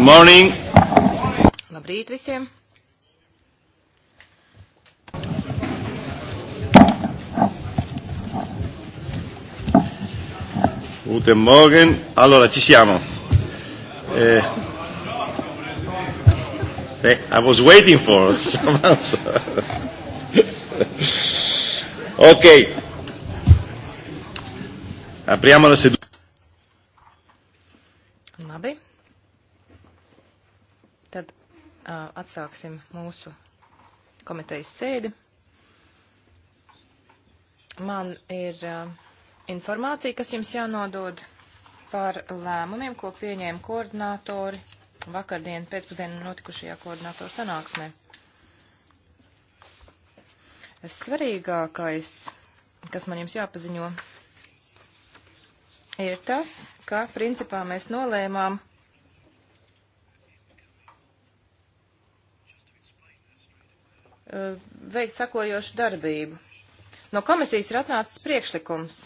Good morning. Labrīt visiem. Guten Morgen. Allora, ci siamo. Eh, eh, I was waiting for some answer. ok. Apriamo la seduta. Labi atsāksim mūsu komitejas sēdi. Man ir informācija, kas jums jānodod par lēmumiem, ko pieņēma koordinātori vakardien pēcpusdienu notikušajā koordinātoru sanāksmē. Svarīgākais, kas man jums jāpaziņo, ir tas, ka principā mēs nolēmām Eh, veikt sakojošu darbību. No komisijas ir atnācis priekšlikums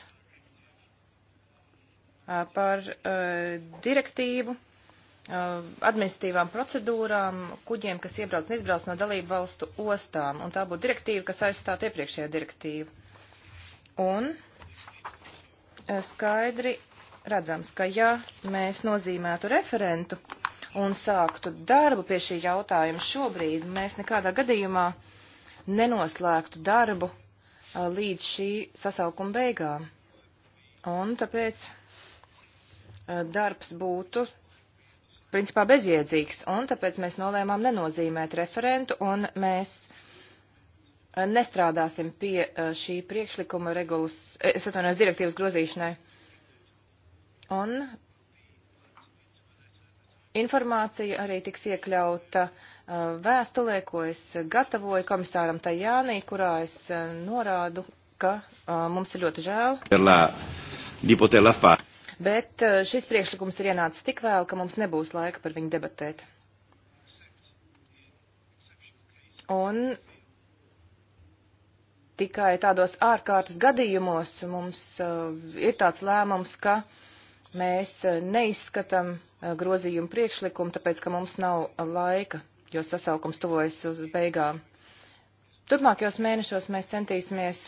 eh, par eh, direktīvu administratīvām procedūrām kuģiem, kas iebrauc un izbrauc no dalību valstu ostām. Un tā būtu direktīva, kas aizstātu iepriekšējā direktīvu. Un skaidri redzams, ka ja mēs nozīmētu referentu un sāktu darbu pie šī jautājuma šobrīd, mēs nekādā gadījumā uh, nenoslēgtu darbu līdz šī sasaukuma beigām. Un tāpēc darbs būtu principā bezjēdzīgs, un tāpēc mēs nolēmām nenozīmēt referentu, un mēs nestrādāsim pie šī priekšlikuma regulas, es atvainojos, direktīvas grozīšanai. Un informācija arī tiks iekļauta uh, Eh, vēstulē, ko es gatavoju komisāram Tajānī, kurā es eh, norādu, ka eh, mums ir ļoti žēl. Bet šis priekšlikums ir ienācis tik vēl, ka mums nebūs laika par viņu debatēt. Un tikai tādos ārkārtas gadījumos mums uh, ir tāds lēmums, ka mēs neizskatam grozījumu priekšlikumu, tāpēc, ka mums nav laika jo sasaukums tuvojas uz beigām. Turpmākajos mēnešos mēs centīsimies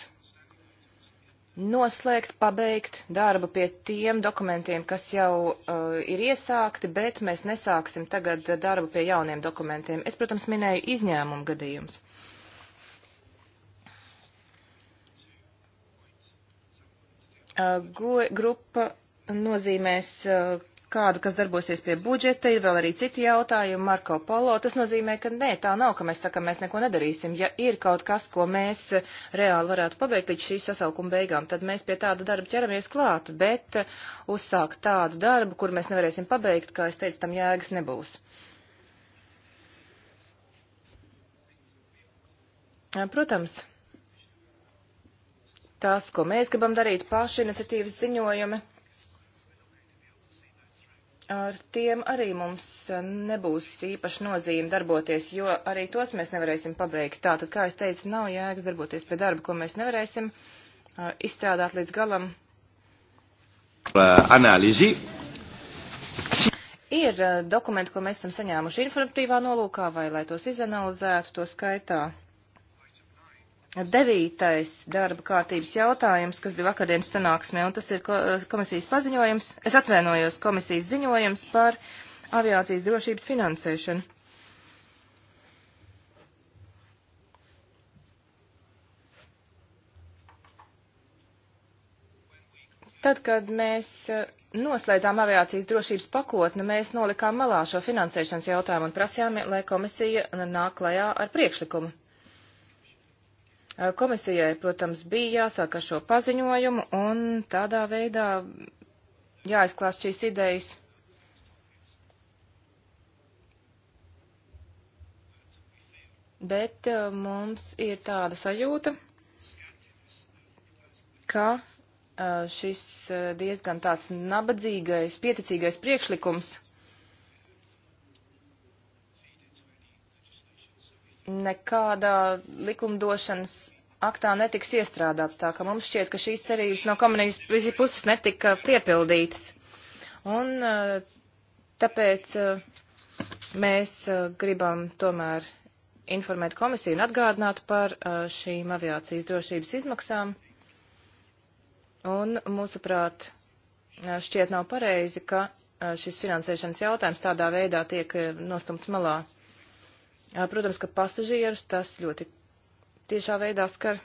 noslēgt, pabeigt darbu pie tiem dokumentiem, kas jau uh, ir iesākti, bet mēs nesāksim tagad darbu pie jauniem dokumentiem. Es, protams, minēju izņēmumu gadījumus. Uh, e grupa nozīmēs uh, kādu, kas darbosies pie budžeta, ir vēl arī citi jautājumi, Marko Polo. Tas nozīmē, ka nē, tā nav, ka mēs sakam, mēs neko nedarīsim. Ja ir kaut kas, ko mēs eh, reāli varētu pabeigt līdz šīs sasaukuma beigām, tad mēs pie tāda darba ķeramies klāt, bet eh, uzsākt tādu darbu, kur mēs nevarēsim pabeigt, kā es teicu, tam jēgas nebūs. Eh, protams, tas, ko mēs gribam darīt paši iniciatīvas ziņojumi Ar tiem arī mums eh, nebūs īpaši nozīme darboties, jo arī tos mēs nevarēsim pabeigt. Tātad, kā es teicu, nav jēgas darboties pie darba, ko mēs nevarēsim uh, izstrādāt līdz galam. Eh, analīzi. Ir uh, dokumenti, ko mēs esam saņēmuši informatīvā nolūkā, vai lai tos izanalizētu, to skaitā. Devītais darba kārtības jautājums, kas bija vakardienas sanāksmē, un tas ir komisijas paziņojums, es atvainojos komisijas ziņojums par aviācijas drošības finansēšanu. Tad, kad mēs eh, noslēdzām aviācijas drošības pakotni, mēs nolikām malā šo finansēšanas jautājumu un prasījām, lai komisija nāk klajā ar priekšlikumu Eh, komisijai, protams, bija jāsāk ar šo paziņojumu un tādā veidā jāizklāst šīs idejas. Bet eh, mums ir tāda sajūta, ka eh, šis diezgan tāds nabadzīgais, pieticīgais priekšlikums nekādā likumdošanas aktā netiks iestrādāts, tā ka mums šķiet, ka šīs cerības no komunijas puses netika piepildītas. Un eh, tāpēc eh, mēs eh, gribam tomēr informēt komisiju un atgādināt par šīm aviācijas drošības izmaksām. Un, mūsuprāt, šķiet nav pareizi, ka šis finansēšanas jautājums tādā veidā tiek nostumts malā. Protams, ka pasažierus tas ļoti tiešā veidā skar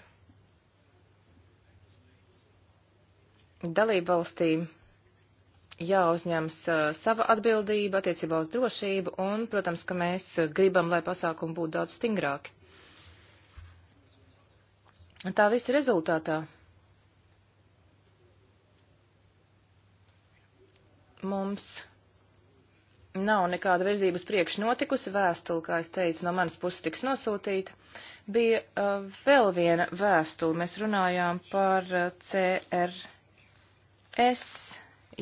dalību valstīm jāuzņems uh, sava atbildība attiecībā uz drošību, un, protams, ka mēs gribam, lai pasākumi būtu daudz stingrāki. Tā visa rezultātā mums Nav nekāda virzības priekš notikusi, vēstule, kā es teicu, no manas puses tiks nosūtīta. Bija uh, vēl viena vēstule, mēs runājām par uh, CRS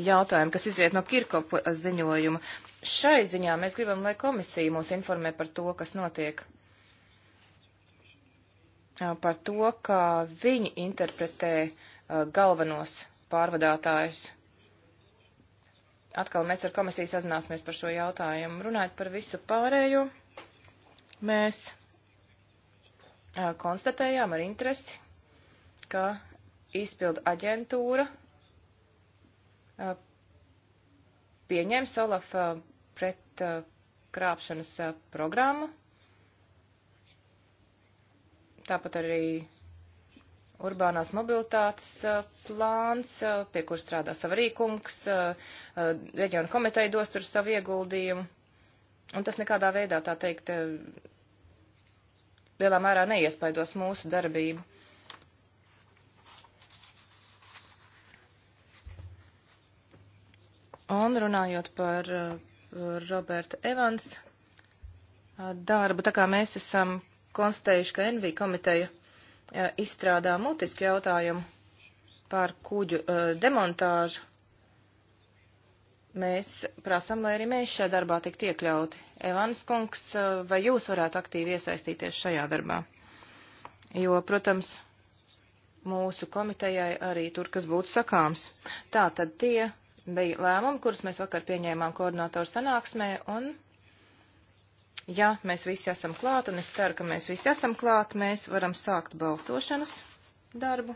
jautājumu, kas izriet no Kirkopa uh, ziņojuma. Šai ziņā mēs gribam, lai komisija mūs informē par to, kas notiek. Uh, par to, kā viņi interpretē uh, galvenos pārvadātājus Atkal mēs ar komisiju sazināsimies par šo jautājumu. Runājot par visu pārējo, mēs konstatējām ar interesi, ka izpildu aģentūra pieņēma Solaf pret krāpšanas programmu. Tāpat arī urbānās mobilitātes plāns, pie kur strādā savarīkungs, reģionu komiteja dos tur savu ieguldījumu. Un tas nekādā veidā, tā teikt, lielā mērā neiespaidos mūsu darbību. Un runājot par Roberta Evans darbu, tā kā mēs esam konstatējuši, ka NV komiteja Eh, izstrādā mutisku jautājumu par kuģu eh, demontāžu, mēs prasam, lai arī mēs šajā darbā tiktu iekļauti. Evans kungs, eh, vai jūs varētu aktīvi iesaistīties šajā darbā? Jo, protams, mūsu komitejai arī tur, kas būtu sakāms. Tā tad tie bija lēmumi, kurus mēs vakar pieņēmām koordinātoru sanāksmē, un Ja mēs visi esam klāt, un es ceru, ka mēs visi esam klāt, mēs varam sākt balsošanas darbu.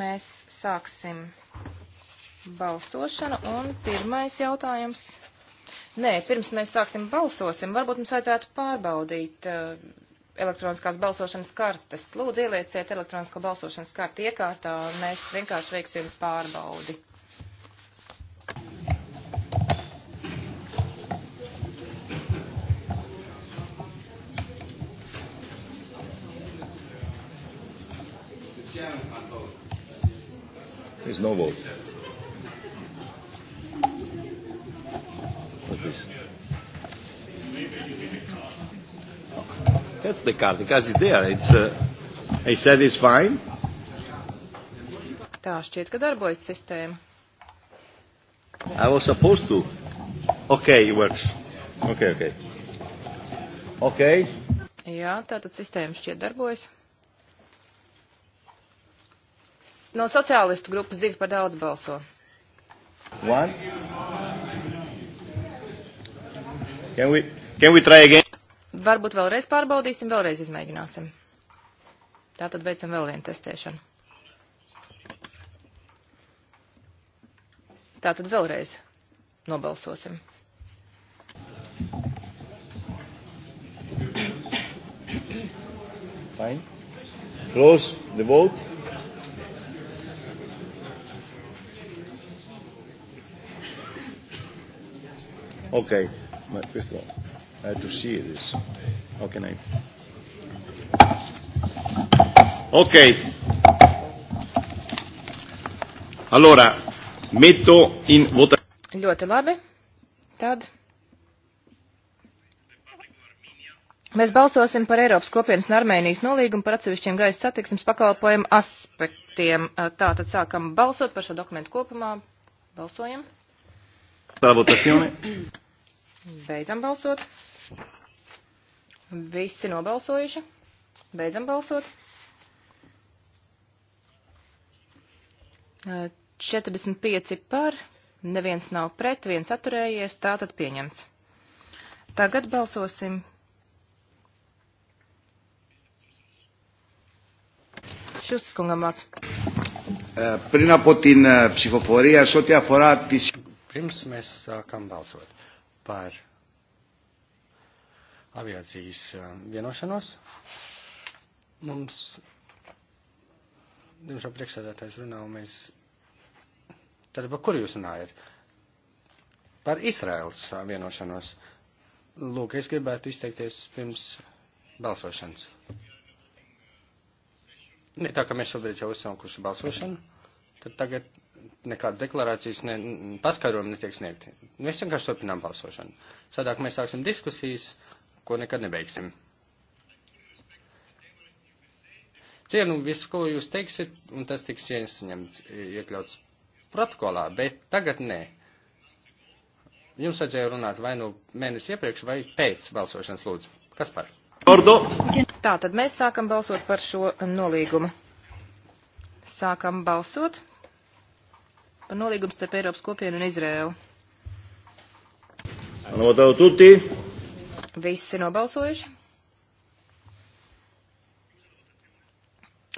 Mēs sāksim balsošanu, un pirmais jautājums. Nē, pirms mēs sāksim balsosim, varbūt mums vajadzētu pārbaudīt uh, elektroniskās balsošanas kartes. Lūdzu, ielieciet elektronisko balsošanas karti iekārtā, un mēs vienkārši veiksim pārbaudi. There's no vote. What's this? That's the card. The card is there. It's, uh, I said it's fine. Tā šķiet, ka darbojas sistēma. I was supposed to. Okay, it works. Okay, okay. Okay. Jā, tātad sistēma šķiet darbojas. No sociālistu grupas divi par daudz balso. One. Can we, can we try again? Varbūt vēlreiz pārbaudīsim, vēlreiz izmēģināsim. Tātad veicam vēl vienu testēšanu. Tātad vēlreiz nobalsosim. Fine. Close the vote. Ok, ma questo I have to see this. How can I? Ok. Allora, metto in votazione. Ļoti labi. Tad Mēs balsosim par Eiropas kopienas un Armēnijas nolīgumu par atsevišķiem gaisa satiksmes pakalpojumu aspektiem. Tātad sākam balsot par šo dokumentu kopumā. Balsojam. La votazione. Beidzam balsot. Visi nobalsojuši. Beidzam balsot. 45 par, neviens nav pret, viens atturējies, tātad pieņemts. Tagad balsosim. Šustas kungam vārds. Πριν από την ψηφοφορία σε ό,τι αφορά τις... Πριν mēs sākam balsot par aviācijas um, vienošanos. Mums, diemžēl, priekšsēdētājs runā, un mēs. Tad par kur jūs runājat? Par Izraels uh, vienošanos. Lūk, es gribētu izteikties pirms balsošanas. Ne tā, ka mēs šobrīd jau esam kurši balsošanu tad tagad nekāda deklarācijas ne, paskaidrojuma netiek sniegti. Mēs vienkārši turpinām balsošanu. Sadāk mēs sāksim diskusijas, ko nekad nebeigsim. Cienu nu, visu, ko jūs teiksiet, un tas tiks iesaņemts, iekļauts protokolā, bet tagad nē. Jums vajadzēja runāt vai nu mēnesi iepriekš, vai pēc balsošanas lūdzu. Kas par? Ordo. Tā tad mēs sākam balsot par šo nolīgumu. Sākam balsot nolīgums starp Eiropas kopienu un Izrēlu. Notavu tutti. Visi nobalsojuši.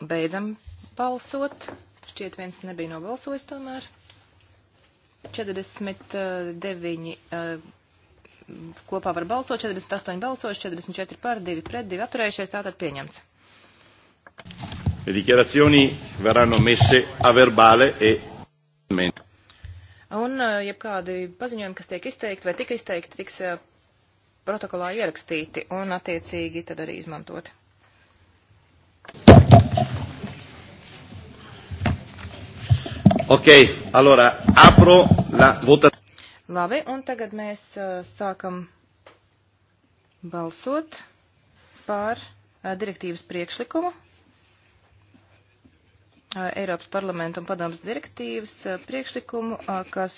Beidzam balsot. Šķiet viens nebija nobalsojis tomēr. 49 eh, eh, kopā var balsot, 48 balsojuši, 44 par, 2 pret, 2 atturējušies, tātad pieņemts. Le dichiarazioni verranno messe a verbale e Un uh, jebkādi paziņojumi, kas tiek izteikti vai tika izteikti, tiks uh, protokolā ierakstīti un attiecīgi tad arī izmantoti. Ok, allora apro la votazione. Labi, un tagad mēs uh, sākam balsot par uh, direktīvas priekšlikumu. Eiropas parlamenta un padomas direktīvas priekšlikumu, kas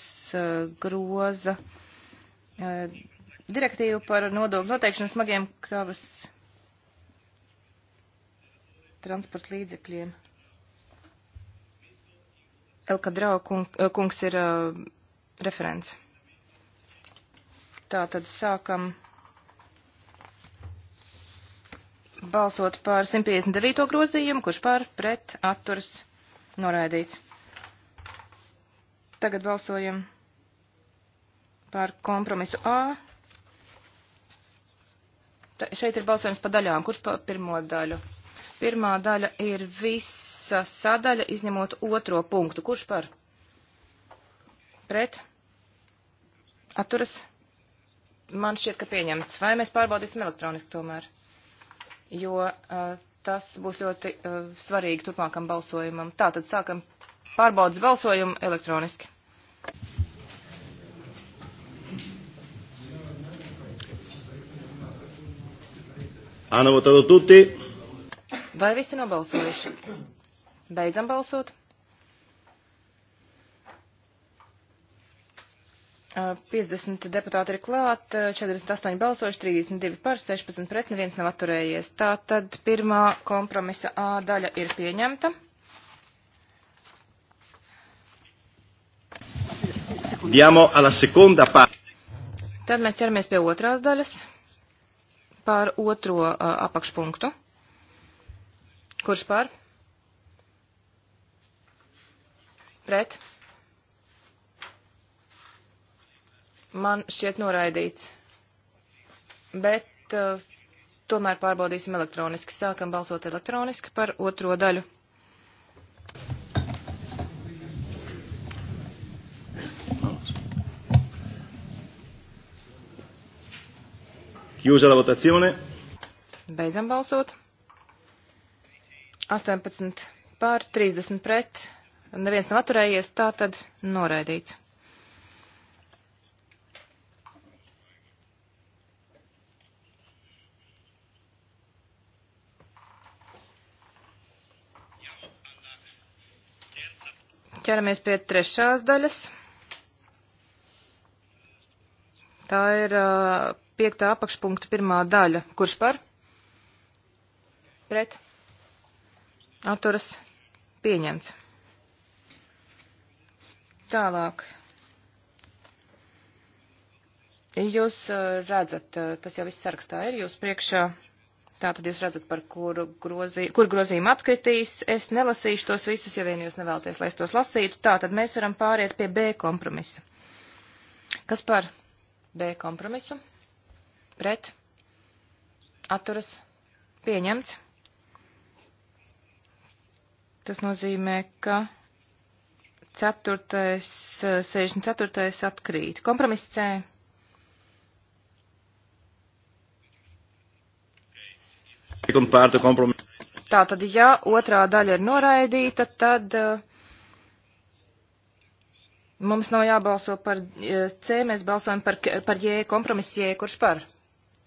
groza direktīvu par nodokļu noteikšanu smagiem kravas transporta līdzekļiem. Elka Drau kung, kungs ir uh, referents. Tā tad sākam balsot par 159. grozījumu, kurš par pret atturas noraidīts. Tagad balsojam par kompromisu A. Ta, šeit ir balsojums pa daļām. Kurš pa pirmo daļu? Pirmā daļa ir visa sadaļa, izņemot otro punktu. Kurš par? Pret? Atturas? Man šķiet, ka pieņemts. Vai mēs pārbaudīsim elektroniski tomēr? jo uh, tas būs ļoti uh, svarīgi turpmākam balsojumam. Tātad sākam pārbaudas balsojumu elektroniski. Hanno votato tutti? Vai visi nobalsojuši? Beidzam balsot. 50 eh, deputāti ir klāt, 48 balsoši, 32 par, 16 pret, neviens nav atturējies. Tā tad pirmā kompromisa A daļa ir pieņemta. Tad mēs ķeramies pie otrās daļas par otro uh, apakšpunktu. Kurš par? Pret? man šķiet noraidīts. Bet uh, tomēr pārbaudīsim elektroniski. Sākam balsot elektroniski par otro daļu. Chiusa la votazione. Beidzam balsot. 18 pār 30 pret. Neviens nav atturējies, tā tad noraidīts. Ķeramies pie trešās daļas. Tā ir uh, piektā apakšpunkta pirmā daļa. Kurš par? Pret. Atturas pieņemts. Tālāk. Jūs uh, redzat, uh, tas jau viss sarakstā ir jūs priekšā. Uh, tātad jūs redzat, par kuru grozī, kur grozījumu atkritīs. Es nelasīšu tos visus, ja vien jūs nevēlaties, lai es tos lasītu. Tātad mēs varam pāriet pie B kompromisa. Kas par B kompromisu? Pret? Atturas? Pieņemts? Tas nozīmē, ka 4. 64. atkrīt. Kompromiss C Tā tad, ja otrā daļa ir noraidīta, tad eh, mums nav jābalso par eh, C, mēs balsojam par, par J, kompromiss J, kurš par?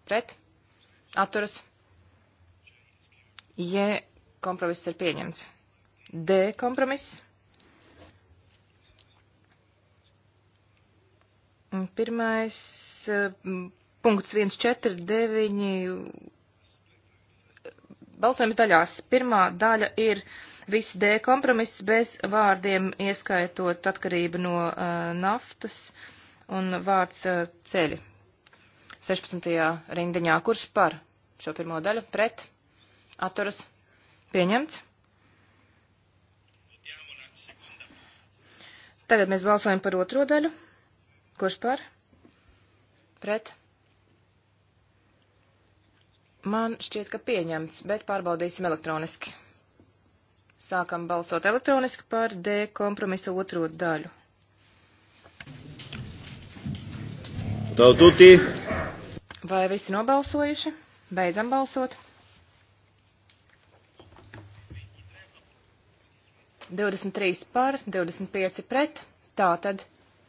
Pret? Atturas? J, kompromiss ir pieņemts. D, kompromiss? Pirmais eh, punkts 149 Balsojums daļās. Pirmā daļa ir viss D kompromiss bez vārdiem, ieskaitot atkarību no uh, naftas un vārds uh, ceļi. 16. rindiņā, kurš par šo pirmo daļu pret atturas pieņemts. Tagad mēs balsojam par otro daļu. Kurš par? Pret. Man šķiet, ka pieņemts, bet pārbaudīsim elektroniski. Sākam balsot elektroniski par D kompromisa otro daļu. Taututī. Vai visi nobalsojuši? Beidzam balsot. 23 par, 25 pret. Tā tad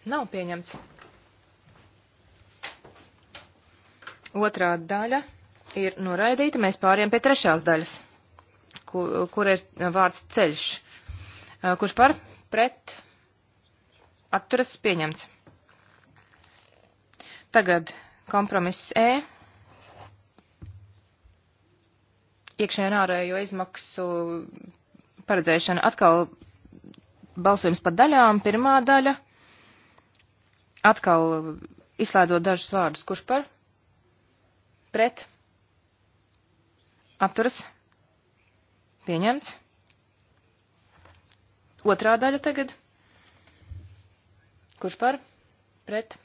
nav pieņemts. Otrā daļa ir noraidīta. Mēs pāriem pie trešās daļas, kur, kur ir vārds ceļš. Eh, kurš par pret atturas pieņemts. Tagad kompromiss E. Iekšējā un ārējo izmaksu paredzēšana atkal balsojums pa daļām. Pirmā daļa atkal izslēdzot dažus vārdus, kurš par pret Apturas. Pieņemts. Otrā daļa tagad. Kurš par? Pret.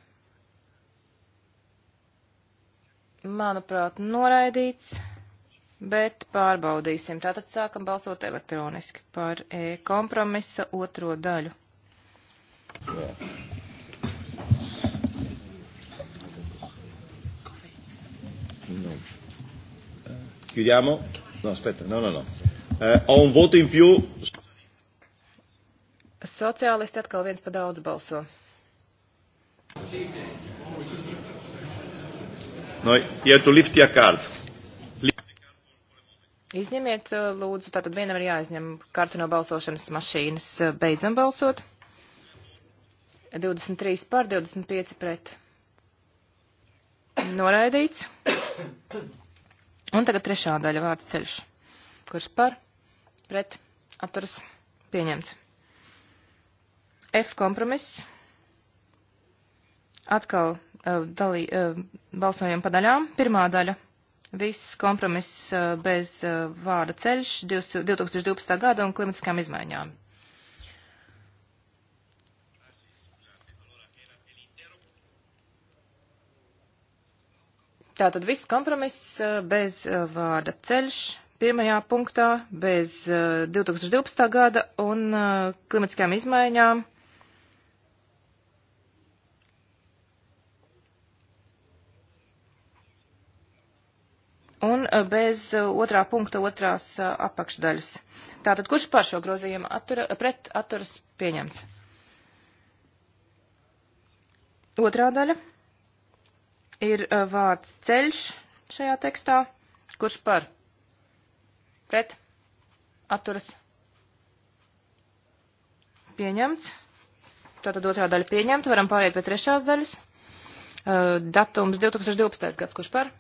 Manuprāt, noraidīts, bet pārbaudīsim. Tātad sākam balsot elektroniski par e kompromisa otro daļu. Yeah. Chiudiamo? No, aspetta, no, no, no. Eh, ho un voto in più. Sociālisti atkal viens pa daudz balso. No, you have to lift your card. Izņemiet, eh, lūdzu, tātad vienam ir jāizņem karti no balsošanas mašīnas. Eh, beidzam balsot. 23 pār 25 pret. Noraidīts. Un tagad trešā daļa vārds ceļš, kurš par, pret, atturas pieņemts. F kompromiss. Atkal uh, dalī, uh, balsojam pa daļām. Pirmā daļa. Viss kompromiss uh, bez uh, vārda ceļš 2012. gada un klimatiskām izmaiņām. Tātad viss kompromiss eh, bez eh, vārda ceļš pirmajā punktā, bez 2012. Eh, gada un klimatiskajām izmaiņām. Un bez otrā punkta otrās apakšdaļas. Tātad, kurš par šo grozījumu attura, pret atturas pieņemts? Otrā daļa ir uh, vārds ceļš šajā tekstā. Kurš par? Pret? Atturas? Pieņemts. Tātad otrā daļa pieņemta. Varam pāriet pie trešās daļas. Uh, datums 2012. gads. Kurš par?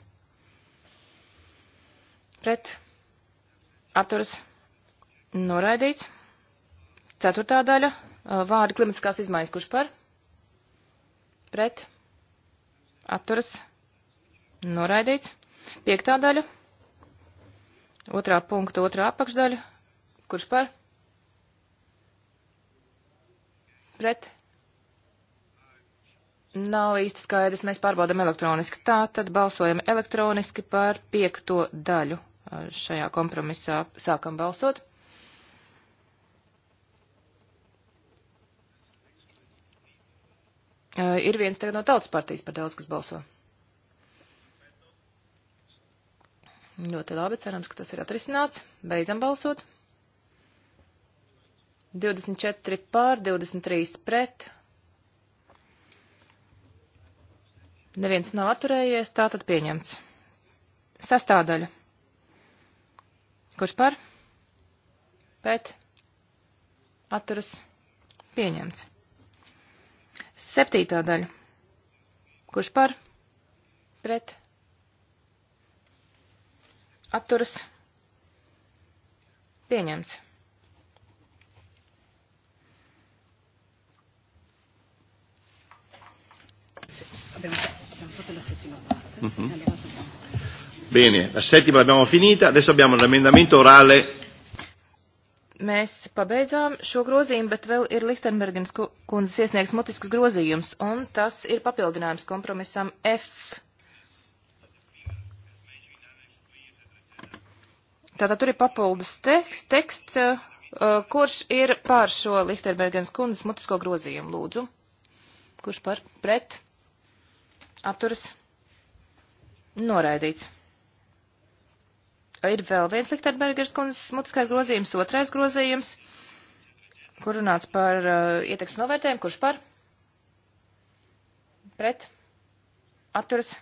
Pret? Atturas? Noraidīts. Ceturtā daļa. Uh, vārdi klimatiskās izmaiņas. Kurš par? Pret? atturas noraidīts. Piektā daļa, otrā punkta, otrā apakšdaļa, kurš par? Pret? Nav īsti skaidrs, mēs pārbaudam elektroniski. Tā tad balsojam elektroniski par piekto daļu šajā kompromisā. Sākam balsot. Eh, ir viens tagad no tautas partijas par daudz, kas balso. Ļoti labi, cerams, ka tas ir atrisināts. Beidzam balsot. 24 pār, 23 pret. Neviens nav atturējies, tā tad pieņemts. Sastādaļa. Kurš par? Pret. Atturas. Pieņemts. Septītā daļa. Kurš par? Pret? Atturas? Pieņemts. Mm -hmm. Bene, la settima l'abbiamo finita, adesso abbiamo l'emendamento orale mēs pabeidzām šo grozījumu, bet vēl ir Lichtenbergens kundzes iesniegs mutisks grozījums, un tas ir papildinājums kompromisam F. Tātad tur ir papildus teksts, teksts uh, kurš ir pār šo Lichtenbergens kundzes mutisko grozījumu, lūdzu. Kurš par pret? Apturas? Noraidīts. Ir vēl viens Lichtenbergers kundzes mutiskais grozījums, otrais grozījums, kur runāts par uh, ietekmes novērtējumu, kurš par? Pret? Atturas?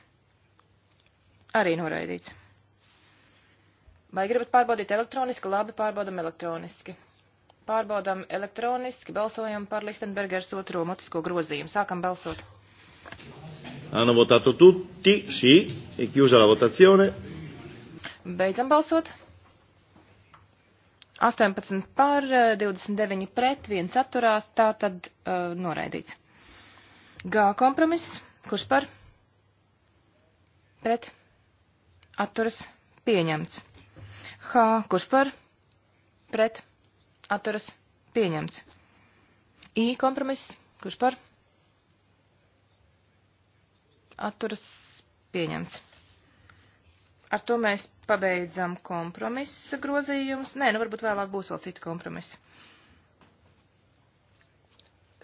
Arī noraidīts. Vai gribat pārbaudīt elektroniski? Labi, pārbaudam elektroniski. Pārbaudam elektroniski, balsojam par Lichtenbergers otro mutisko grozījumu. Sākam balsot. Hanno votato tutti, sì, e chiusa la votazione. Beidzam balsot. 18 par, 29 eh, pret, 1 atturās, tā tad uh, noraidīts. G kompromiss, kurš par? Pret, atturas, pieņemts. H, kurš par? Pret, atturas, pieņemts. I kompromiss, kurš par? Atturas, pieņemts. Ar to mēs pabeidzam kompromisa grozījumus. Nē, nu varbūt vēlāk būs vēl citi kompromisi.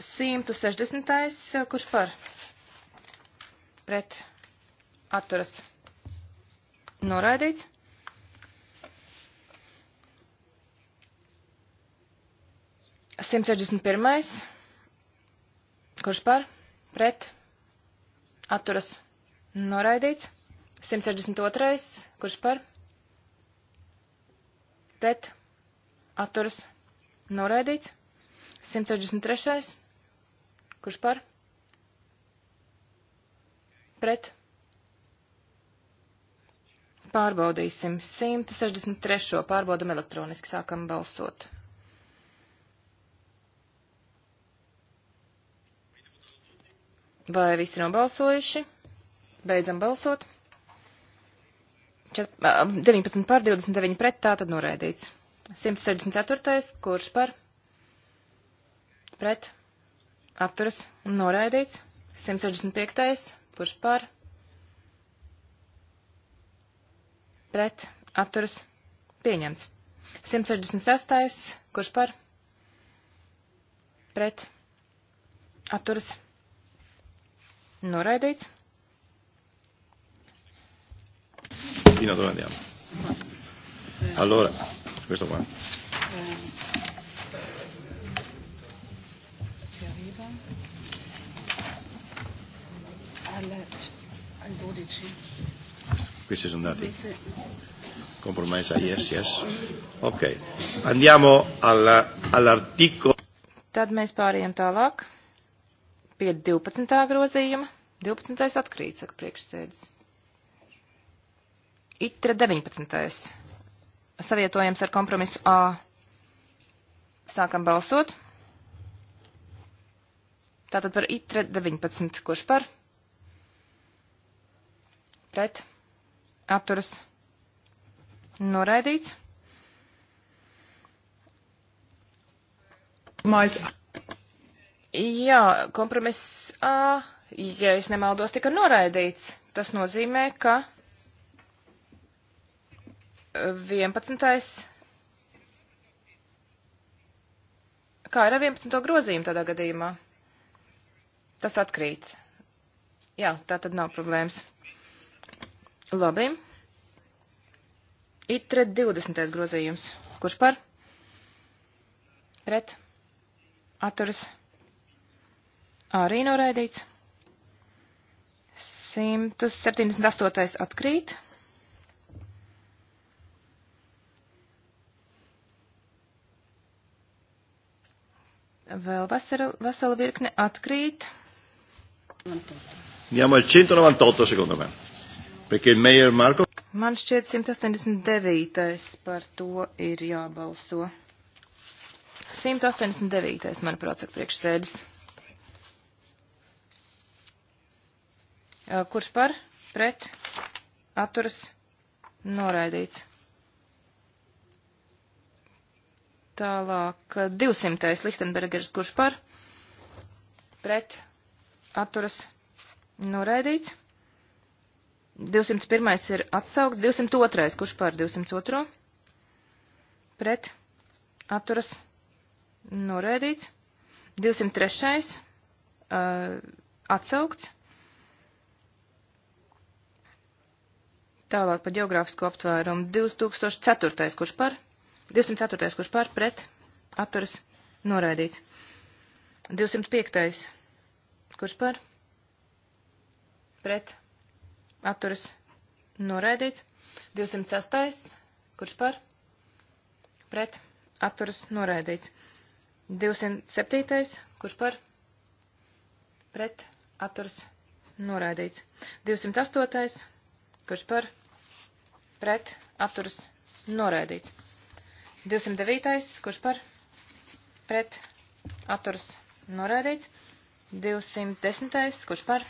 160. Kurš par? Pret. Atturas. Noraidīts. Simt sešdesmit pirmais. Kurš par? Pret. Atturas. Noraidīts. 162. Kurš par? Pret. Atturas. Noraidīts. 163. Kurš par? Pret. Pārbaudīsim 163. Pārbaudam elektroniski, sākam balsot. Vai visi nobalsojuši? Beidzam balsot. 19 pār 29 pret, tā tad noraidīts. 164. kurš par pret apturas un noraidīts. 165. kurš par pret apturas pieņemts. 166. kurš par pret apturas noraidīts. Argentina dove andiamo? Allora, questo qua. Si arriva al, al 12. Questi sono dati. Compromessa, yes, yes. Ok, andiamo alla, all'articolo. Tad mēs pārējām tālāk pie 12. grozījuma. 12. atkrīt, saka priekšsēdis. Itra 19. Savietojams ar kompromisu A. Sākam balsot. Tātad par Itra 19. Kurš par? Pret. Atturas. Noraidīts. Mājas. Jā, kompromiss A, ja es nemaldos, tika noraidīts. Tas nozīmē, ka 11. Kā ir ar 11. grozījumu tādā gadījumā? Tas atkrīt. Jā, tā tad nav problēmas. Labi. Itre 20. grozījums. Kurš par? Pret. Atturas. Arī noraidīts. 178. atkrīt. Vēl vasara, vesela virkne atkrīt. Andiamo nu al 198 secondo me. Perché il e Meyer Marco. Man šķiet 189. par to ir jābalso. 189. manuprāt, saka priekšsēdis. Kurš par? Pret? Atturas? Noraidīts. Tālāk 200. Eh, Lichtenbergers, kurš par pret atturas noraidīts. 201. ir atsaukts, 202. kurš par 202. pret atturas noraidīts. 203. Uh, eh, atsaukts. Tālāk pa geogrāfisko aptvērumu 2004. kurš par 204. kurš pār pret atturas noraidīts. 205. kurš pār pret atturas noraidīts. 206. kurš pār pret atturas noraidīts. 207. kurš pār pret atturas noraidīts. 208. kurš pār pret atturas noraidīts. 209. kurš par pret atturas noraidīts. 210. kurš par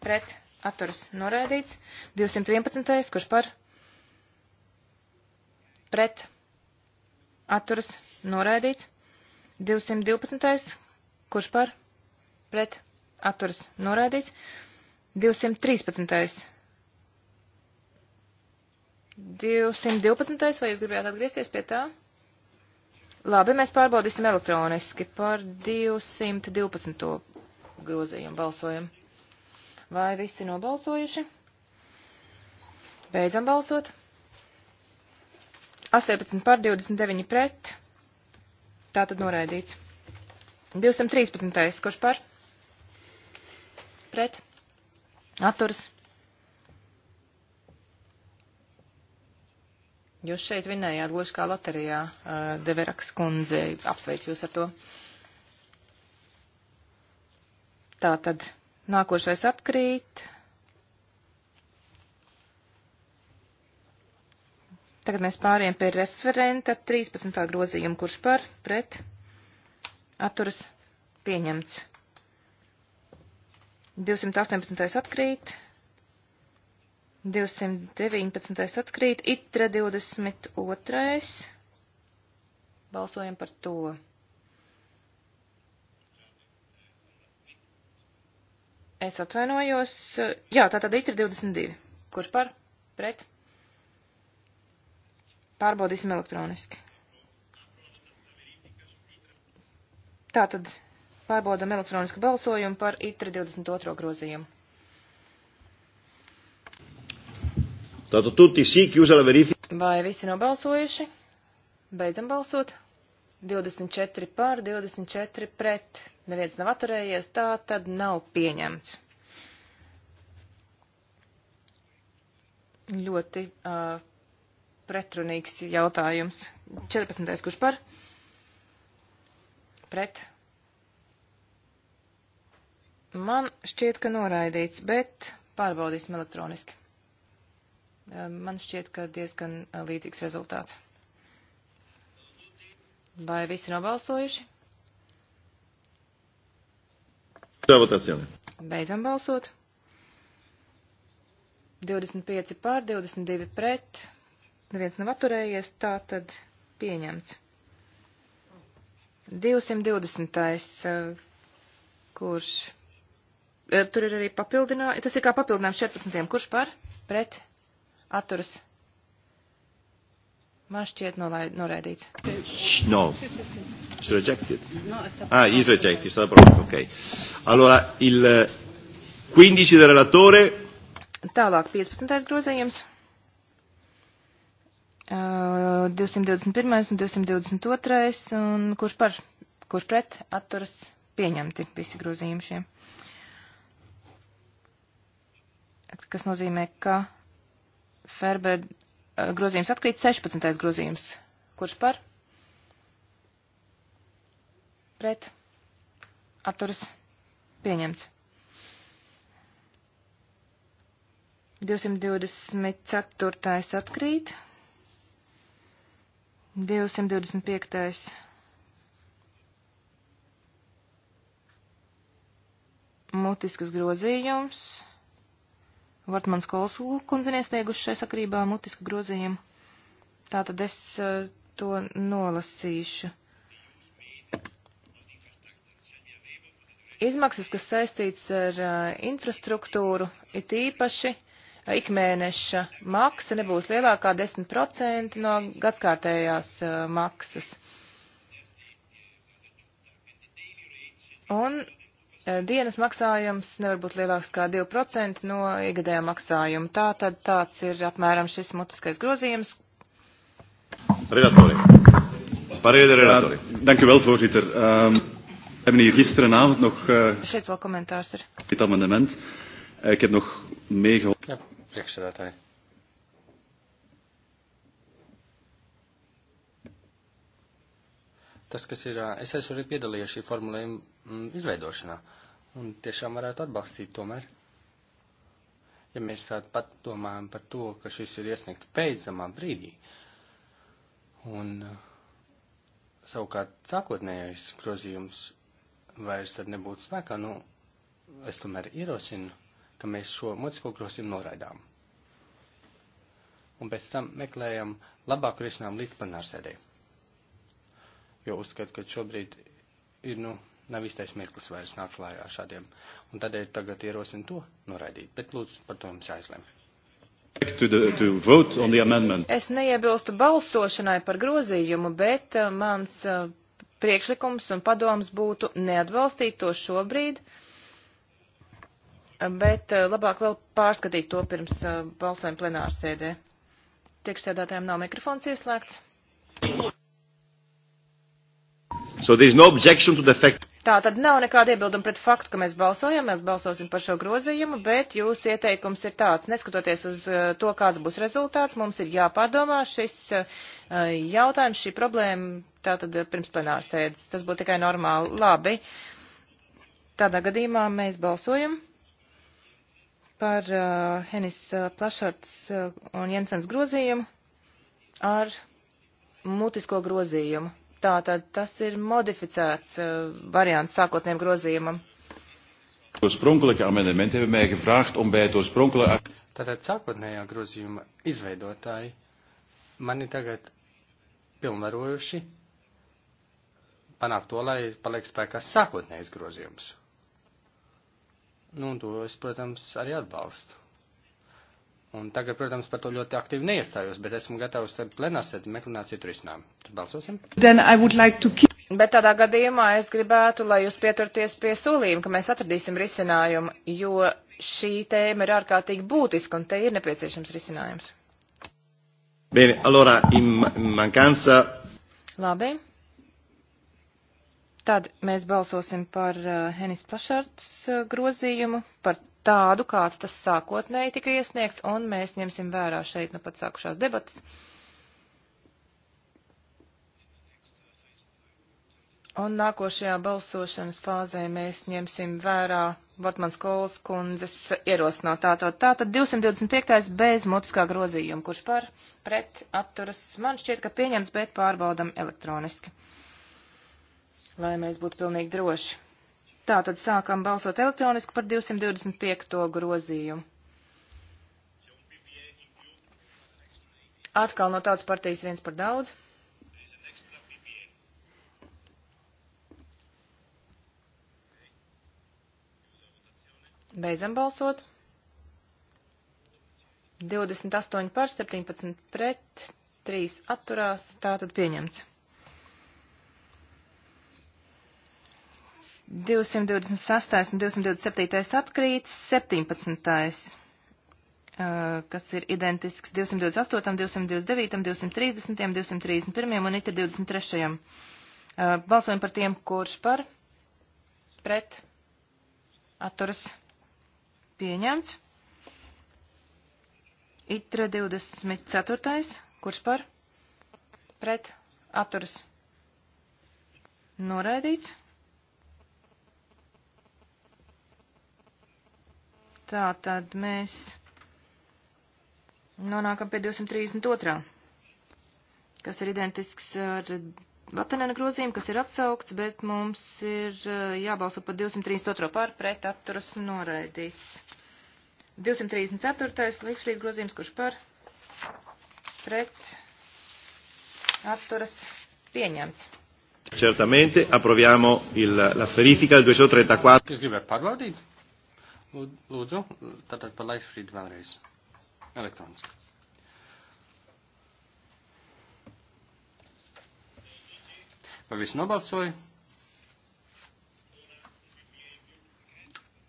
pret atturas noraidīts. 211. kurš par pret atturas noraidīts. 212. kurš par pret atturas noraidīts. 213. 212. vai jūs gribējāt atgriezties pie tā? Labi, mēs pārbaudīsim elektroniski par 212. grozījumu balsojumu. Vai visi nobalsojuši? Beidzam balsot. 18 par 29 pret. Tā tad noraidīts. 213. Kurš par? Pret. Atturas. Jūs šeit vinējāt gluži kā loterijā, Deveraks kundze, apsveicu jūs ar to. Tā tad nākošais atkrīt. Tagad mēs pāriem pie referenta 13. grozījuma, kurš par pret atturas pieņemts. 218. atkrīt, 219. atkrīt, itra 22. Balsojam par to. Es atvainojos. Jā, tā tad itra 22. Kurš par? Pret? Pārbaudīsim elektroniski. Tātad pārbaudam elektronisku balsojumu par itra 22. grozījumu. Tātad tutti sì, chiusa la verifica. Vai visi nobalsojuši? Beidzam balsot. 24 pār, 24 pret. Neviens nav atturējies, tā tad nav pieņemts. Ļoti uh, pretrunīgs jautājums. 14. kurš par? Pret. Man šķiet, ka noraidīts, bet pārbaudīsim elektroniski. Man šķiet, ka diezgan eh, līdzīgs rezultāts. Vai visi nobalsojuši? Beidzam balsot. 25 pār, 22 pret, neviens nav atturējies, tā tad pieņemts. 220. Eh, kurš, eh, tur ir arī papildinājums, tas ir kā papildinājums 14. kurš par, pret, atturas man šķiet nolaid, noraidīts. No. It's rejected. No, it's ah, is rejected, è stato approvato, ok. Allora, il 15 eh, del relatore. Tālāk, 15. grozījums. Uh, eh, 221. un 222. un kurš par, kurš pret atturas pieņemti visi grozījumi šiem. Kas nozīmē, ka Ferber eh, grozījums atkrīt 16. grozījums. Kurš par? Pret. Atturas. Pieņemts. 224. atkrīt. 225. Mutiskas grozījums. Vartmans Kolsūkundze iesnieguši šai sakrībā mutisku grozījumu. Tātad es eh, to nolasīšu. Izmaksas, kas saistīts ar eh, infrastruktūru, it īpaši eh, ikmēneša maksa nebūs lielākā 10% no gadskārtējās maksas. Un Eh, dienas maksājums nevar būt lielāks kā 2% no ikgadējā maksājuma. Tā tad tāds ir apmēram šis mutiskais grozījums. Redaktori. Pārējie redaktori. Dank u wel, voorzitter. Um, ehm, hebben eh, hier gisterenavond nog... Uh, Šeit vēl komentārs ir. Dit amendement. Uh, ik heb nog meegeholpen. Ja, priekšsēdētāji. tas, kas ir, es esmu arī piedalījies šī formulējuma mm, izveidošanā, un tiešām varētu atbalstīt tomēr. Ja mēs tādu pat domājam par to, ka šis ir iesniegts beidzamā brīdī, un savukārt sākotnējais grozījums vairs tad nebūtu spēkā, nu, es tomēr ierosinu, ka mēs šo mocisko grozījumu noraidām. Un pēc tam meklējam labāku risinājumu līdz plenārsēdēju jo uzskata, ka šobrīd ir, nu, nav īstais mirklis vairs nāk klājā šādiem. Un tādēļ tagad ierosinu to noraidīt, bet lūdzu par to mums aizlem. To the, to es neiebilstu balsošanai par grozījumu, bet uh, mans uh, priekšlikums un padoms būtu neatbalstīt to šobrīd, uh, bet labāk vēl pārskatīt to pirms balsojuma plenārsēdē. Priekšsēdātājiem nav mikrofons ieslēgts. So there is no objection to the fact. Tā tad nav nekāda iebilduma pret faktu, ka mēs balsojam, mēs balsosim par šo grozījumu, bet jūsu ieteikums ir tāds, neskatoties uz eh, to, kāds būs rezultāts, mums ir jāpārdomā šis eh, jautājums, šī problēma, tā tad eh, pirms plenāras sēdes. Tas būtu tikai normāli. Labi. Tādā gadījumā mēs balsojam par uh, Henis Plašarts un Jensens grozījumu ar mutisko grozījumu. Tātad tas ir modificēts uh, variants sākotniem grozījumam. Tātad sākotnējā grozījuma izveidotāji mani tagad pilnvarojuši panākt to, lai paliek spēkā sākotnējais grozījums. Nu, un to es, protams, arī atbalstu. Un tagad, protams, par to ļoti aktīvi neiestājos, bet esmu gatavs tad plenārsēdi meklēt citu risinājumu. Tad balsosim. Like to... Bet tādā gadījumā es gribētu, lai jūs pieturties pie solījuma, ka mēs atradīsim risinājumu, jo šī tēma ir ārkārtīgi būtiska un te ir nepieciešams risinājums. Bene, allora, in mancanza... Labi. Tad mēs balsosim par uh, eh, Henis Plašārts uh, eh, grozījumu, par tādu, kāds tas sākotnēji tika iesniegts, un mēs ņemsim vērā šeit nu pat sākušās debatas. Un nākošajā balsošanas fāzē mēs ņemsim vērā Bortmans Kols kundzes ierosinātā. Tātad 225. bez mutiskā grozījuma, kurš par pret apturas man šķiet, ka pieņems, bet pārbaudam elektroniski, lai mēs būtu pilnīgi droši. Tātad sākam balsot elektroniski par 225. grozījumu. Atkal no tautas partijas viens par daudz. Beidzam balsot. 28 par 17 pret, 3 atturās, tātad pieņemts. 226. un 227. atkrīts, 17. Uh, kas ir identisks 228, 229, 230, 231 un it ir 23. Uh, balsojam par tiem, kurš par, pret, atturas pieņemts. Itra 24. Kurš par? Pret. Atturas. Noraidīts. Tā tad mēs nonākam pie 232. kas ir identisks ar Vatanena grozījumu, kas ir atsaukts, bet mums ir eh, jābalso par 232. par pret atturas noraidīts. 234. Līdzfrīd grozījums, kurš par pret atturas pieņemts. Certamente approviamo il, la verifica del 234. Lūdzu, tātad par Laisfrīdu vēlreiz. Elektroniski. Vai visi nobalsoja?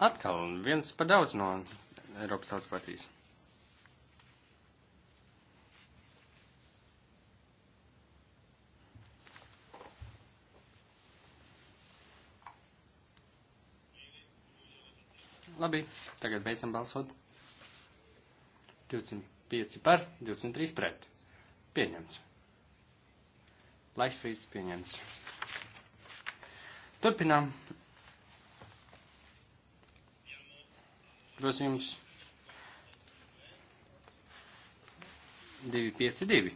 Atkal viens par daudz no Eiropas tautas partijas. Labi, tagad beidzam balsot. 25 par, 23 pret. Pieņemts. Laisfrīds pieņemts. Turpinām. Grozījums 252.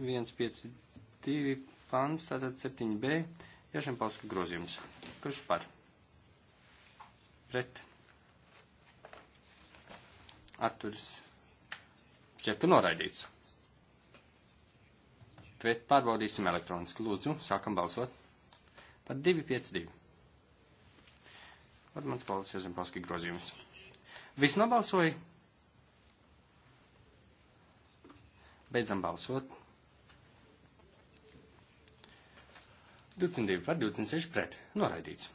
152 pants, tātad 7b, Jašempauska grozījums. Kurš par? pret atturas šķiet, ka noraidīts. Bet pārbaudīsim elektroniski. Lūdzu, sākam balsot par 252. Varmans Paulis Jezempalski grozījums. Viss nobalsoja. Beidzam balsot. 22 par 26 pret. Noraidīts.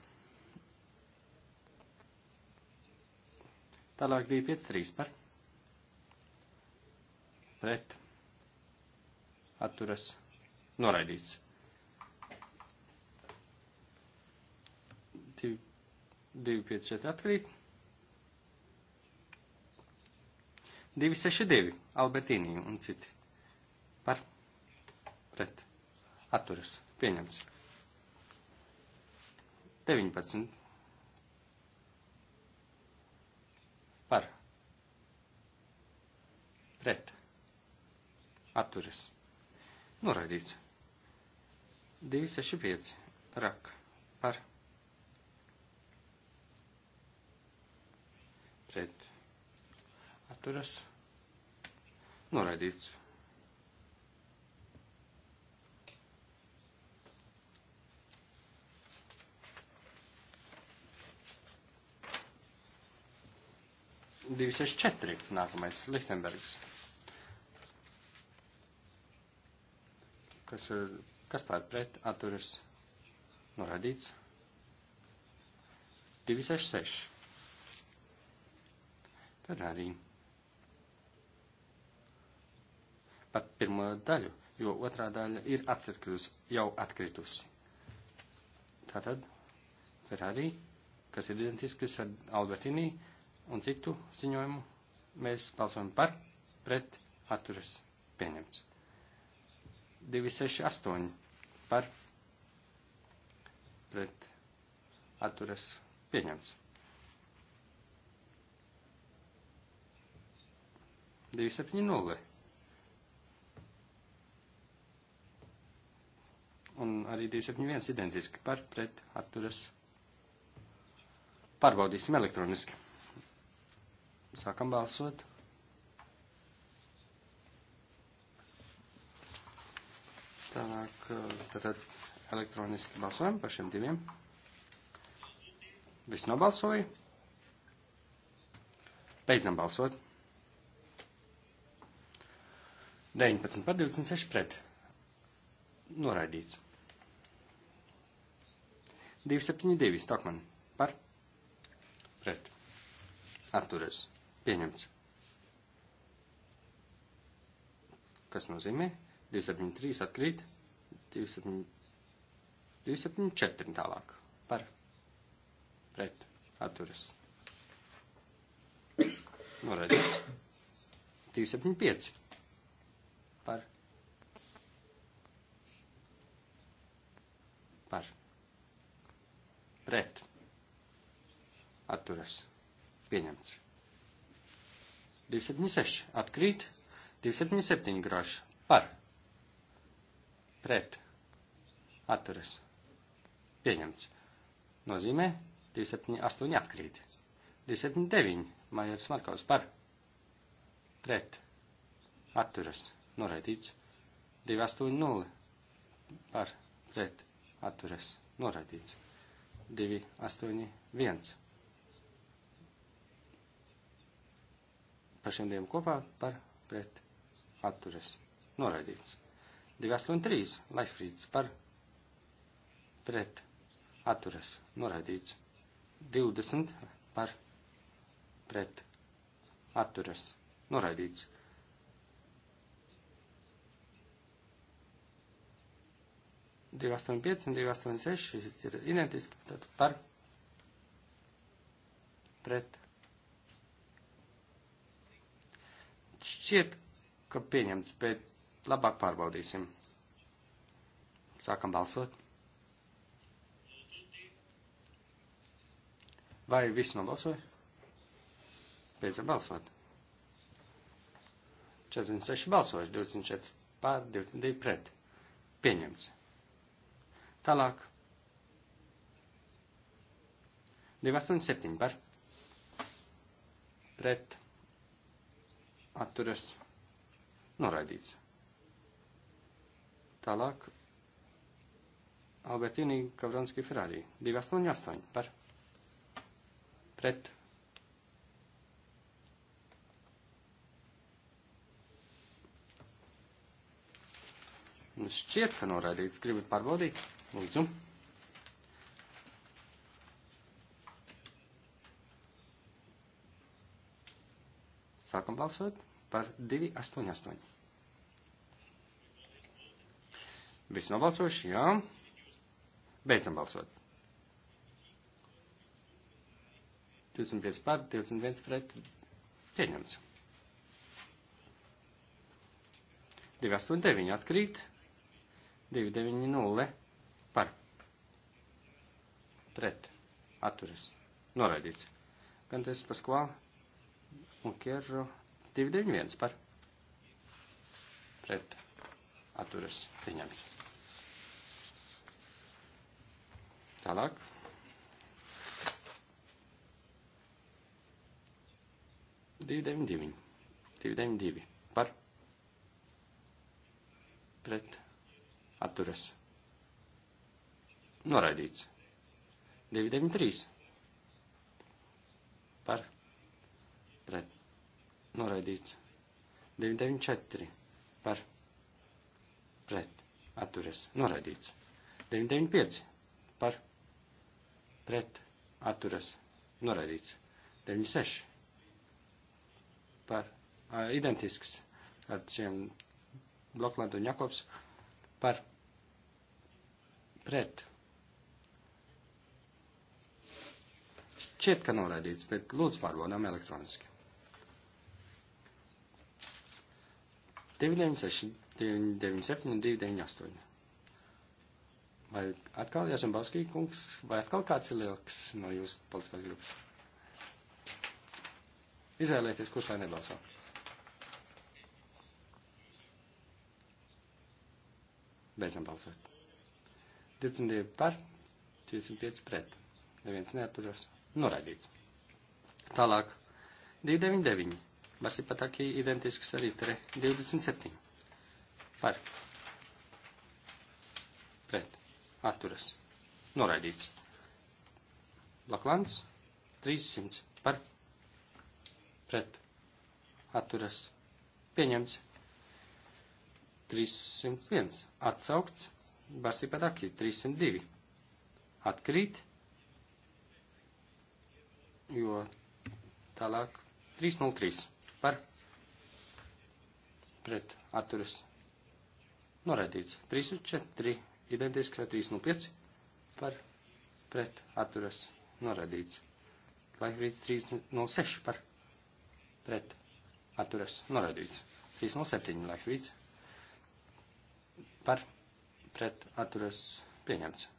Tālāk 253 par pret atturas noraidīts. 254 atkrīt. 262 Albertīni un citi par pret atturas pieņemts. 19 par pret atturis noraidīts. 265 rak par pret atturas noraidīts. 264. Nākamais Lichtenbergs. Kas, kas pārpret atturas norādīts? 266. Ferrari. Pat pirmo daļu, jo otrā daļa ir atkritusi, jau atkritusi. Tātad Ferrari, kas ir identisks ar Albertīniju, un citu ziņojumu mēs balsojam par, pret, atturas pieņemts. 268 par, pret, atturas pieņemts. 270. Un arī 271 identiski par, pret, atturas. Pārbaudīsim elektroniski. Sākam balsot. Tālāk, eh, tātad elektroniski balsojam par šiem diviem. Viss nobalsoja. Beidzam balsot. 19 par 26 pret. Noraidīts. 279 Stokman par pret. Atturies. Pieņemts. Kas nozīmē? 273 atkrīt, 27, 274 tālāk. Par. Pret. Atturas. Noraidīts. 275. Par. Par. Pret. Atturas. Pieņemts. 276 atkrīt, 277 groši par, pret, atturas, pieņemts. Nozīmē 278 atkrīt, 279 Maijers Markovs par, pret, atturas, noraidīts, 280 par, pret, atturas, noraidīts, 281 par šiem diviem kopā par pret atturas noraidīts. 283 Laisfrīds par pret atturas noraidīts. 20 par pret atturas noraidīts. Divi astoņi pieci un divi astoņi seši ir identiski, tad par pret Šķiet, ka pieņemts, bet labāk pārbaudīsim. Sākam balsot. Vai viss nobalsoja? Beidzam balsot. 46 balsojuši, 24 pār, 22 pret. Pieņemts. Tālāk. 287 par. Pret atturas noraidīts. Tālāk Albertīnī Kavranski Ferrari 288 par pret. Nu šķiet, ka noraidīts. Gribat pārbaudīt? Lūdzu. Sākam balsot par 288. Viss nobalsojuši, jā. Beidzam balsot. 25 par, 21 pret. Pieņemts. 289 atkrīt. 290 par. Pret. Atturas. Noraidīts. Gan tas paskvāli. Mukeru 291 par pret atturas pieņemts. Tālāk. Divi, deviņi, divi. Divi, deviņi, divi. Par. Pret. Atturas. Noraidīts. Divi, deviņi, trīs. Par. Pret noraidīts. 994 par pret atturas noraidīts. 995 par pret atturas noraidīts. 96 par a, identisks ar šiem Bloklandu un Jakobs par pret. Šķiet, ka noraidīts, bet lūdzu pārbaudām elektroniski. 296, 297 un 298. Vai atkal Jāžambauskī kungs, vai atkal kāds ir lielks no jūsu politiskās grupas? Izvēlieties, kurš lai nebalso. Beidzam balsot. 22 par, 25 pret. Neviens neaturas. Noraidīts. Tālāk. 299. Vasipataki identisks arī tre 27 par pret atturas noraidīts. Laklants 300 par pret atturas pieņemts. 301 atsaukts. Basipadaki 302 atkrīt, jo tālāk 303 par pret atturas noraidīts. 304 identiski ar 305 par pret atturas noraidīts. Laikrīt 306 par pret atturas noraidīts. 307 laikrīt par pret atturas pieņemts.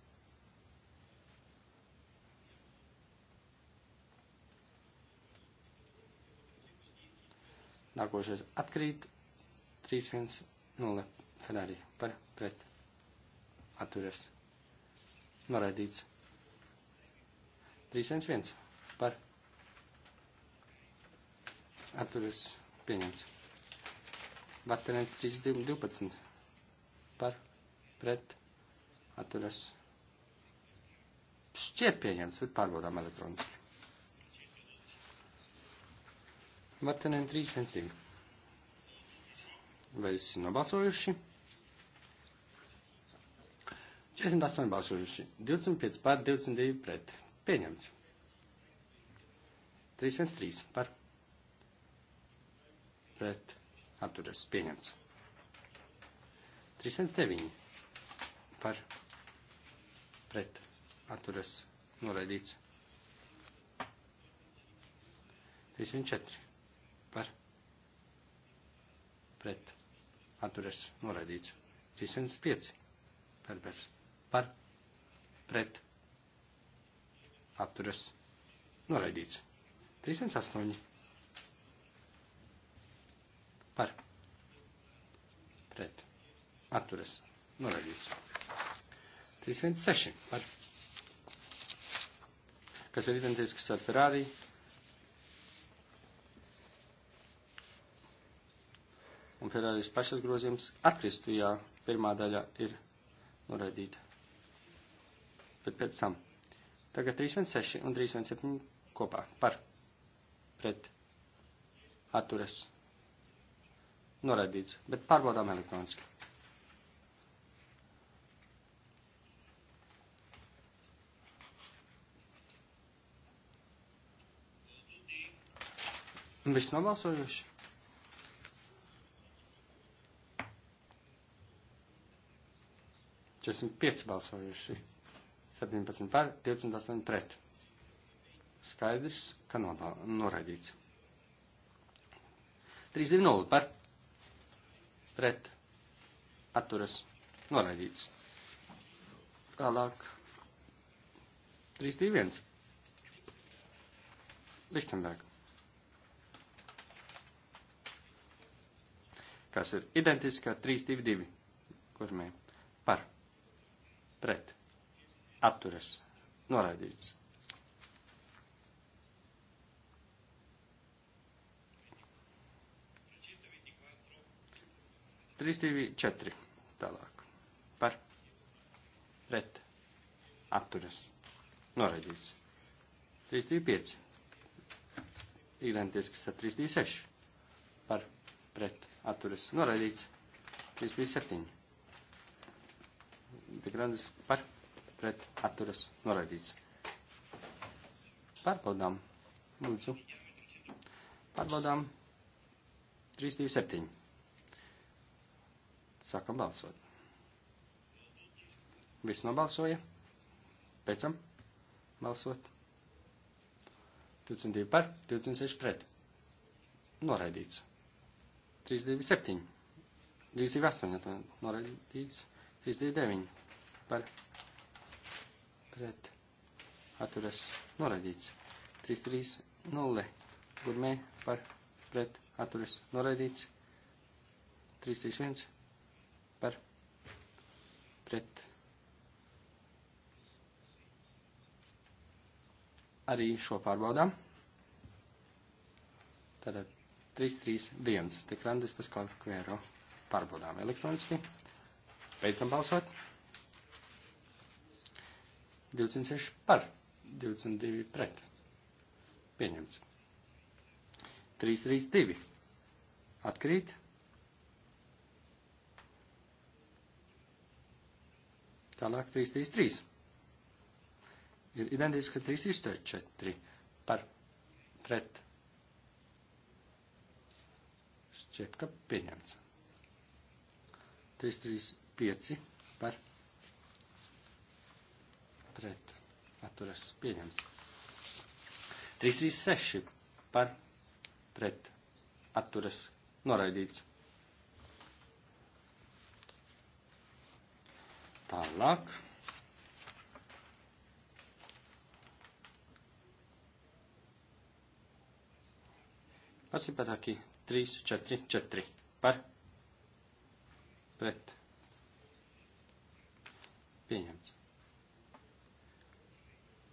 Nākošais atkrīt 3-1-0 Ferrari par pret atturies. Noraidīts. 3-1-1 par atturies pieņemts. Vaterens 3-12 par pret atturies. Šķiet pieņemts, bet pārbaudām elektroniski. Vartenen 300. Vai visi nobalsojuši? 48 balsojuši, 25 par, 22 pret. Pieņemts. 313 par. Pret. Atturas. Pieņemts. 309 par. Pret. Atturas. Noraidīts. 304 par pret atturas noraidīts. 305 par pret par pret atturas noraidīts. 308 par pret atturas noraidīts. 306 par kas ir identisks ar Ferrari un Ferraris pašas grozījums atkristu, ja pirmā daļa ir noraidīta. Bet pēc tam. Tagad 316 un 317 kopā par pret atturas noraidīts, bet pārbaudām elektroniski. Un viss nobalsojuši? 45 balsojuši, 17 par, 58 pret. Skaidrs, ka nodā, noraidīts. 3-0 par, pret, atturas, noraidīts. Tālāk 3-2-1. Lichtenberg. Kas ir identiski ar 3-2-2, kurmē par pret, atturas, noraidīts. Trīs, divi, četri, tālāk, par, pret, atturas, noraidīts. Trīs, divi, pieci, identisks ar trīs, divi, seši, par, pret, atturas, noraidīts. Trīs, divi, septiņi Degrandes par pret atturas noraidīts. Pārbaudām. Lūdzu. Pārbaudām. 327. Sākam balsot. Viss nobalsoja. Pēcam balsot. 22 par, 26 pret. Noraidīts. 327. 328 noraidīts. 329 par pret atturas noraidīts. 330 gurmē par pret atturas noraidīts. 331 par pret arī šo pārbaudām. Tātad 331 Tekrandes Paskal Kvēro pārbaudām elektroniski. Beidzam balsot. 26 par, 22 pret. Pieņemts. 332. Atkrīt. Tālāk 333. Ir identiski 334 par pret. Šķiet, ka pieņemts. 334. 5 par pret atturas pieņemts. 336 par pret atturas noraidīts. Tālāk. Pats ir patāki 3, 4, 4 par pret Pieņemts.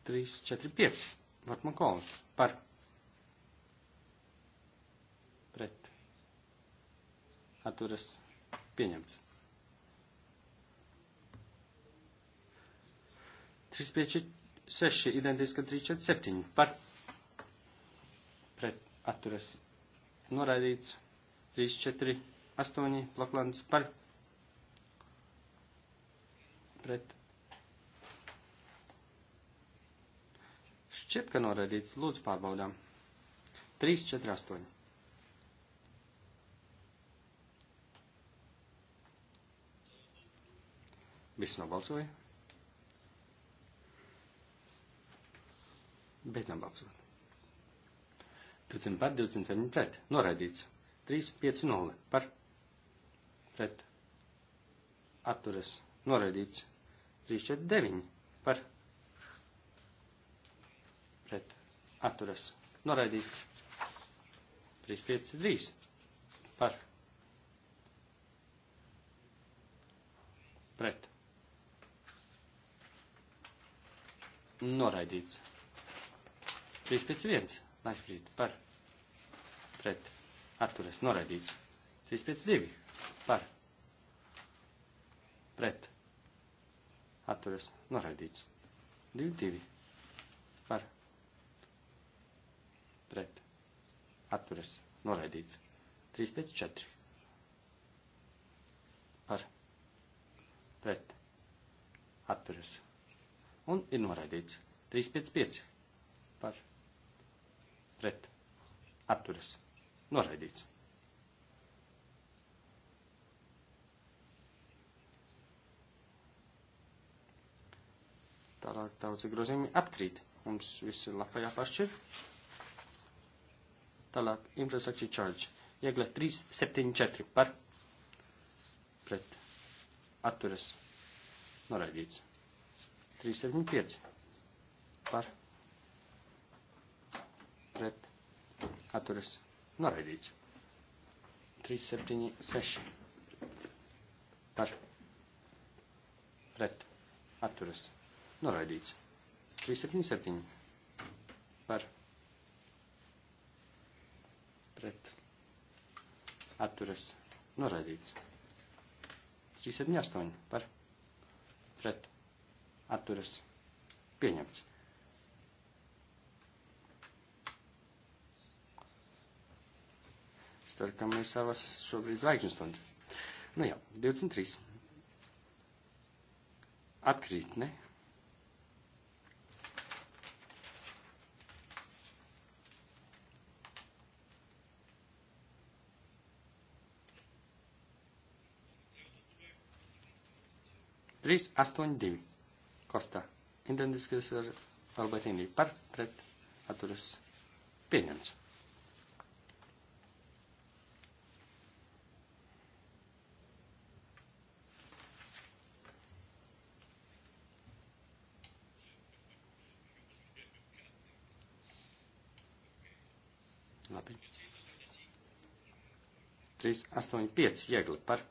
3, 4, 5. Vartman kolis. Par. Pret. Atturas. Pieņemts. 3, 5, 6. Identiska 3, 4, 7. Par. Pret. Atturas. Noraidīts. 3, 4, 8. Plaklands. Par pret. Šķiet, ka noraidīts. Lūdzu, pārbaudām. 3, 4, 8. Viss nobalsoja. Beidzam balsot. 20 par 27 pret. Noraidīts. 3, 5, 0 par pret. Atturas. Noraidīts. 349 par pret atturas noraidīts 353 par pret noraidīts 351 Laifrīd par pret atturas noraidīts 352 par pret atturas noraidīts. 22 par pret atturas noraidīts. 354 par pret atturas un ir noraidīts. 355 par pret atturas noraidīts. Tālāk daudzi grozījumi atkrīt. Mums viss ir lapā jāpašķir. Tālāk infrastructure charge. Iegla 374 par pret atturas noraidīts. 375 par pret atturas noraidīts. 376 par pret atturas noraidīts. Noraidīts. 377. Par. Pret. Atturas. Noraidīts. 378. Par. Pret. Atturas. Pieņemts. Starp, ka mēs savas šobrīd zvaigžņu stundu. Nu jā, 23. Atkrīt, ne? 382. Kostā. Identiskas ar Albertīnī par pret atturas pieņemts. Labi. 3, 8, 5 viegli par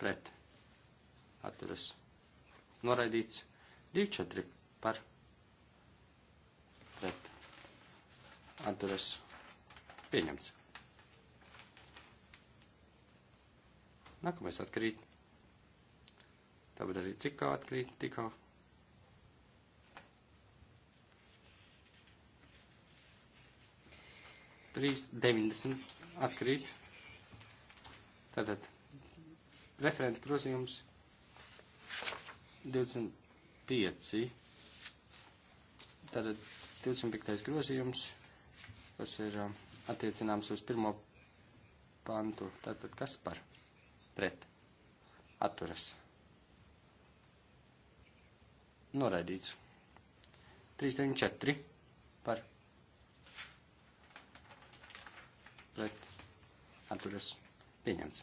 pret atturas noraidīts 2-4 par pret atturas pieņemts. Nākamais atkrīt. Tāpēc arī cik kā atkrīt tikā. Trīs deviņdesmit atkrīt. Tātad referenta grozījums 3.90 25. Tātad 25. grozījums, kas ir um, attiecināms uz pirmo pantu. Tātad kas par? Pret. Atturas. Noraidīts. 394 par pret atturas pieņemts.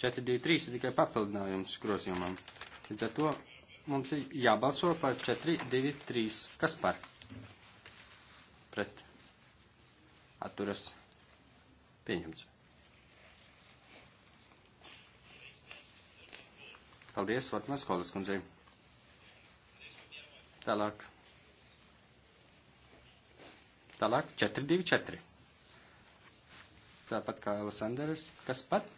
423 ir tikai papildinājums grozījumam. Līdz ar to mums ir jābalso par 423. Kas par? Pret. Atturas. Pieņemts. Paldies, Vartmēs Kolas kundzei. Tālāk. Tālāk 424. Tāpat kā Alessandrs. Kas pat?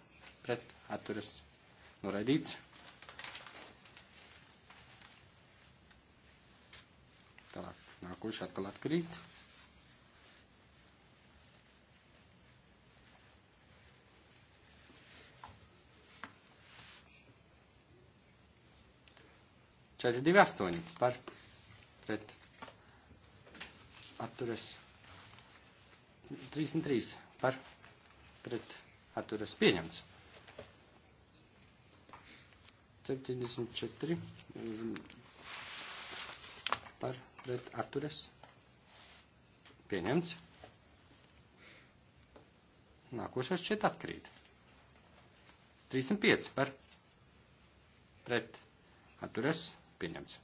Pret atturas noraidīts. Tālāk nākoši atkal atkrīt. Četri divi astoņi par pret atturas 33 par pret atturas pieņemts. 74 par pret atturas pieņemts. Nākošais šķiet atkrīt. 305 par pret atturas pieņemts.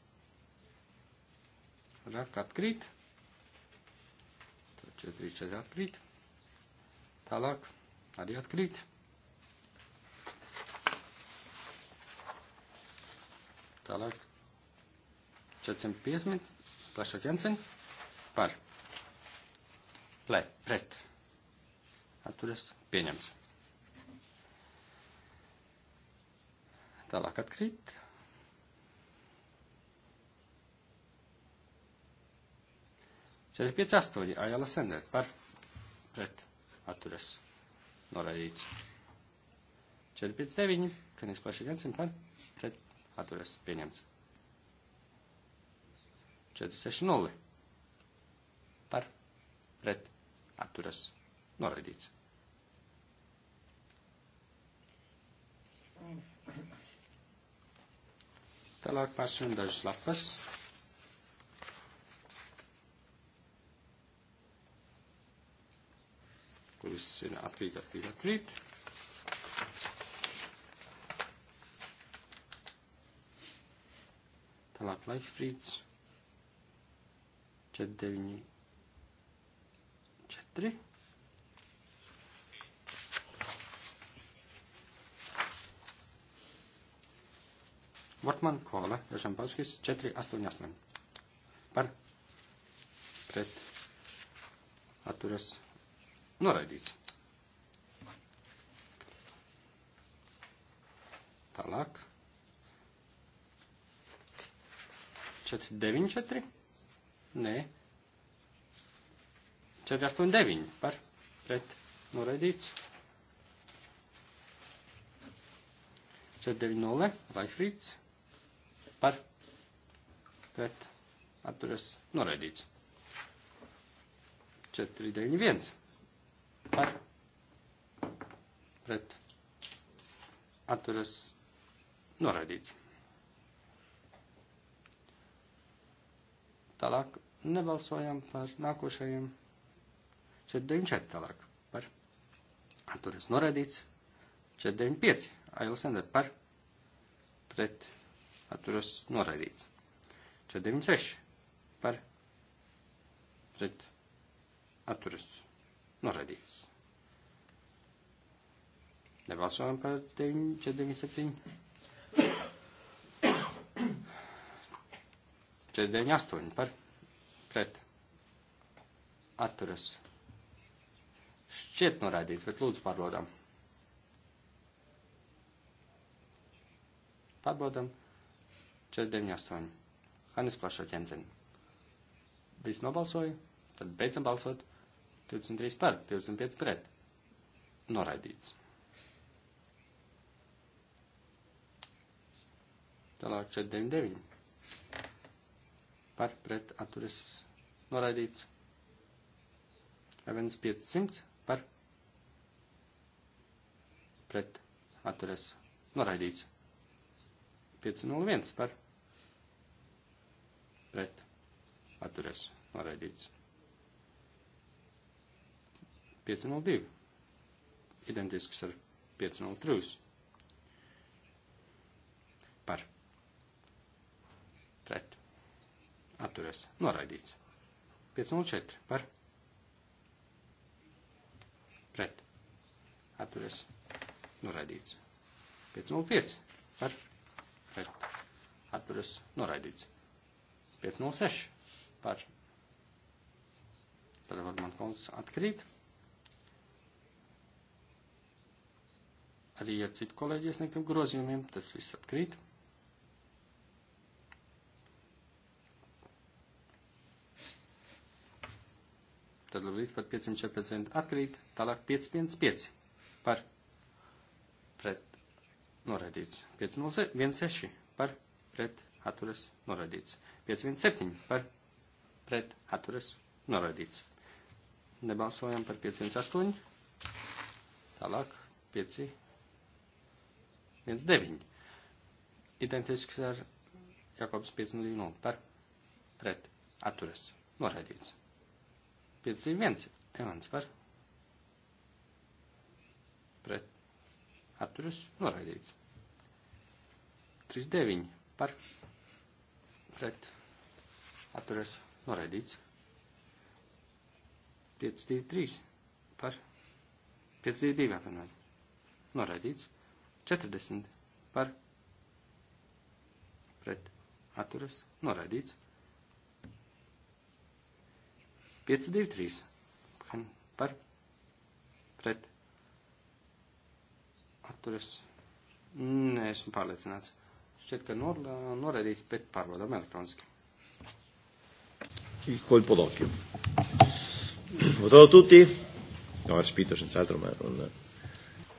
Rak atkrīt. Tad 4, 4 atkrīt. Tālāk arī atkrīt. Tālāk. 450. Plašāk Jensen. Par. Plē, pret. Atturas. Pieņemts. Tālāk atkrīt. Šeit ir 5, 8, Ajala Sender par pret atturas noraidīts. 4, 5, 9, Kanīgs Plašiņancim par pret atturas pieņemts. 460 par pret atturas noraidīts. Tālāk pāršiem dažas lapas. kuras ir atkrīt, atkrīt, atkrīt. Tālāk Leihfrīds 49 4. Vortman Kola, Jošambalskis 488. Par pret atturas noraidīts. Tālāk. 494? Nē. 489 par pret noraidīts. 490 laikrīts par pret atturas noraidīts. 491 par pret atturas noraidīts. Tālāk nebalsojam par nākošajiem. Šeit 94 tālāk par. Atturas noraidīts. 495. Ailsender par. Pret. Atturas noraidīts. 496 par. Pret. Atturas noraidīts. Nebalsojam par 997 498 par pret atturas. Šķiet noraidīts, bet lūdzu pārbaudām. Pārbaudām 498. Hanis plašo ķenzeni. Viss nobalsoja, tad beidzam balsot 23 par, 25 pret. Noraidīts. Tālāk 499 par pret atturas noraidīts. Evans 500 par pret atturas noraidīts. 501 par pret atturas noraidīts. 502 identisks ar 503 atturas noraidīts. 504 par pret atturas noraidīts. 505 par pret atturas noraidīts. 506 par par varbūt konts atkrīt. Arī ar citu kolēģi iesniegtiem grozījumiem tas viss atkrīt. 507 tad līdz pat 514 atkrīt, tālāk 555 par pret noraidīts, 516 par pret atturas noraidīts, 517 par pret atturas noraidīts. Nebalsojam par 508, tālāk 5, 1, 9. Identisks ar Jakobs 502 par pret atturas noraidīts. 51. Evans var. Pret. Atturas. Noraidīts. 39. Par. Pret. Atturas. Noraidīts. 523. Par. 52. Atvainojiet. Noraidīts. 40. Par. Pret. Atturas. Noraidīts. 5, 2, 3. Par pret atturas. Nē, esmu pārliecināts. Šķiet, ka nor, noraidīts, bet pārbaudām elektroniski. Il colpo d'occhio. Votato tutti? No, ha respinto senz'altro, ma non...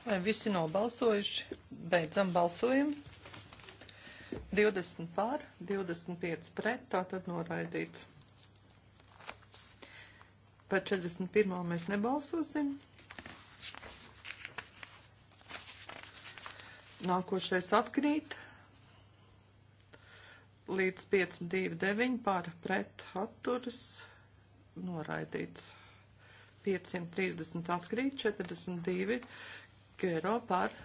Vai visi nobalsojuši? Beidzam balsojumu. 20 pār, 25 pret, tātad noraidīts. Par 41. mēs nebalsosim. Nākošais atkrīt līdz 529 par pret atturas noraidīts. 530 atkrīt, 42 gero par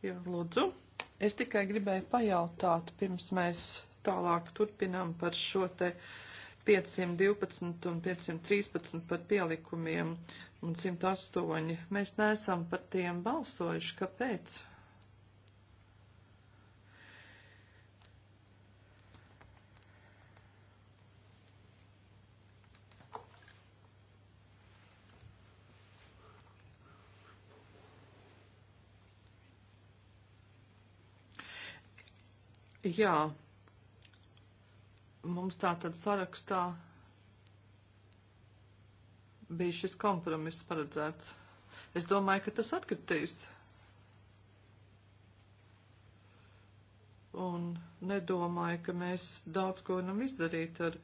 Jā, lūdzu. Es tikai gribēju pajautāt, pirms mēs Tālāk turpinām par šo te 512 un 513 par pielikumiem un 108. Mēs neesam par tiem balsojuši. Kāpēc? Jā, Mums tā tad sarakstā bija šis kompromiss paredzēts. Es domāju, ka tas atkritīs. Un nedomāju, ka mēs daudz ko varam izdarīt ar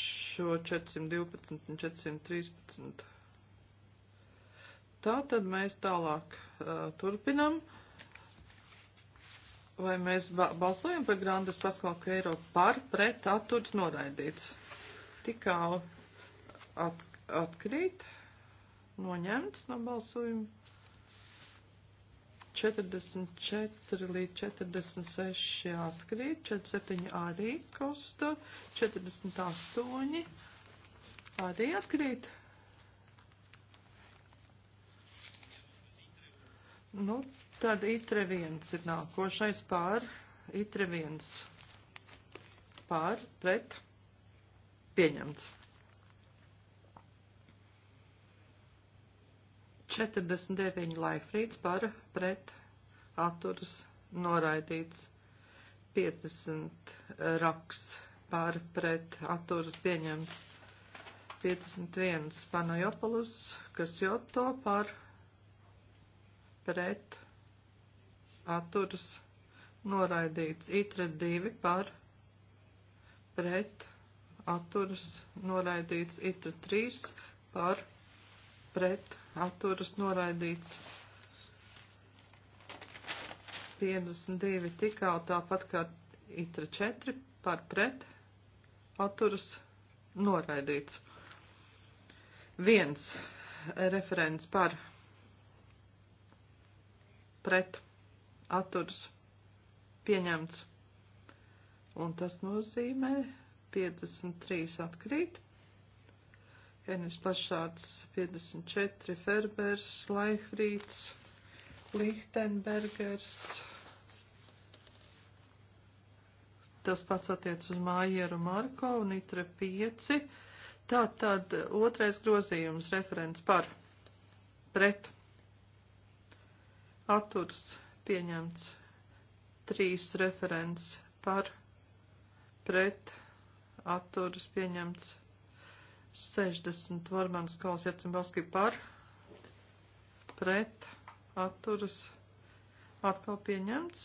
šo 412 un 413. Tā tad mēs tālāk uh, turpinam. Uh, Vai mēs ba balsojam par Grandes Paskala Kveiro par, pret, atturs, noraidīts? Tikā at atkrīt, noņemts no balsojuma. 44 līdz 46 atkrīt, 47 arī kosta, 48 arī atkrīt. Nu, Tad itre viens ir nākošais pār, itre viens pār, pret, pieņemts. 49 laikfrīds par, pret, atturas, noraidīts. 50 raks par, pret, atturas, pieņemts. 51 Panajopolus, kas joto par, pret, atturas noraidīts. Itre 2 par pret atturas noraidīts. Itre 3 par pret atturas noraidīts. 52 tikā tāpat kā itra 4 par pret atturas noraidīts. Viens referents par pret atturs pieņemts. Un tas nozīmē 53 atkrīt. Enis Plašāds 54, Ferbers, Laihvrīts, Lichtenbergers. Tas pats attiec uz Mājieru Marko un Itra 5. Tā tad otrais grozījums referents par pret atturs pieņemts. 3 referents par pret atturas pieņemts. 60 Varmans Kals Jacimbalski par pret atturas atkal pieņemts.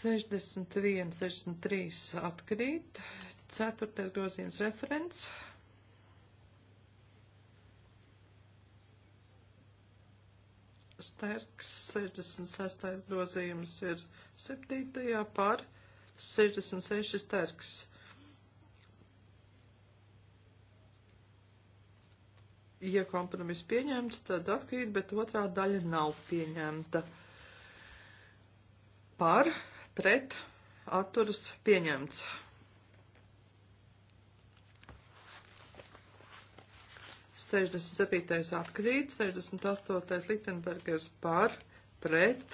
61, 63 atkrīt. Ceturtais grozījums referents Sterks 66. grozījums ir 7. par 66. Sterks. Ja kompromiss pieņemts, tad atkrīt, bet otrā daļa nav pieņemta. Par, pret, atturas pieņemts. 67. atkrīt, 68. Liktenbergers par, pret,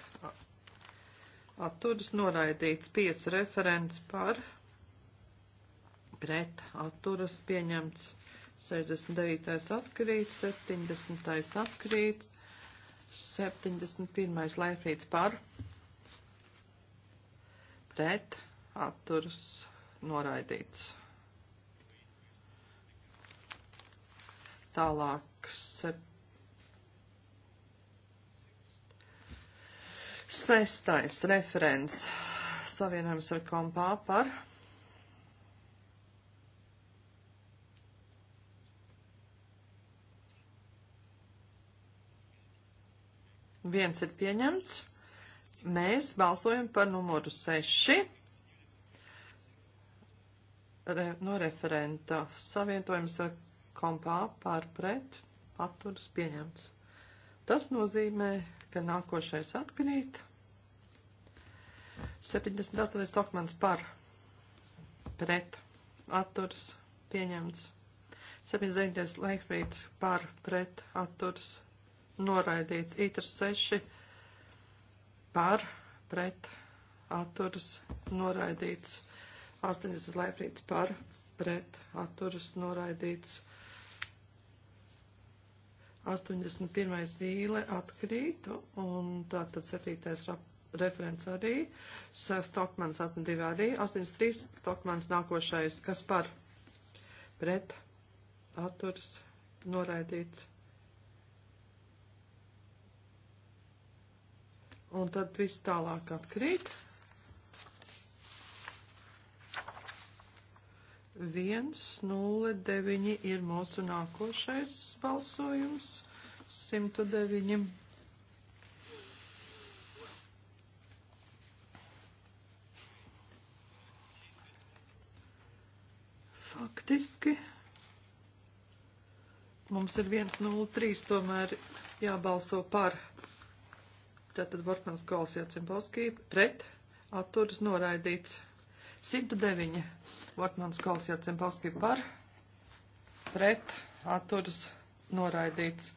atturas noraidīts, 5 referents par, pret, atturas pieņemts, 69. atkrīt, 70. atkrīt, 71. laifrīts par, pret, atturas noraidīts. Tālāk. Sep... Sestais referents savienojums ar kompā par. Viens ir pieņemts. Mēs balsojam par numuru 6 re, no referenta. Savietojums ar kompā pār pret atturas pieņemts. Tas nozīmē, ka nākošais atkrīt. 78. dokuments par pret atturas pieņemts. 79. laikfrīds par pret atturas noraidīts. Ītras 6 par pret atturas noraidīts. 80. laikfrīds par pret atturas noraidīts. 81. zīle atkrīt, un tātad 7. referents arī, Stokmans 82 arī, 83 Stokmans nākošais, kas par pret atturs noraidīts. Un tad viss tālāk atkrīt. 109 ir mūsu nākošais balsojums. 109. Faktiski mums ir 103 tomēr jābalso par. Tātad Vortmans Kols Jācimbalskī pret atturas noraidīts. 109. Vortmans Kols Jacempalski par, pret, atturas, noraidīts.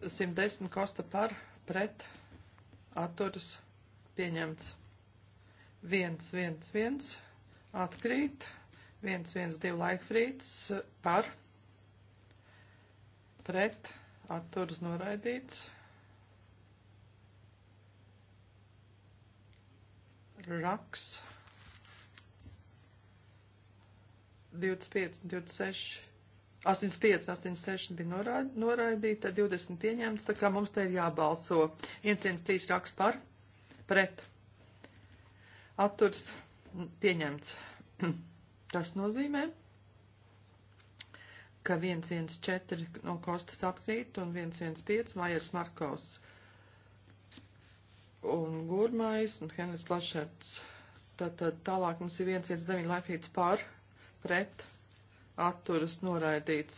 110. Kosta par, pret, atturas, pieņemts. 1, 1, 1, atkrīt. 1, 1, 2 laikfrīds par, pret, atturas noraidīts. Raks 25, 26, 85, 86 bija noraid, noraidīta, 20 pieņemts, tā kā mums te ir jābalso. 113 raksts par, pret. Atturs pieņemts. Tas nozīmē, ka 114 no Kostas atkrīt un 115 Vairs Markovs un Gurmais un Henris Plašerts. Tad, tad tālāk mums ir 119 Laifīts par, pret pret atturas noraidīts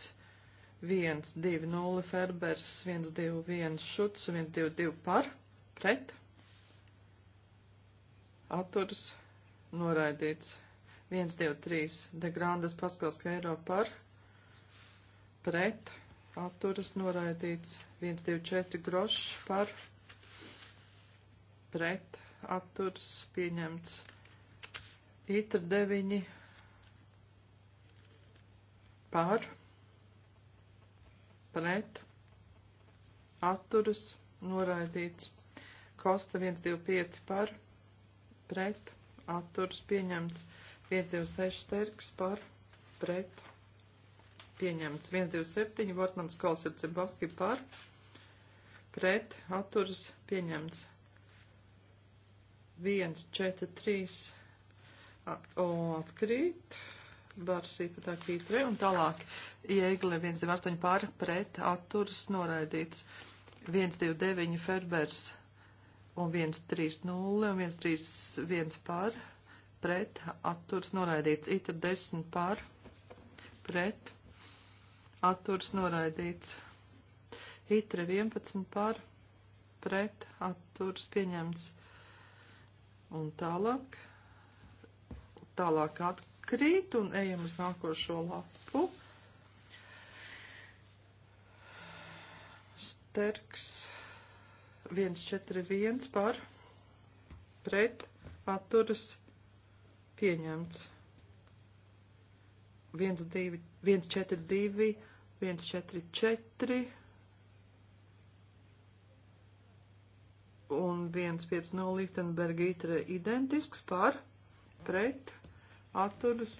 1-2-0 Ferbers, 1-2-1 Šuts, 1-2-2 par, pret, atturas noraidīts 1-2-3 De Grandes Paskals Kveiro par, pret, atturas noraidīts 1-2-4 Grošs par, pret, atturas pieņemts Itra 9 par, pret, atturas, noraidīts. Kosta 125 par, pret, atturas, pieņemts. 126 terks par, pret, pieņemts. 127 Vortmans Kols ir Cebovski par, pret, atturas, pieņemts. 1, 4, 3, atkrīt. Barsīpa tā Kītre un tālāk Jēgle 128 pār pret atturas noraidīts 129 Ferbers un 130 un 131 pār pret atturas noraidīts Itra 10 pār pret atturas noraidīts Itra 11 pār pret atturas pieņemts un tālāk tālāk atkārt krīt un ejam uz nākošo lapu. Sterks 141 par pret atturas pieņemts. 142, 142, 144 un 150 Lichtenberga itre identisks par pret atturas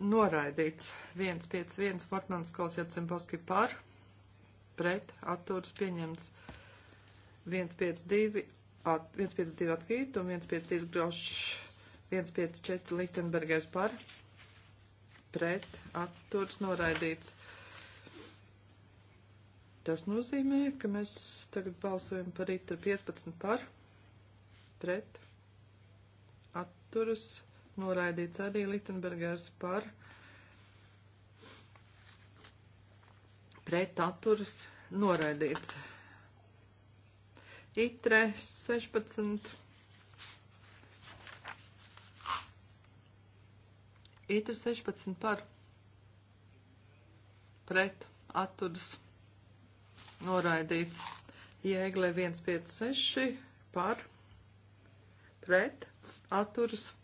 noraidīts 151 Fortmanas kols Jacimboski par, pret atturas pieņemts 152, at, 152 atkrīt un 153 grošs 154 Lichtenbergers par, pret atturas noraidīts. Tas nozīmē, ka mēs tagad balsojam par rīta 15 par, pret atturas noraidīts noraidīts arī Liktenbergers par pret atturas noraidīts. Itre 16. Itre 16 par pret atturas noraidīts. Jēgle 156 par pret atturas noraidīts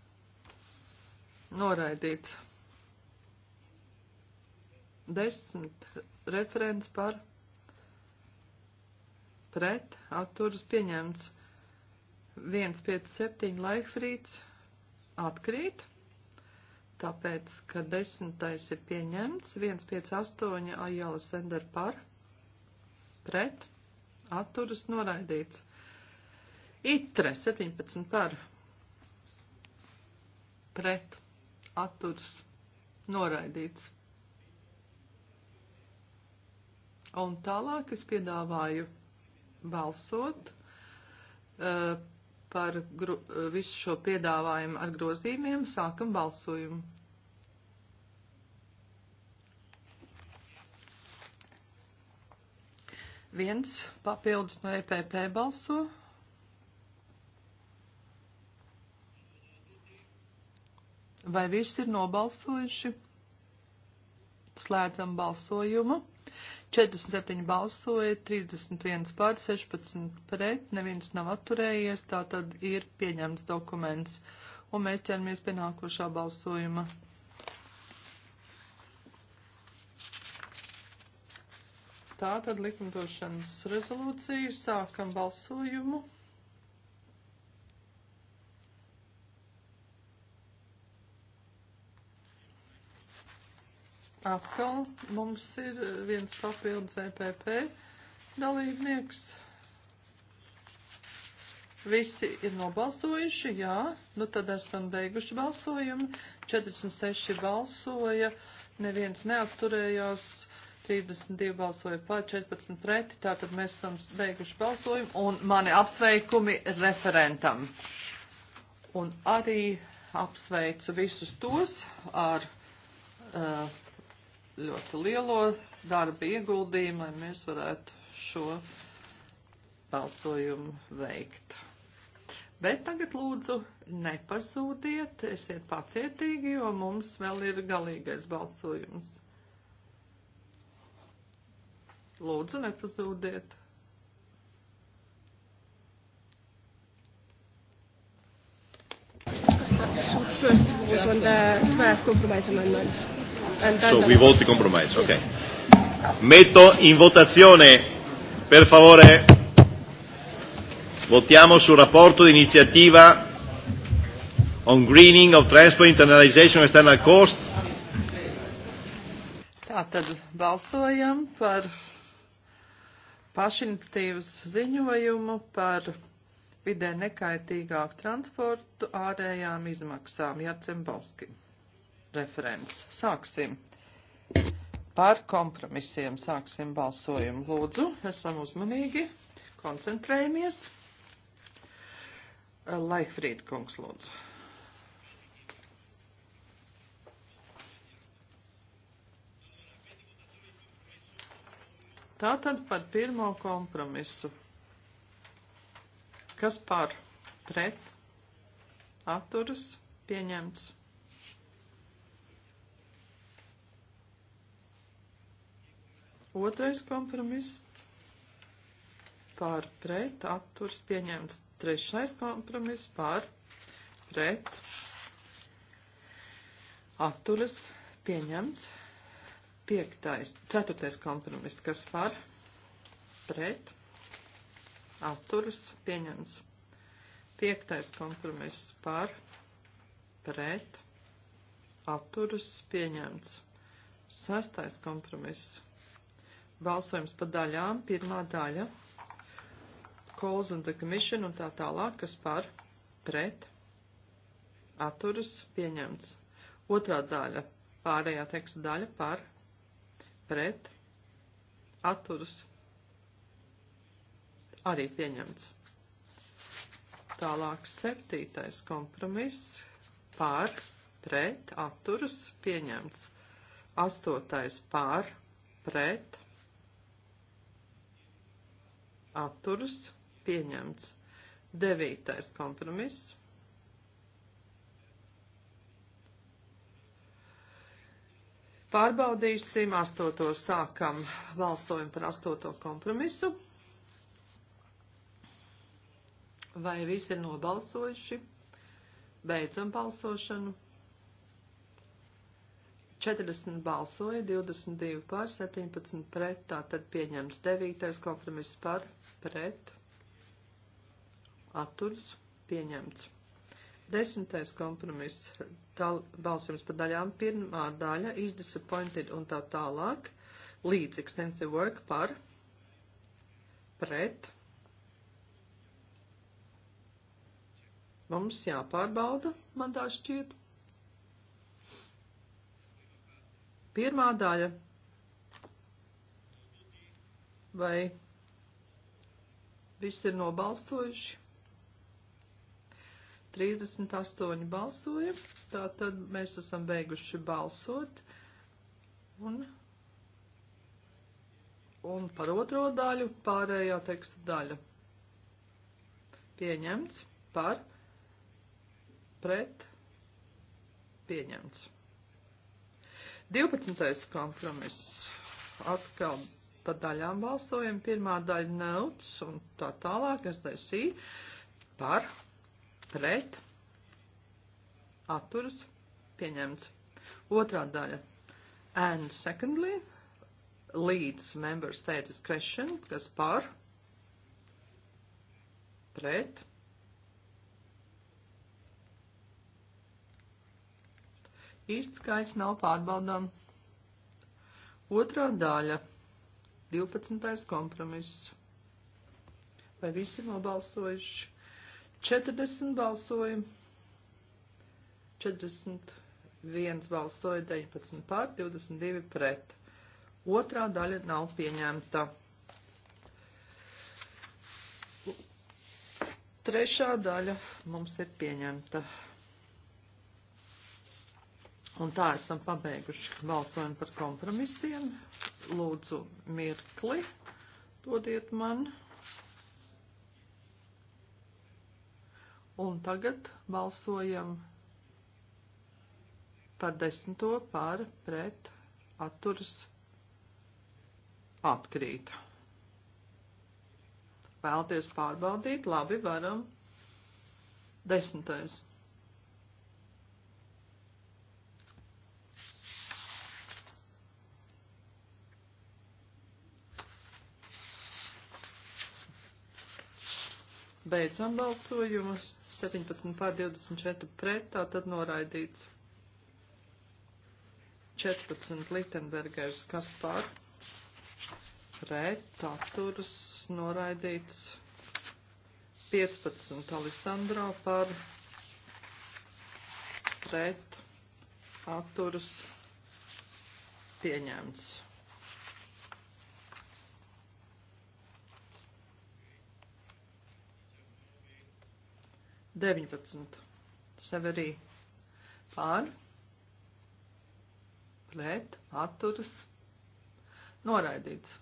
noraidīts. Desmit referents par pret atturas pieņemts. 157 laikfrīds atkrīt, tāpēc, ka desmitais ir pieņemts, 158 Ajala Sender par pret atturas noraidīts. Itre 17 par pret atturas noraidīts. Un tālāk es piedāvāju balsot uh, par gru, eh, visu šo piedāvājumu ar grozījumiem. Sākam balsojumu. Viens papildus no EPP balso. Vai viss ir nobalsojuši? Slēdzam balsojumu. 47 balsoja, 31 pār, 16 pret, neviens nav atturējies, tā tad ir pieņemts dokuments. Un mēs ķeramies pie nākošā balsojuma. Tā tad likumdošanas rezolūcija, sākam balsojumu. Atkal mums ir viens papildus EPP dalībnieks. Visi ir nobalsojuši, jā, nu tad esam beiguši balsojumu. 46 balsoja, neviens neatturējās. 32 balsoja pār, 14 preti, tātad mēs esam beiguši balsojumu un mani apsveikumi referentam. Un arī apsveicu visus tos ar uh, ļoti lielo darba ieguldījumu, lai mēs varētu šo balsojumu veikt. Bet tagad lūdzu nepazūdiet, esiet pacietīgi, jo mums vēl ir galīgais balsojums. Lūdzu, nepazūdiet. First vote on the 12 compromise amendments. So we vote the compromise, ok. Metto in votazione, per favore, votiamo sul rapporto di iniziativa on greening of transport internalization external cost. Tātad balsojam par pašiniciatīvas ziņojumu par vidē nekaitīgāku transportu ārējām izmaksām Jacem Balskim referents. Sāksim. Par kompromisiem sāksim balsojumu. Lūdzu, esam uzmanīgi, koncentrējamies. Laikfrīd kungs, lūdzu. Tātad par pirmo kompromisu. Kas par pret atturas pieņemts? Otrais kompromiss par pret atturs pieņemts. Trešais kompromiss par pret atturs pieņemts. Piektais, ceturtais kompromiss, kas par pret atturs pieņemts. Piektais kompromiss par pret atturs pieņemts. Sastais kompromiss Balsojums pa daļām. Pirmā daļa. Calls on the commission un tā tālāk, kas par pret atturas pieņemts. Otrā daļa. Pārējā teksta daļa par pret atturas arī pieņemts. Tālāk septītais kompromiss par pret atturas pieņemts. Astotais par pret atturas atturas pieņemts. Devītais kompromiss. Pārbaudīsim astoto, sākam balsojumu par astoto kompromisu. Vai visi ir nobalsojuši? Beidzam balsošanu. 40 balsoja, 22 pār, 17 pret, tātad pieņems 9. kompromiss par pret, atturas, pieņemts. Desmitais kompromiss balsojums par daļām. Pirmā daļa is disappointed un tā tālāk. Līdz extensive work par pret. Mums jāpārbauda, man tā šķiet. Pirmā daļa. Vai Visi ir nobalstojuši. 38 balsoja, tā tad mēs esam beiguši balsot. Un, un par otro daļu pārējā teksta daļa. Pieņemts par pret pieņemts. 12. kompromiss atkal pa daļām balsojam. Pirmā daļa notes un tā tālāk, kas taisī par, pret, atturas, pieņemts. Otrā daļa and secondly leads member state discretion, kas par, pret, īsts skaits nav pārbaudām. Otrā daļa. 12. kompromiss. Vai visi nobalsojuši? 40 balsoja, 41 balsoja, 19 pār, 22 pret. Otrā daļa nav pieņemta. Trešā daļa mums ir pieņemta. Un tā esam pabeiguši balsojumu par kompromisiem lūdzu mirkli, dodiet man. Un tagad balsojam par desmito pār pret atturs atkrīt. Vēlties pārbaudīt, labi varam. Desmitais. Beidzam balsojumu. 17 pār 24 pret, tā tad noraidīts. 14 Litenbergers, kas pār? Pret, atturas, noraidīts. 15 Alisandro par pret atturus pieņemts. 19. Severī pār, pret, atturas, noraidīts.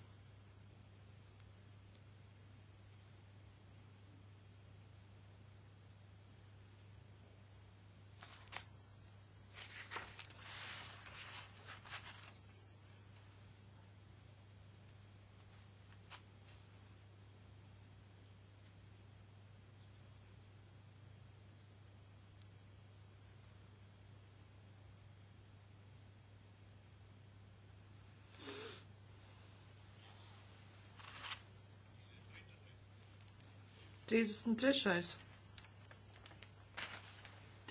33.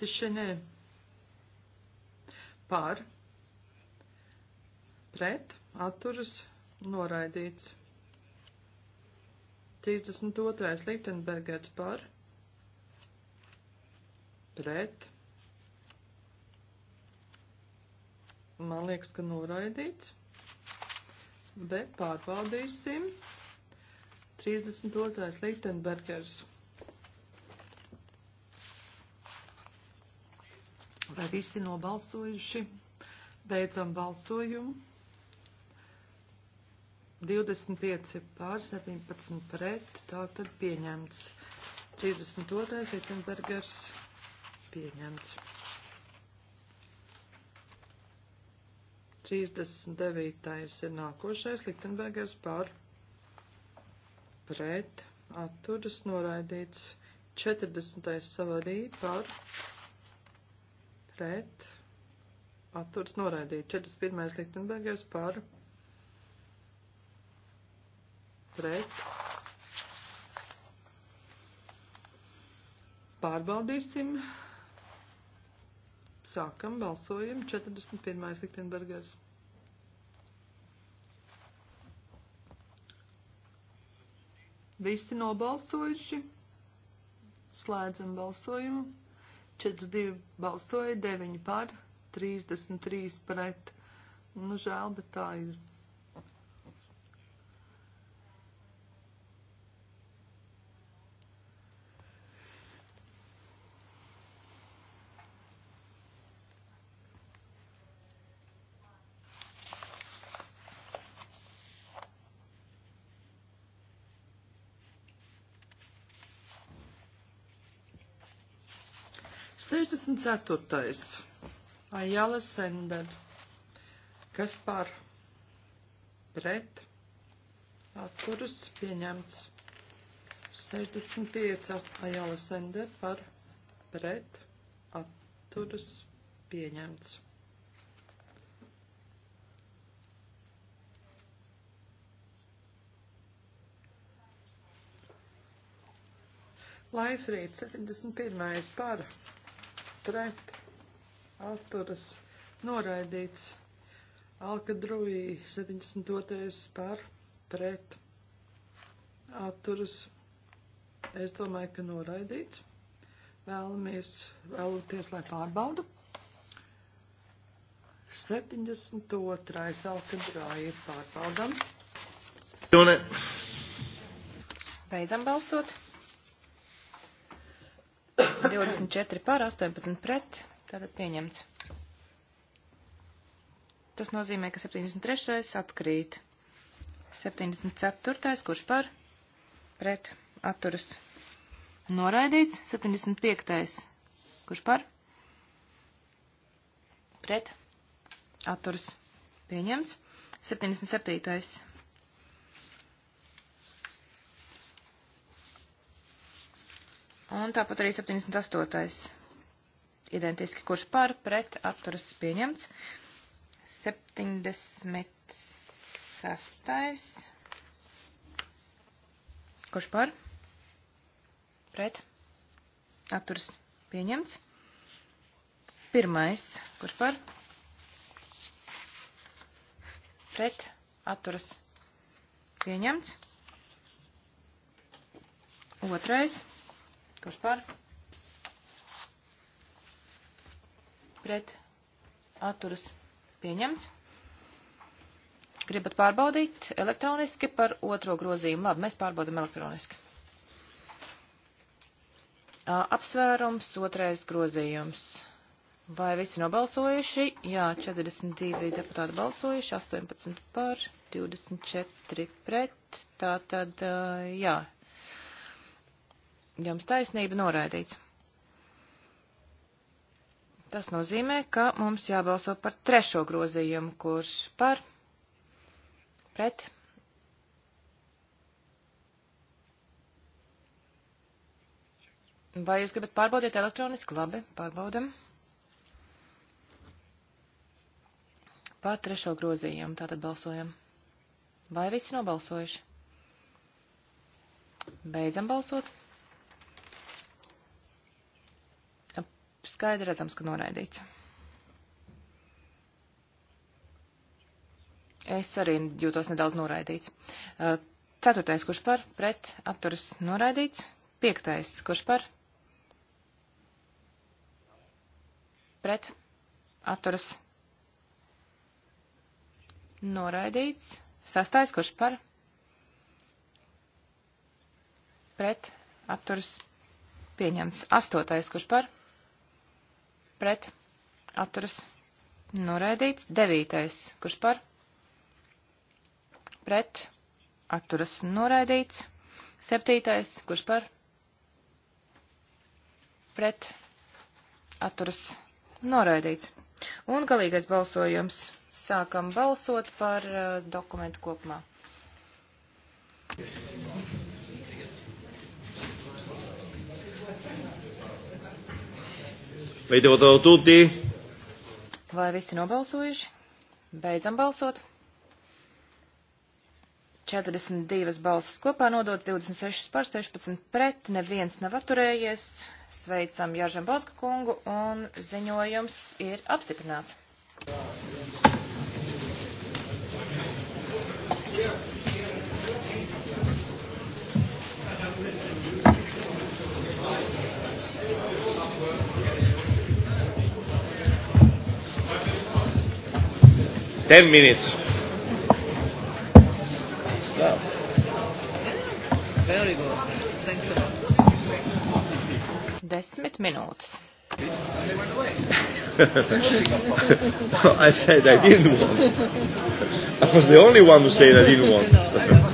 Tišanē par pret atturas noraidīts. 32. Liktenbergers par pret. Man liekas, ka noraidīts, bet pārbaudīsim. 32. Lichtenbergers. Vai visi nobalsojuši? Beidzam balsojumu. 25 pār 17 pret, tā tad pieņemts. 32. Lichtenbergers pieņemts. 39. ir nākošais Lichtenbergers pār 17 pret atturas noraidīts 40. savadī par pret atturas noraidīts 41. Liktenbergers par pret pārbaudīsim sākam balsojam 41. Liktenbergers. Visi nobalsojuši. Slēdzam balsojumu. 42 balsoja, 9 par, 33 pret. Nu, žēl, bet tā ir. 64. Ajala Sended. Kas par? Pret. Atturas pieņemts. 65. Ajala Sended par? Pret. Atturas pieņemts. Laifrīds 71. par pret atturas noraidīts. Alkadruī 72. par pret atturas. Es domāju, ka noraidīts. Vēlamies, vēlaties, lai pārbaudu. 72. alkadruī pārbaudam. Beidzam balsot. 24 pār 18 pret, tātad pieņemts. Tas nozīmē, ka 73. atkrīt. 74. kurš par pret atturas noraidīts. 75. kurš par pret atturas pieņemts. 77. Un tāpat arī 78. Identiski, kurš par pret atturas pieņemts. 76. Kurš par? Pret. Atturs pieņemts. Pirmais. Kurš par? Pret. Atturs pieņemts. Otrais. Kurš par? Pret. Atturas. Pieņemts. Gribat pārbaudīt elektroniski par otro grozījumu. Labi, mēs pārbaudam elektroniski. Apsvērums, otrais grozījums. Vai visi nobalsojuši? Jā, 42 deputāti balsojuši, 18 par, 24 pret. Tātad, jā, Jums taisnība noraidīts. Tas nozīmē, ka mums jābalso par trešo grozījumu, kurš par pret. Vai jūs gribat pārbaudīt elektroniski? Labi, pārbaudam. Pār trešo grozījumu tātad balsojam. Vai visi nobalsojuši? Beidzam balsot. skaidri redzams, ka noraidīts. Es arī jūtos nedaudz noraidīts. Ceturtais, kurš par, pret, apturas noraidīts. Piektais, kurš par, pret, apturas noraidīts. Sastais, kurš par, pret, apturas pieņemts. Astotais, kurš par, pret pret atturas noraidīts. Devītais, kurš par pret atturas noraidīts. Septītais, kurš par pret atturas noraidīts. Un galīgais balsojums. Sākam balsot par eh, dokumentu kopumā. Avete votato tutti? Vai visi nobalsojuši? Beidzam balsot. 42 balsas kopā nodots, 26 par 16 pret, neviens nav atturējies. Sveicam Jāžam Boska kungu un ziņojums ir apstiprināts. Yeah. Ten minutes. Stop. Very good. Thanks a lot. Desmit minūtes. I said I didn't want. I was the only one who said I didn't want.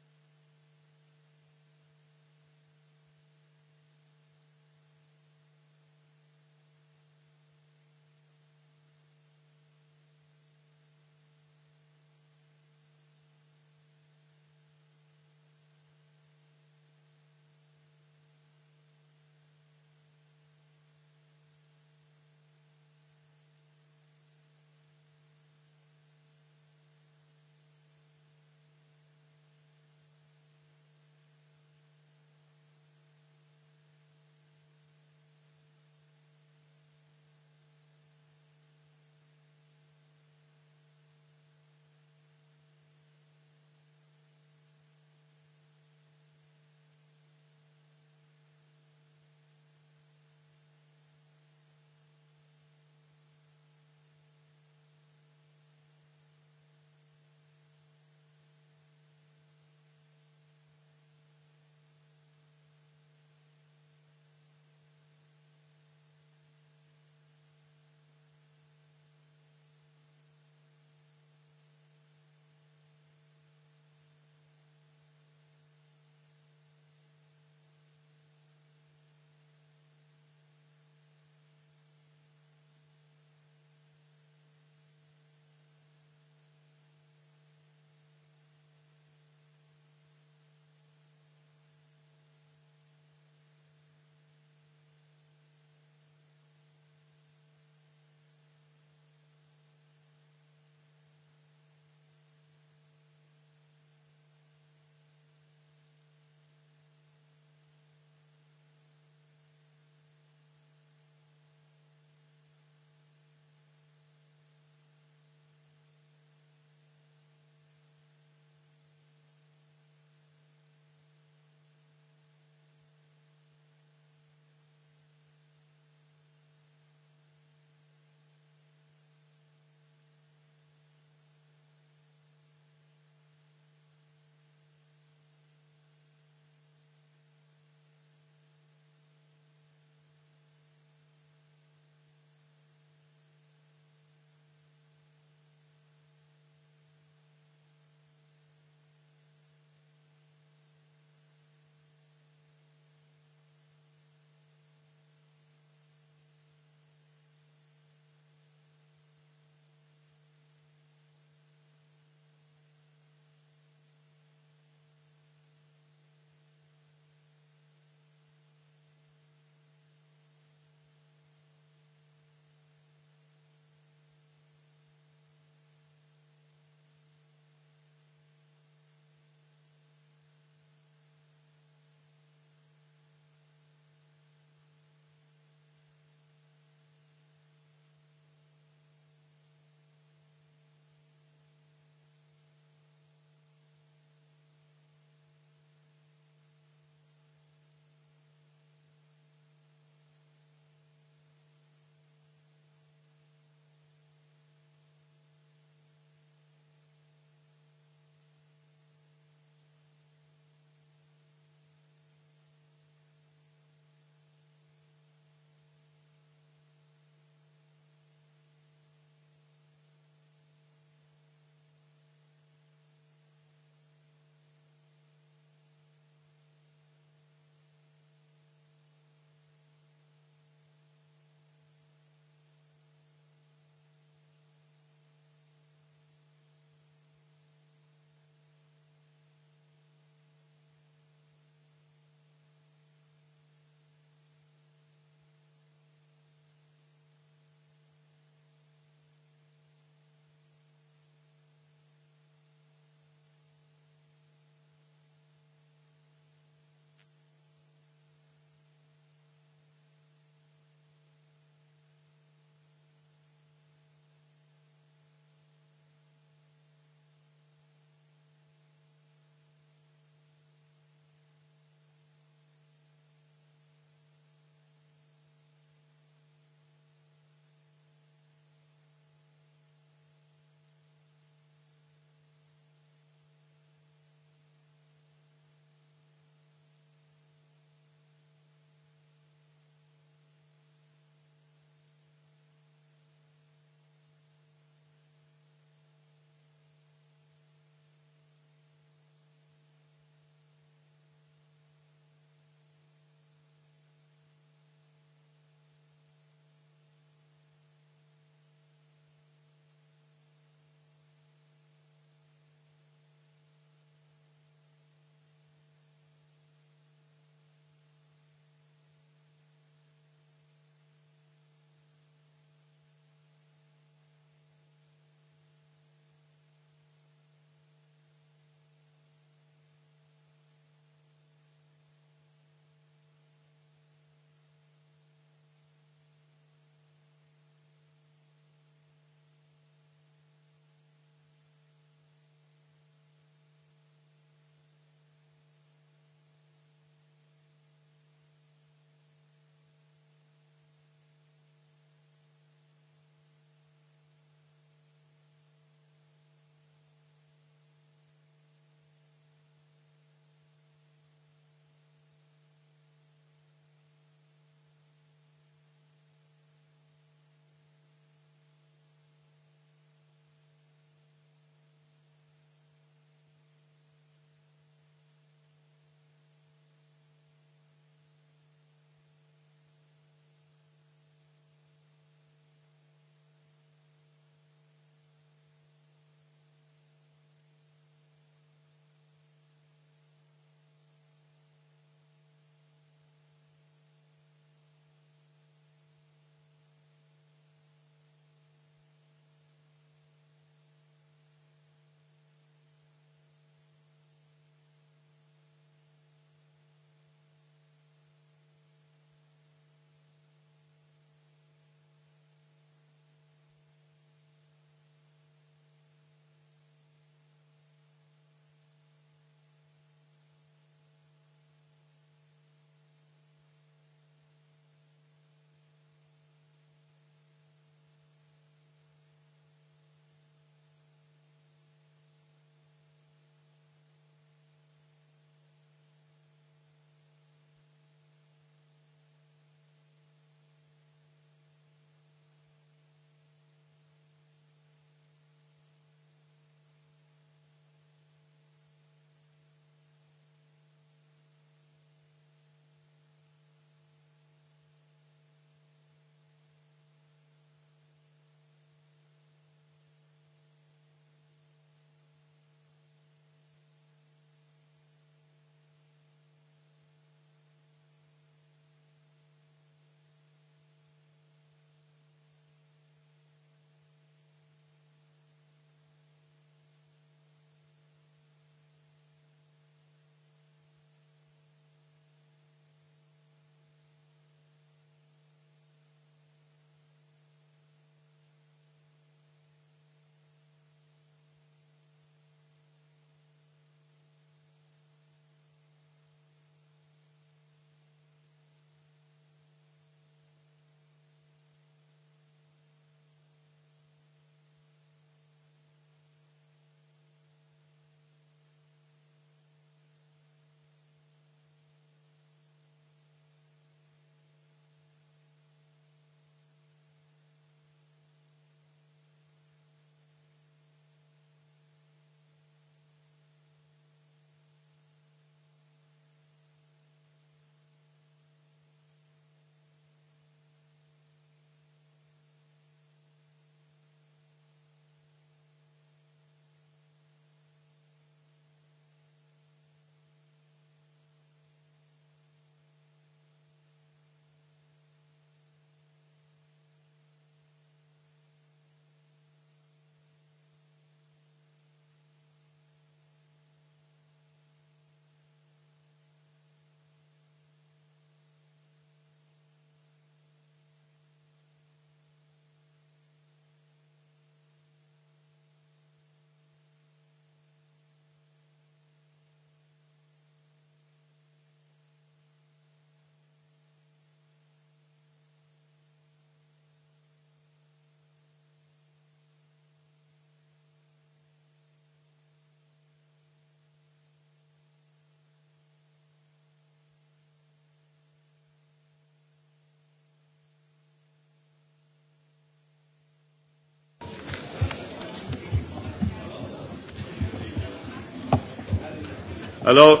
Alors,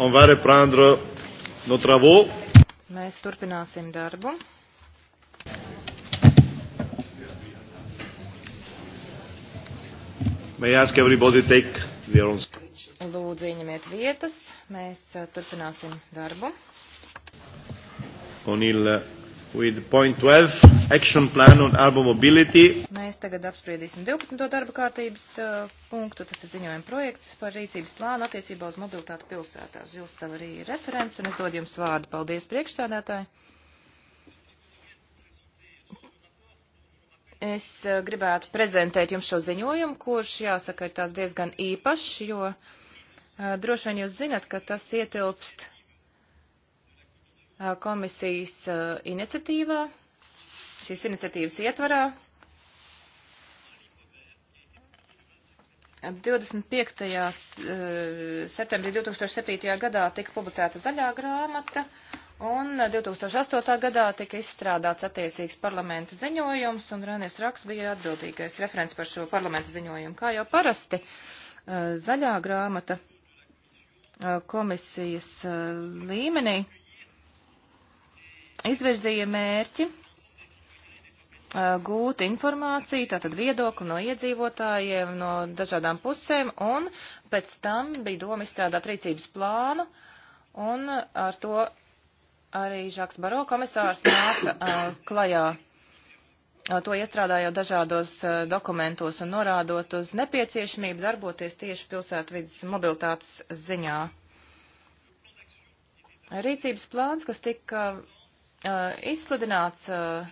on va reprendre nos travaux. Mēs turpināsim darbu. May I ask everybody take their own Lūdzu, ieņemiet vietas. Mēs uh, turpināsim darbu. Un il with point 12, action plan on urban mobility. Mēs tagad apspriedīsim 12. darba kārtības uh, punktu, tas ir ziņojuma projekts par rīcības plānu attiecībā uz mobilitāti pilsētās. Jūs savu arī referents, un es dodu jums vārdu. Paldies, priekšsēdētāji. Es uh, gribētu prezentēt jums šo ziņojumu, kurš, jāsaka, ir tās diezgan īpašs, jo uh, droši vien jūs zinat, ka tas ietilpst Uh, komisijas uh, iniciatīvā, šīs iniciatīvas ietvarā. 25. Uh, septembrī 2007. gadā tika publicēta zaļā grāmata, un 2008. gadā tika izstrādāts attiecīgs parlamenta ziņojums, un Rēnies Raks bija atbildīgais referents par šo parlamenta ziņojumu. Kā jau parasti, zaļā grāmata komisijas līmenī izvirzīja mērķi gūt informāciju, tātad viedokli no iedzīvotājiem, no dažādām pusēm, un pēc tam bija doma izstrādāt rīcības plānu, un ar to arī Žaks Baro komisārs nāca klajā. To iestrādājot dažādos dokumentos un norādot uz nepieciešamību darboties tieši pilsētvidas mobilitātes ziņā. Rīcības plāns, kas tika uh, izsludināts uh,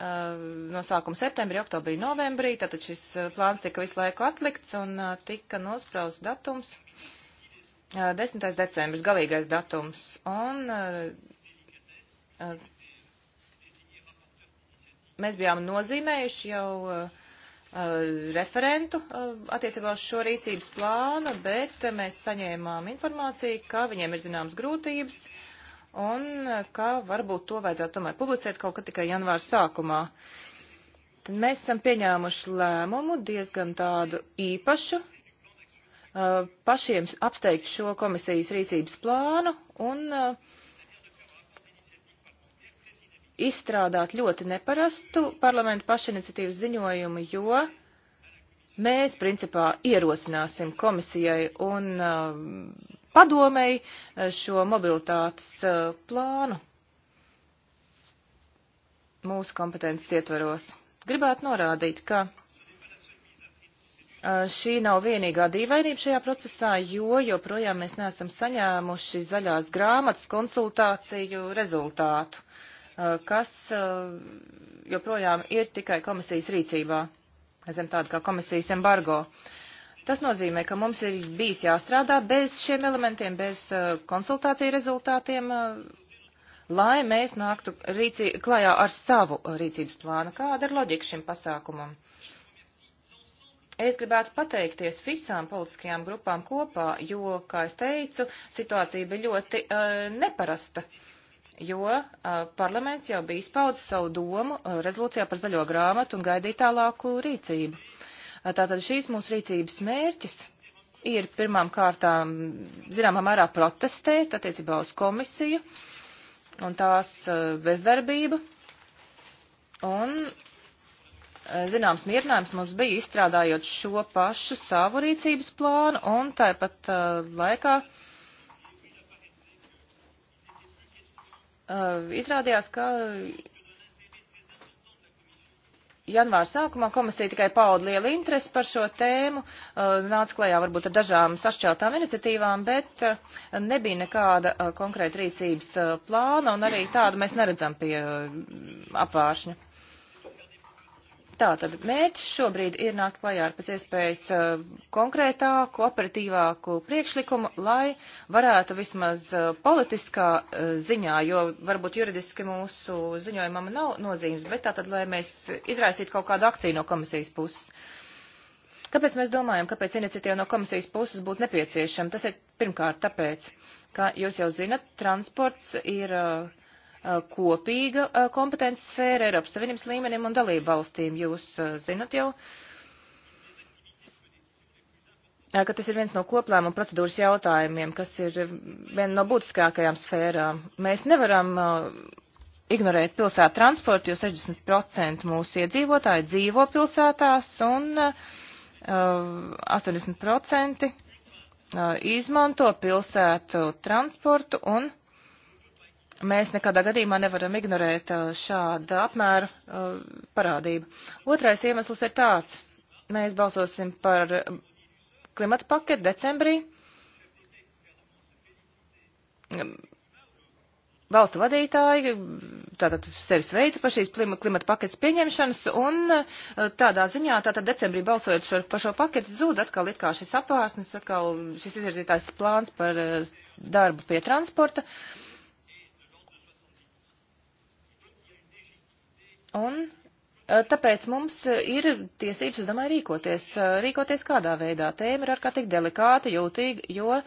uh, no sākuma septembrī, oktobrī, novembrī, tātad šis uh, plāns tika visu laiku atlikts un uh, tika nosprausts datums. Uh, 10. decembris, galīgais datums. Un uh, uh, mēs bijām nozīmējuši jau uh, uh referentu uh, attiecībā uz šo rīcības plānu, bet mēs saņēmām informāciju, ka viņiem ir zināmas grūtības un eh, ka varbūt to vajadzētu tomēr publicēt kaut kad tikai janvāra sākumā. Tad mēs esam pieņēmuši lēmumu diezgan tādu īpašu, eh, pašiem apsteigt šo komisijas rīcības plānu un eh, izstrādāt ļoti neparastu parlamentu pašiniciatīvas ziņojumu, jo Mēs, principā, ierosināsim komisijai un uh, padomēji uh, šo mobilitātes uh, plānu mūsu kompetences ietvaros. Gribētu norādīt, ka uh, šī nav vienīgā dīvainība šajā procesā, jo joprojām mēs neesam saņēmuši zaļās grāmatas konsultāciju rezultātu, uh, kas joprojām ir tikai komisijas rīcībā zem tāda kā komisijas embargo. Tas nozīmē, ka mums ir bijis jāstrādā bez šiem elementiem, bez uh, konsultāciju rezultātiem, uh, lai mēs nāktu rīcī, klajā ar savu uh, rīcības plānu. Kāda ir loģika šim pasākumam? Es gribētu pateikties visām politiskajām grupām kopā, jo, kā es teicu, situācija bija ļoti uh, neparasta. Uh, jo uh, parlaments jau bija izpaudis savu domu uh, rezolūcijā par zaļo grāmatu un gaidīja tālāku rīcību. Uh, tātad šīs mūsu rīcības mērķis ir pirmām kārtām, zināmā mērā, protestēt attiecībā uz komisiju un tās uh, bezdarbību. Un uh, zināms mierinājums mums bija izstrādājot šo pašu savu rīcības plānu un tāpat uh, laikā uh, Uh, izrādījās, ka janvāra sākumā komisija tikai pauda lielu interesi par šo tēmu, uh, nāca klajā varbūt ar dažām sašķeltām iniciatīvām, bet uh, nebija nekāda konkrēta rīcības plāna un arī tādu mēs neredzam pie apvāršņa. Tātad mērķis šobrīd ir nākt klajā ar pēc iespējas uh, konkrētāku, operatīvāku priekšlikumu, lai varētu vismaz uh, politiskā uh, ziņā, jo varbūt juridiski mūsu ziņojumam nav nozīmes, bet tātad, lai mēs izraisītu kaut kādu akciju no komisijas puses. Kāpēc mēs domājam, kāpēc iniciatīva no komisijas puses būtu nepieciešama? Tas ir pirmkārt tāpēc, ka jūs jau zinat, transports ir. Uh, Uh, kopīga uh, kompetences sfēra Eiropas Savienības līmenim un dalību valstīm. Jūs uh, zinat jau, ka tas ir viens no koplēm un procedūras jautājumiem, kas ir viena no būtiskākajām sfērām. Mēs nevaram ignorēt pilsētu transportu, jo 60% mūsu iedzīvotāji dzīvo pilsētās un 80% izmanto pilsētu transportu un Mēs nekādā gadījumā nevaram ignorēt uh, šādu apmēru uh, parādību. Otrais iemesls ir tāds. Mēs balsosim par um, klimata paketu decembrī. Um, valstu vadītāji tātad sevi sveica par šīs klimata paketas pieņemšanas un uh, tādā ziņā, tātad decembrī balsojot šo, par šo paketu, zūd atkal it kā šis apvārsnis, atkal šis izvirzītājs plāns par darbu pie transporta. Uh, Un e, Tāpēc mums ir tiesības, es domāju, rīkoties, e, rīkoties kādā veidā. Tēma ir ārkārtīgi delikāta, jūtīga, jo e,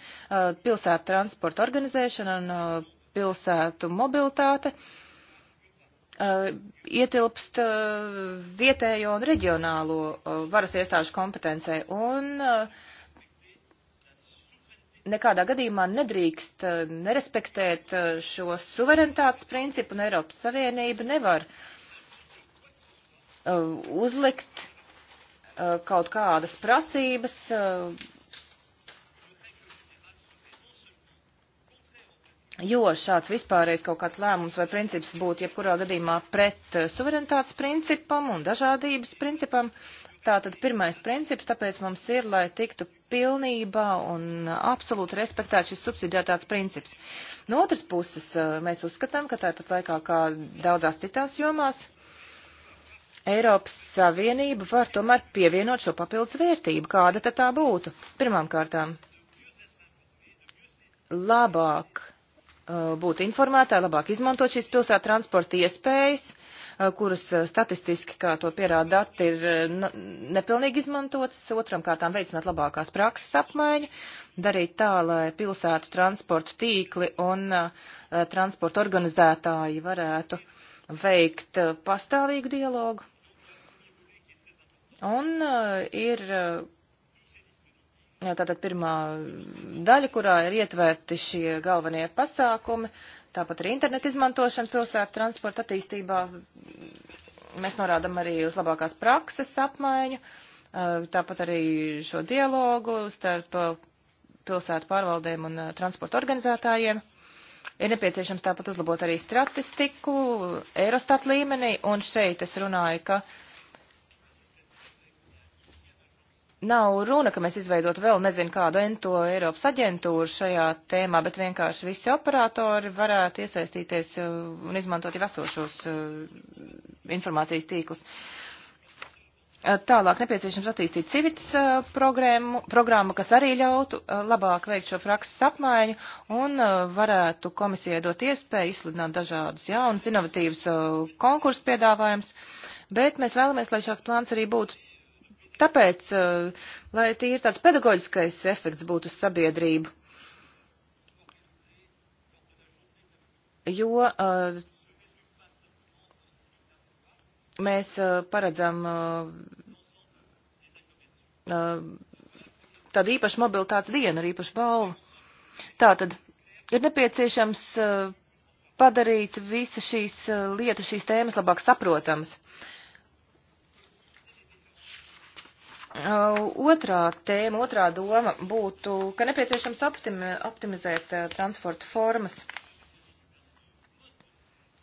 pilsētu transporta organizēšana un pilsētu mobilitāte ietilpst vietējo un reģionālo varas iestāžu kompetencē. Un nekādā gadījumā nedrīkst nerespektēt šo suverenitātes principu, un Eiropas Savienība nevar uh, Uh, uzlikt uh, kaut kādas prasības. Uh, jo šāds vispārējais kaut kāds lēmums vai princips būtu jebkurā gadījumā pret suverenitātes principam un dažādības principam. Tātad pirmais princips, tāpēc mums ir, lai tiktu pilnībā un absolūti respektēt šis subsidiātāts princips. No otras puses, mēs uzskatām, ka tāpat laikā kā daudzās citās jomās Eiropas Savienība var tomēr pievienot šo papildus vērtību, kāda tad tā būtu? Pirmām kārtām, labāk uh, būt informētāji, labāk izmantot šīs pilsētu transporta iespējas, uh, kuras uh, statistiski, kā to pierāda dati, ir uh, nepilnīgi izmantotas. Otram kārtām veicināt labākās prakses apmaiņu, darīt tā, lai pilsētu transporta tīkli un uh, transporta organizētāji varētu veikt uh, pastāvīgu dialogu. Un uh, ir uh, tātad pirmā daļa, kurā ir ietverti šie galvenie pasākumi, tāpat arī internetu izmantošana pilsētu transporta attīstībā. Mēs norādam arī uz labākās prakses apmaiņu, uh, tāpat arī šo dialogu starp pilsētu pārvaldēm un transporta organizētājiem. Ir nepieciešams tāpat uzlabot arī statistiku Eurostat līmenī, un šeit es runāju, ka uh, Nav runa, ka mēs izveidot vēl nezinu kādu ento Eiropas aģentūru šajā tēmā, bet vienkārši visi operatori varētu iesaistīties uh, un izmantot jau esošos uh, informācijas tīklus. Uh, tālāk nepieciešams attīstīt civitas programmu, programmu, kas arī ļautu labāk veikt šo prakses apmaiņu un varētu komisijai dot iespēju izsludināt dažādus jaunus, inovatīvus konkursu piedāvājumus. Bet mēs vēlamies, lai šāds plāns arī būtu Tāpēc, eh, lai tīri tāds pedagoģiskais efekts būtu uz sabiedrību, jo eh, mēs eh, paredzam tādu īpašu mobilitātes dienu ar īpašu balvu. Tātad ir nepieciešams padarīt visas šīs lietas, šīs tēmas labāk saprotamas. Otrā tēma, otrā doma būtu, ka nepieciešams optimi, optimizēt transporta formas.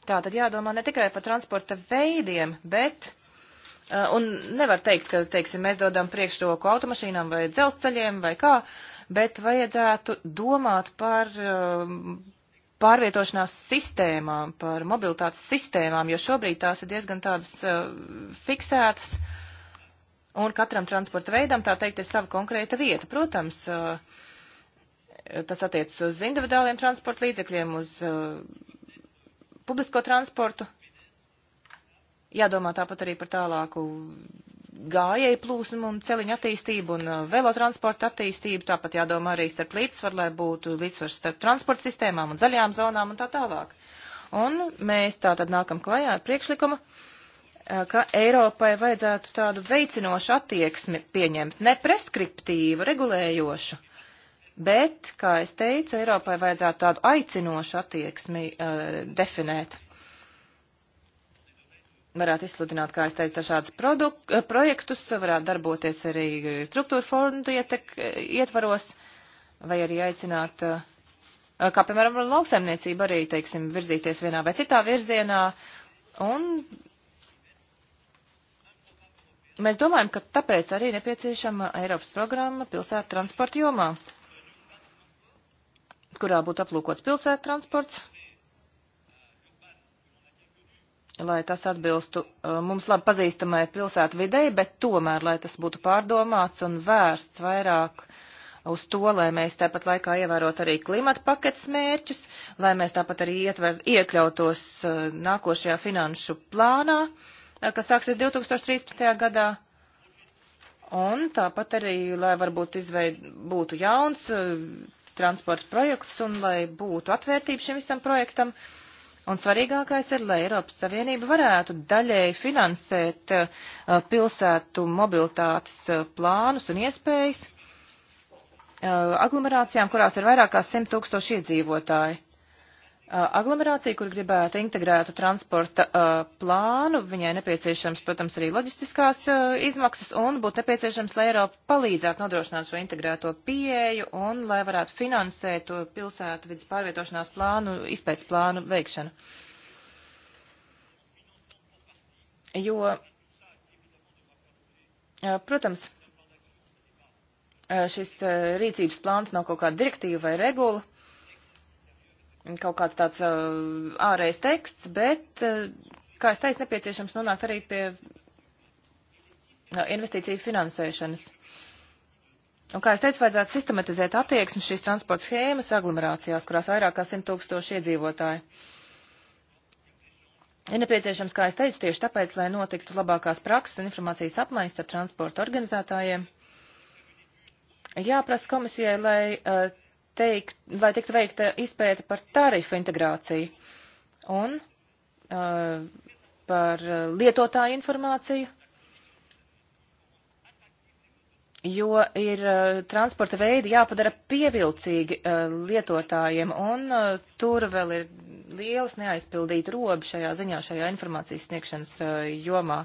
Tā tad jādomā ne tikai par transporta veidiem, bet Un nevar teikt, ka, teiksim, mēs dodam priekšroku automašīnām vai dzelzceļiem vai kā, bet vajadzētu domāt par pārvietošanās sistēmām, par mobilitātes sistēmām, jo šobrīd tās ir diezgan tādas fiksētas. Uh, Un katram transporta veidam, tā teikt, ir sava konkrēta vieta. Protams, eh, tas attiecas uz individuāliem transporta līdzekļiem, uz eh, publisko transportu. Jādomā tāpat arī par tālāku gājēju plūsmu un celiņu attīstību un eh, velotransporta attīstību. Tāpat jādomā arī starp līdzsvaru, lai būtu līdzsvars starp transporta sistēmām un zaļajām zonām un tā tālāk. Un mēs tātad nākam klajā ar priekšlikumu. Uh, Eh, ka Eiropai vajadzētu tādu veicinošu attieksmi pieņemt, ne preskriptīvu, regulējošu, bet, kā es teicu, Eiropai vajadzētu tādu aicinošu attieksmi uh, definēt. Varētu izsludināt, kā es teicu, dažādus eh, projektus, varētu darboties arī struktūra fondu ietek, ietvaros, vai arī aicināt, uh, kā piemēram, lauksaimniecība arī, teiksim, virzīties vienā vai citā virzienā, un Mēs domājam, ka tāpēc arī nepieciešama Eiropas programma pilsētu transporta jomā, kurā būtu aplūkots pilsētu transports, lai tas atbilstu uh, mums labi pazīstamai pilsētu videi, bet tomēr, lai tas būtu pārdomāts un vērsts vairāk uz to, lai mēs tāpat laikā ievērot arī klimata paketes mērķus, lai mēs tāpat arī ietver, iekļautos uh, nākošajā finanšu plānā. Uh, Eh, kas sāksies 2013. gadā. Un tāpat arī, lai varbūt izveid, būtu jauns eh, transporta projekts un lai būtu atvērtība šim visam projektam. Un svarīgākais ir, lai Eiropas Savienība varētu daļēji finansēt eh, pilsētu mobilitātes plānus un iespējas aglomerācijām, kurās ir vairāk kā 100 tūkstoši iedzīvotāji. Uh, aglomerācija, kur gribētu integrētu transporta uh, plānu, viņai nepieciešams, protams, arī loģistiskās uh, izmaksas un būtu nepieciešams, lai Eiropa palīdzētu nodrošināt šo integrēto pieeju un lai varētu finansēt to pilsētu vidas pārvietošanās plānu, izpēc plānu veikšanu. Jo, uh, protams, uh, šis uh, rīcības plāns nav kaut kāda direktīva vai regula, kaut kāds tāds uh, ārējs teksts, bet, uh, kā es teicu, nepieciešams nonākt arī pie uh, investīciju finansēšanas. Un, kā es teicu, vajadzētu sistematizēt attieksmi šīs transporta schēmas aglomerācijās, kurās vairāk kā 100 tūkstoši iedzīvotāji. Ir nepieciešams, kā es teicu, tieši tāpēc, lai notiktu labākās prakses un informācijas apmaiņas ar transporta organizētājiem, jāprasa komisijai, lai uh, teikt, lai tiktu veikta izpēta par tarifu integrāciju un uh, par lietotāju informāciju, jo ir uh, transporta veidi jāpadara pievilcīgi uh, lietotājiem, un uh, tur vēl ir lielas neaizpildīta roba šajā ziņā, šajā informācijas sniegšanas uh, jomā.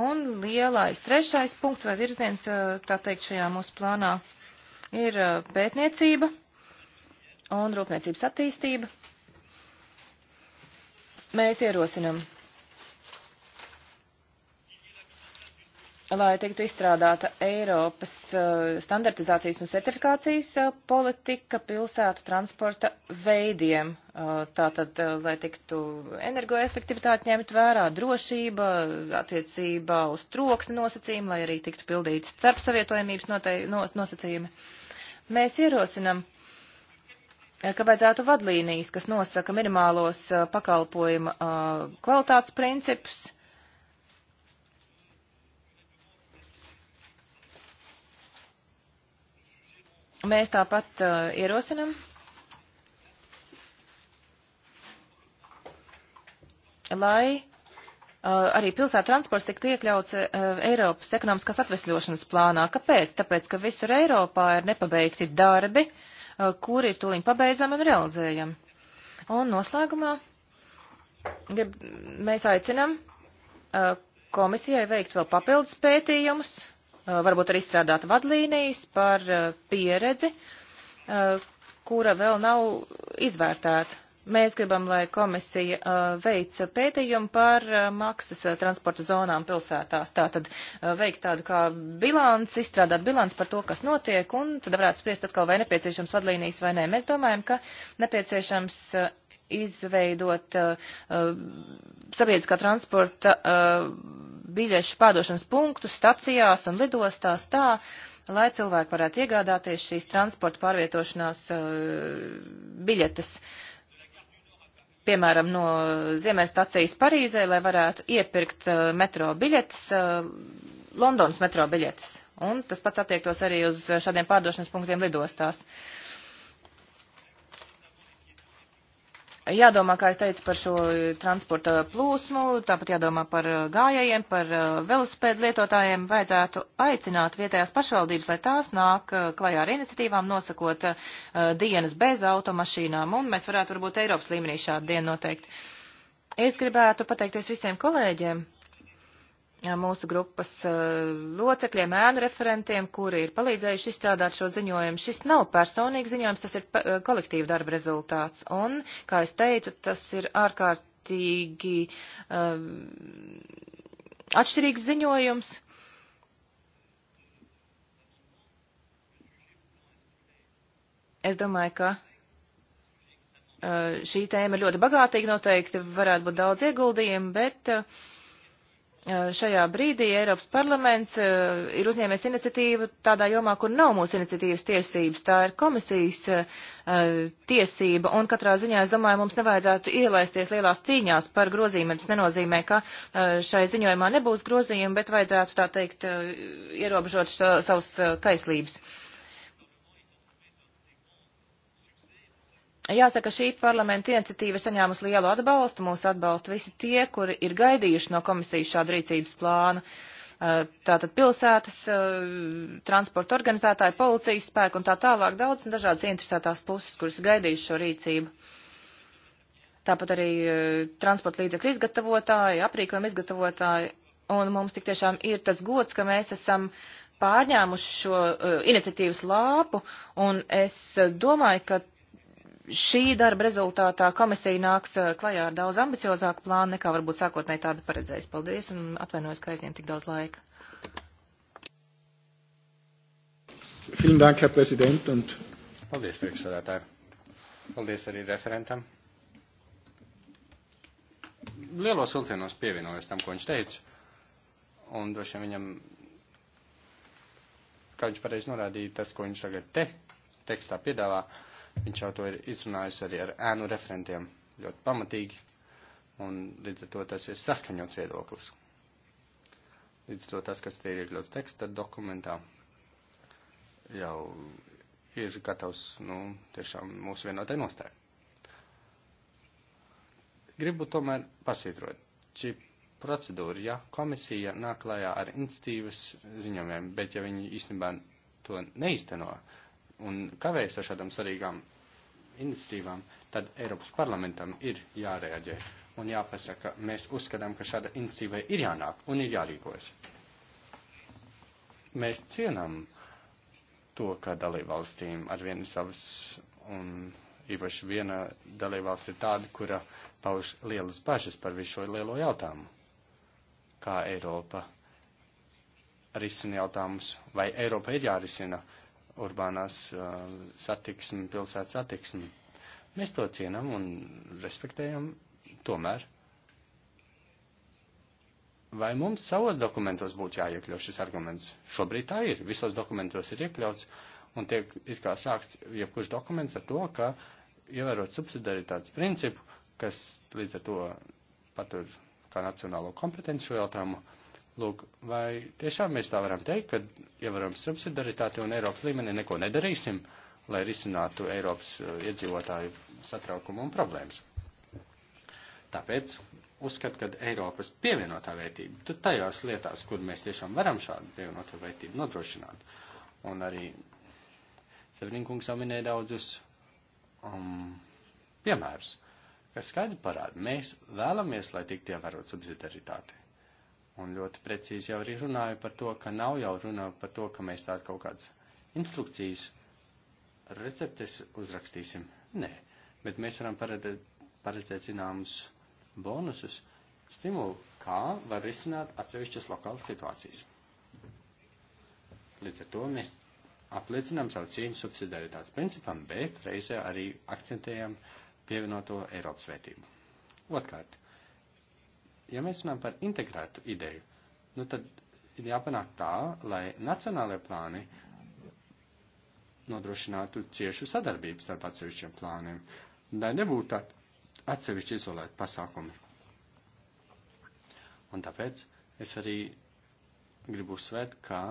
Un lielais trešais punkts vai virziens, uh, tā teikt, šajā mūsu plānā ir uh, pētniecība un rūpniecības attīstība. Mēs ierosinam, lai tiktu izstrādāta Eiropas uh, standartizācijas un certifikācijas uh, politika pilsētu transporta veidiem. Tātad, lai tiktu energoefektivitāte ņemt vērā, drošība, attiecībā uz troksni nosacījumi, lai arī tiktu pildītas starpsavietojamības nosacījumi. Nos, Mēs ierosinam, eh, ka vajadzētu vadlīnijas, kas nosaka minimālos eh, pakalpojuma eh, kvalitātes principus. Mēs tāpat ierosinam, lai Eh, arī pilsētu transports tiktu iekļauts eh, Eiropas ekonomiskās atvesļošanas plānā. Kāpēc? Tāpēc, ka visur Eiropā ir nepabeigti darbi, eh, kuri ir tuliņ pabeidzami un realizējami. Un noslēgumā grib, mēs aicinam komisijai veikt vēl papildus pētījumus, varbūt arī izstrādāt vadlīnijas par pieredzi, kura vēl nav izvērtēta. Mēs gribam, lai komisija uh, veic pētījumu par uh, maksas uh, transporta zonām pilsētās. Tātad veikt tādu kā bilanci, izstrādāt bilanci par to, kas notiek, un tad varētu spriest atkal, vai nepieciešams vadlīnijas vai nē. Mēs domājam, ka nepieciešams izveidot uh, sabiedriskā transporta uh, biļešu pārdošanas punktus stacijās un lidostās tā, lai cilvēki varētu iegādāties šīs transporta pārvietošanās uh, biļetes. Uh, piemēram, no Ziemeļstacijas Parīzē, lai varētu iepirkt uh, metro biļetes, uh, Londonas metro biļetes. Un tas pats attiektos arī uz šādiem pārdošanas punktiem lidostās. Uh, Jādomā, kā es teicu, par šo eh, transporta plūsmu, tāpat jādomā par eh, gājējiem, par eh, velospēdu lietotājiem. Vajadzētu aicināt vietējās pašvaldības, lai tās nāk klajā ar iniciatīvām, nosakot uh, dienas bez automašīnām, un mēs varētu varbūt Eiropas līmenī šādu dienu noteikt. Es gribētu pateikties visiem kolēģiem mūsu grupas eh, locekļiem, ēnu referentiem, kuri ir palīdzējuši izstrādāt šo ziņojumu. Šis nav personīgs ziņojums, tas ir eh, kolektīva darba rezultāts. Un, kā es teicu, tas ir ārkārtīgi um, atšķirīgs ziņojums. Es domāju, ka uh, šī tēma ir ļoti bagātīga, noteikti varētu būt daudz ieguldījumu, bet uh, Eh, šajā brīdī Eiropas parlaments eh, ir uzņēmies iniciatīvu tādā jomā, kur nav mūsu iniciatīvas tiesības. Tā ir komisijas eh, tiesība, un katrā ziņā, es domāju, mums nevajadzētu ielaisties lielās cīņās par grozījumiem. Tas nenozīmē, ka šai ziņojumā nebūs grozījumi, bet vajadzētu, tā teikt, ierobežot savus kaislības. Jāsaka, šī parlamenta iniciatīva saņēmusi lielu atbalstu. Mūsu atbalsta visi tie, kuri ir gaidījuši no komisijas šādu rīcības plānu. Eh, tātad pilsētas, eh, transporta organizētāji, policijas spēku un tā tālāk daudz un dažādas interesētās puses, kuras gaidījuši šo rīcību. Tāpat arī eh, transporta līdzekļu izgatavotāji, aprīkojuma izgatavotāji. Un mums tik tiešām ir tas gods, ka mēs esam pārņēmuši šo uh, iniciatīvas lāpu, un es domāju, ka šī darba rezultātā komisija nāks uh, klajā ar daudz ambiciozāku plānu, nekā varbūt sākotnēji tāda paredzējis. Paldies un atvainojos, ka aizņem tik daudz laika. Dank, und... Paldies, priekšsādātāji. Paldies arī referentam. Lielos vilcienos pievienojos tam, ko viņš teica. Un droši vien viņam, kā viņš pareizi norādīja, tas, ko viņš tagad te tekstā piedāvā, uh, Viņš jau to ir izrunājis arī ar ēnu referentiem ļoti pamatīgi, un līdz ar to tas ir saskaņots viedoklis. Līdz ar to tas, kas te ir iekļauts teksta dokumentā, jau ir gatavs, nu, tiešām mūsu vienotai nostāja. Gribu tomēr pasītrot. Šī procedūra, ja komisija nāk klājā ar institīvas ziņojumiem, bet ja viņi īstenībā to neizteno, un kavējas ar šādām svarīgām iniciatīvām, tad Eiropas parlamentam ir jārēģē un jāpasaka, mēs uzskatām, ka šāda iniciatīva ir jānāk un ir jārīkojas. Mēs cienām to, ka dalībvalstīm ar vienu savas un īpaši viena dalībvalsts ir tāda, kura pauž lielas bažas par visu šo lielo jautājumu. Kā Eiropa risina jautājumus, vai Eiropa ir jārisina urbānās uh, satiksmi, pilsētas satiksmi. Mēs to cienam un respektējam tomēr. Vai mums savos dokumentos būtu jāiekļauj šis arguments? Šobrīd tā ir. Visos dokumentos ir iekļauts un tiek it kā sākts jebkurš dokuments ar to, ka ievērot subsidaritātes principu, kas līdz ar to patur kā nacionālo kompetenci šo jautājumu, uh, Lūk, vai tiešām mēs tā varam teikt, ka ievaram ja subsidaritāti un Eiropas līmenī neko nedarīsim, lai risinātu Eiropas uh, iedzīvotāju satraukumu un problēmas? Tāpēc uzskatu, ka Eiropas pievienotā vērtība tajās lietās, kur mēs tiešām varam šādu pievienoto vērtību nodrošināt. Un arī Severinkungs aminēja daudzus um, piemērus, kas skaidri parāda, mēs vēlamies, lai tiktu ievērot subsidaritāti. Un ļoti precīzi jau arī runāju par to, ka nav jau runa par to, ka mēs tādu kaut kādas instrukcijas, receptes uzrakstīsim. Nē, bet mēs varam paredzēt, paredzēt zināmus bonusus, stimulu, kā var risināt atsevišķas lokālas situācijas. Līdz ar to mēs apliecinām savu cīņu subsidiaritātes principam, bet reizē arī akcentējam pievienoto Eiropas vērtību. Otkārt, ja mēs runājam par integrētu ideju, nu tad ir jāpanāk tā, lai nacionālajie plāni nodrošinātu ciešu sadarbību starp atsevišķiem plāniem, lai nebūtu tādi atsevišķi izolēti pasākumi. Un tāpēc es arī gribu uzsvērt, ka,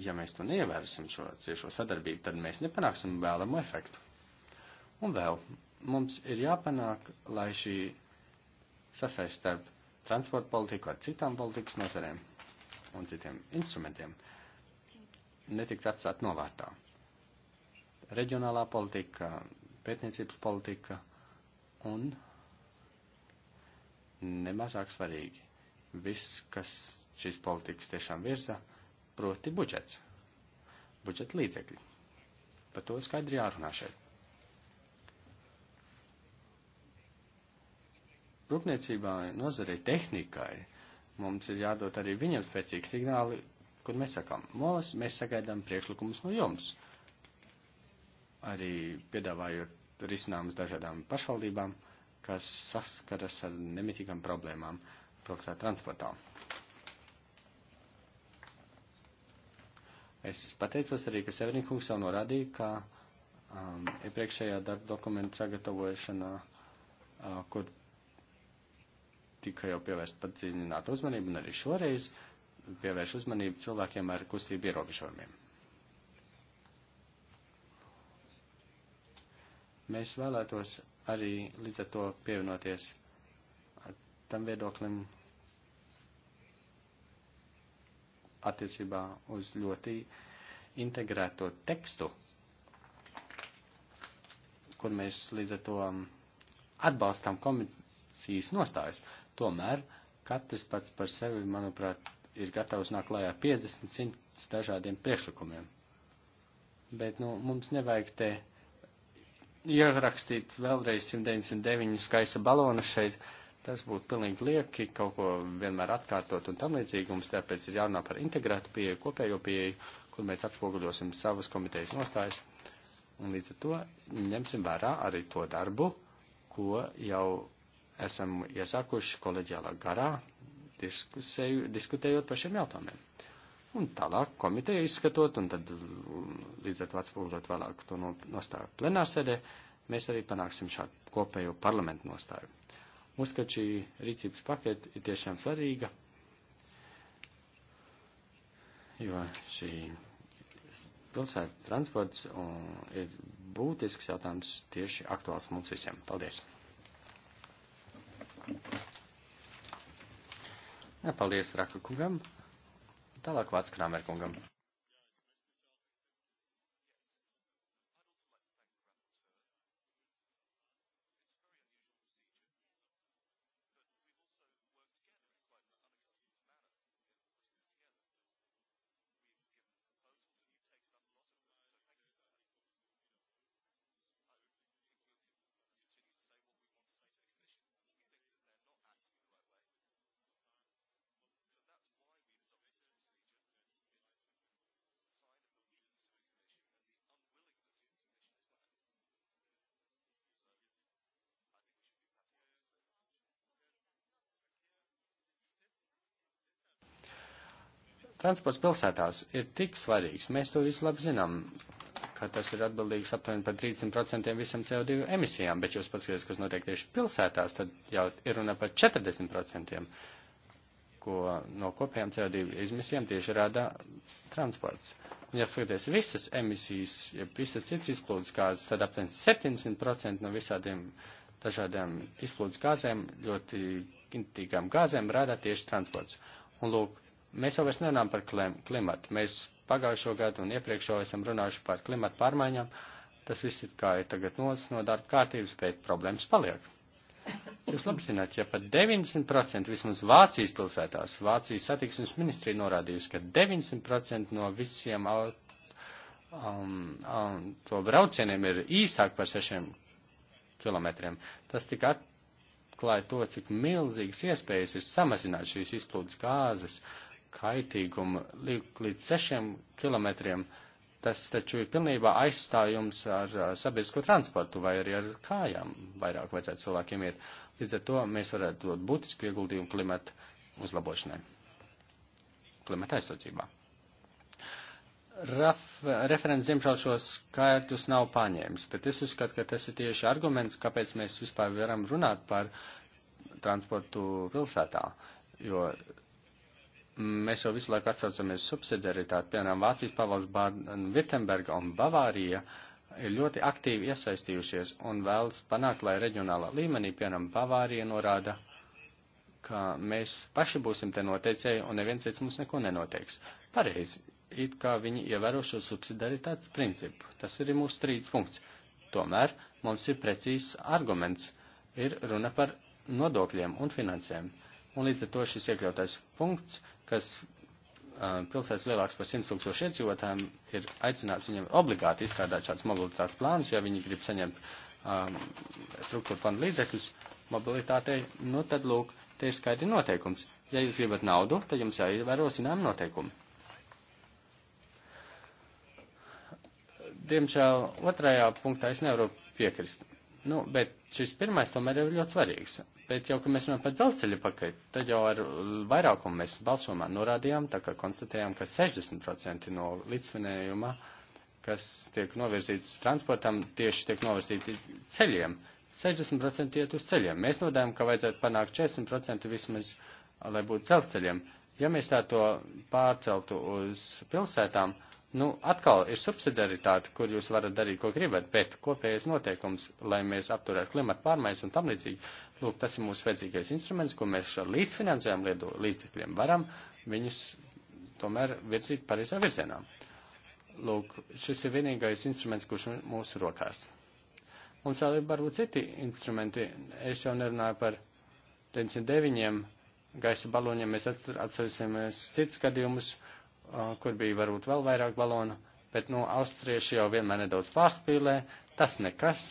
ja mēs to neievērosim šo ciešo sadarbību, tad mēs nepanāksim vēlamo efektu. Un vēl mums ir jāpanāk, lai šī sasaist starp transporta politiku ar citām politikas nozarēm un citiem instrumentiem, netiks atstāt novārtā. Reģionālā politika, pētniecības politika un nemazāk svarīgi viss, kas šīs politikas tiešām virza, proti budžets, budžeta līdzekļi. Par to skaidri jārunā šeit. rūpniecībai, nozarei, tehnikai, mums ir jādod arī viņam spēcīgi signāli, kur mēs sakām, mūs, mēs sagaidām priekšlikumus no jums. Arī piedāvājot risinājumus dažādām pašvaldībām, kas saskaras ar nemitīgām problēmām pilsētā transportā. Es pateicos arī, ka Severinkungs jau norādīja, ka um, iepriekšējā darba dokumentu sagatavošanā, uh, kur tika jau pievērsta padziļināta uzmanība, un arī šoreiz pievērš uzmanību cilvēkiem ar kustību ierobežojumiem. Mēs vēlētos arī līdz ar to pievienoties ar tam viedoklim attiecībā uz ļoti integrēto tekstu, kur mēs līdz ar to atbalstām komisijas nostājas, Tomēr katrs pats par sevi, manuprāt, ir gatavs nākt klājā 50, 100 dažādiem priekšlikumiem. Bet, nu, mums nevajag te ierakstīt vēlreiz 199 gaisa balonu šeit. Tas būtu pilnīgi lieki, kaut ko vienmēr atkārtot un tam līdzīgi. Mums tāpēc ir jārunā par integrētu pieeju, kopējo pieeju, kur mēs atspoguļosim savas komitejas nostājas. Un līdz ar to ņemsim vērā arī to darbu, ko jau esam iesākuši koleģiālā garā, diskutējot par šiem jautājumiem. Un tālāk komiteja izskatot, un tad um, līdz ar to atspūgļot vēlāk to no, nostāju plenārsēdē, mēs arī panāksim šādu kopējo parlamentu nostāju. Uzskat šī rīcības paketa ir tiešām svarīga, jo šī pilsēta transports un, um, ir būtisks jautājums tieši aktuāls mums visiem. Paldies! Jā, paldies Raka kungam. Tālāk vārds Krāmer kungam. Transports pilsētās ir tik svarīgs, mēs to visu labi zinām, ka tas ir atbildīgs aptuveni par 30% visam CO2 emisijām, bet jūs paskatieties, kas notiek tieši pilsētās, tad jau ir runa par 40%, ko no kopējām CO2 emisijām tieši rada transports. Un ja skatieties visas emisijas, ja visas citas izplūdes gāzes, tad aptuveni 70% no visādiem dažādiem izplūdes gāzēm, ļoti intīgām gāzēm rada tieši transports. Un lūk, Mēs jau vairs nerunājam par klimatu. Mēs pagājušo gadu un iepriekšo esam runājuši par klimatu pārmaiņām. Tas viss ir kā ir tagad nocis no darba kārtības, bet problēmas paliek. Jūs labi zināt, ja pat 90% vismaz Vācijas pilsētās, Vācijas satiksmes ministrija norādījusi, ka 90% no visiem um, um, to braucieniem ir īsāk par 6 kilometriem. Tas tik atklāja to, cik milzīgas iespējas ir samazināt šīs izplūdes gāzes. Uh, kaitīgumu līdz 6 kilometriem, tas taču ir pilnībā aizstājums ar sabiedrisko transportu vai arī ar kājām vairāk vajadzētu cilvēkiem iet. Līdz ar to mēs varētu dot būtisku ieguldījumu klimata uzlabošanai, klimata aizsardzībā. Raf, referents, diemžēl, šos skaitļus nav paņēmis, bet es uzskatu, ka tas ir tieši arguments, kāpēc mēs vispār varam runāt par transportu pilsētā, jo mēs jau visu laiku atsaucamies subsidiaritāti, piemēram, Vācijas pavalsts Virtemberga un Bavārija ir ļoti aktīvi iesaistījušies un vēlas panākt, lai reģionālā līmenī, piemēram, Bavārija norāda, ka mēs paši būsim te noteicēji un neviens cits mums neko nenoteiks. Pareizi, it kā viņi ievēro šo subsidiaritātes principu. Tas ir mūsu strīds punkts. Tomēr mums ir precīzs arguments. Ir runa par nodokļiem un finansēm. Un līdz ar to šis iekļautais punkts kas pilsētas lielāks par 100 tūkstošu iedzīvotājiem, ir aicināts viņiem obligāti izstrādāt šādus mobilitātes plānus, ja viņi grib saņemt um, struktūra fonda līdzekļus mobilitātei, nu tad lūk, te ir skaidri noteikums. Ja jūs gribat naudu, tad jums jāievēro zinām noteikumi. Diemžēl otrajā punktā es nevaru piekrist. Nu, bet šis pirmais tomēr ir ļoti svarīgs. Bet jau, ka mēs runājam par dzelzceļa paketi, tad jau ar vairākumu mēs balsojumā norādījām, tā kā konstatējām, ka 60% no līdzfinējuma, kas tiek novirzīts transportam, tieši tiek novirzīti ceļiem. 60% iet uz ceļiem. Mēs nodējām, ka vajadzētu panākt 40% vismaz, lai būtu dzelzceļiem. Ja mēs tā to pārceltu uz pilsētām, nu, atkal ir subsidiaritāte, kur jūs varat darīt, ko gribat, bet kopējais noteikums, lai mēs apturētu klimatu pārmaiņas un tam līdzīgi, Lūk, tas ir mūsu vajadzīgais instruments, ko mēs ar līdzfinansējumu līdzekļiem varam viņus tomēr virzīt pareizā virzienā. Lūk, šis ir vienīgais instruments, kurš mūsu rokās. Mums vēl ir varbūt citi instrumenti. Es jau nerunāju par 99 gaisa baloņiem. Mēs atcerēsimies citus gadījumus, kur bija varbūt vēl vairāk balonu, bet, nu, austrieši jau vienmēr nedaudz pārspīlē. Tas nekas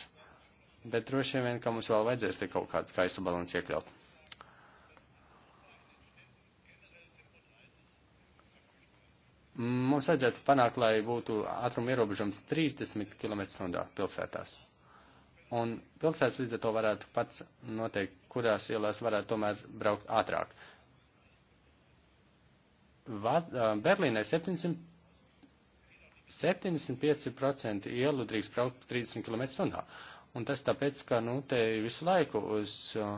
bet droši vien, ka mums vēl vajadzēs te kaut kāds gaisa balans iekļaut. Mums vajadzētu panākt, lai būtu ātruma ierobežams 30 km/h pilsētās. Un pilsētas līdz ar to varētu pats noteikt, kurās ielās varētu tomēr braukt ātrāk. Va Berlīnai 700, 75% ielu drīkst braukt 30 km/h. Un tas tāpēc, ka, nu, te visu laiku uz uh,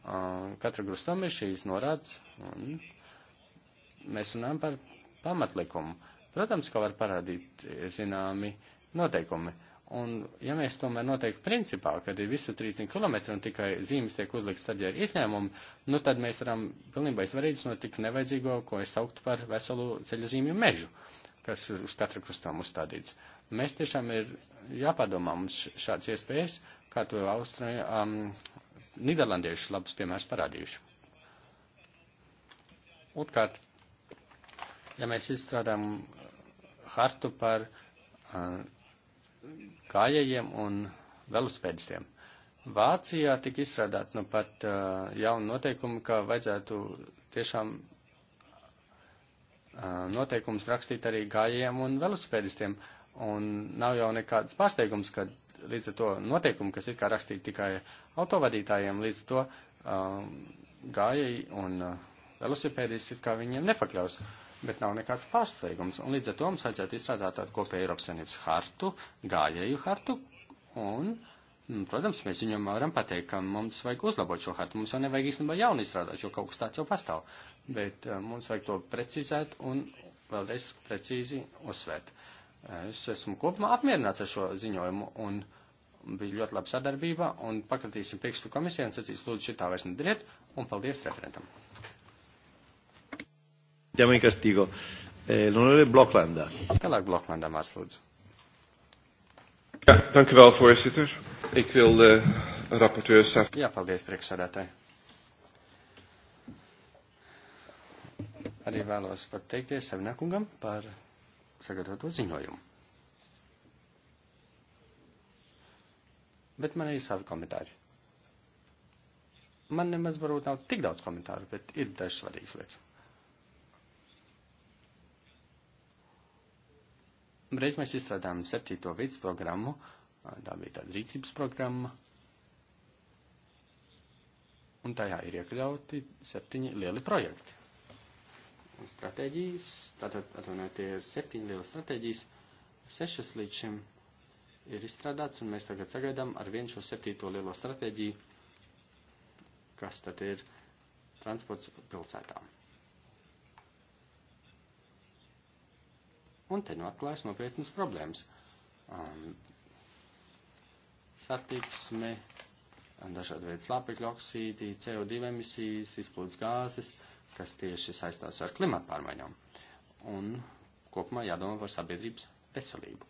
uh, katra grustam ir šīs norādes, un mēs runājam par pamatlikumu. Protams, ka var parādīt eh, zināmi noteikumi. Un, ja mēs tomēr noteikti principā, kad ir visu 300 km un tikai zīmes tiek uzlikts, tad, ja ir izņēmumi, nu, tad mēs varam pilnībā izvarīties no tik nevajadzīgo, ko es sauktu par veselu ceļu zīmju mežu, kas uz katra krustām uzstādīts. Uh, Mēs tiešām ir jāpadomā mums šāds iespējas, kā to Austrai, um, Nīderlandieši labs piemērs parādījuši. Otkārt, ja mēs izstrādājam hartu par uh, kājējiem un velospēdistiem. Vācijā tika izstrādāt nu pat uh, jaunu noteikumu, ka vajadzētu tiešām uh, noteikumus rakstīt arī kājējiem un velospēdistiem. Uh, Un nav jau nekāds pārsteigums, ka līdz ar to noteikumi, kas ir kā rakstīti tikai autovadītājiem, līdz ar to um, gājēji un uh, velosipēdis ir kā viņiem nepakļaus. Bet nav nekāds pārsteigums. Un līdz ar to mums vajadzētu izstrādāt tādu kopēju Eiropas Savienības hartu, gājēju hartu. Un, mm, protams, mēs viņam varam pateikt, ka mums vajag uzlabot šo hartu. Mums jau nevajag īstenībā jaunu izstrādāt, jo kaut kas tāds jau pastāv. Bet uh, mums vajag to precizēt un vēlreiz precīzi uzsvērt. Uh, Es esmu kopumā apmierināts ar šo ziņojumu un bija ļoti laba sadarbība un pakratīsim priekšstu komisijai un sacīs, lūdzu, šitā vairs nedariet un paldies referentam. Ďakujem Castillo. Eh, l'onorevole Blokland. Stelak Blokland, Mats, lūdzu. Ja, dank u wel, voorzitter. Ik wil de rapporteur Saf... Ja, paldies, priekšsēdētāji. Arī vēlos pateikties Savinakungam par sagatavoto ziņojumu. Bet man ir savi komentāri. Man nemaz varbūt nav tik daudz komentāru, bet ir dažas svarīgas lietas. Reiz mēs izstrādājām septīto vīdes programmu, tā bija tāda rīcības programma, un tajā ir iekļauti septiņi lieli projekti stratēģijas, tātad atvainojiet, tie ir septiņi liela stratēģijas, sešas līdz šim ir izstrādāts, un mēs tagad sagaidām ar vienu šo septīto lielo stratēģiju, kas tad ir transports pilsētām. Un te nu atklājas nopietnas problēmas. Um, satiksme, dažādi veidi slāpekļu oksīdi, CO2 emisijas, izplūdes gāzes. Uh, kas tieši saistās ar klimatu pārmaiņām. Un kopumā jādomā par sabiedrības veselību.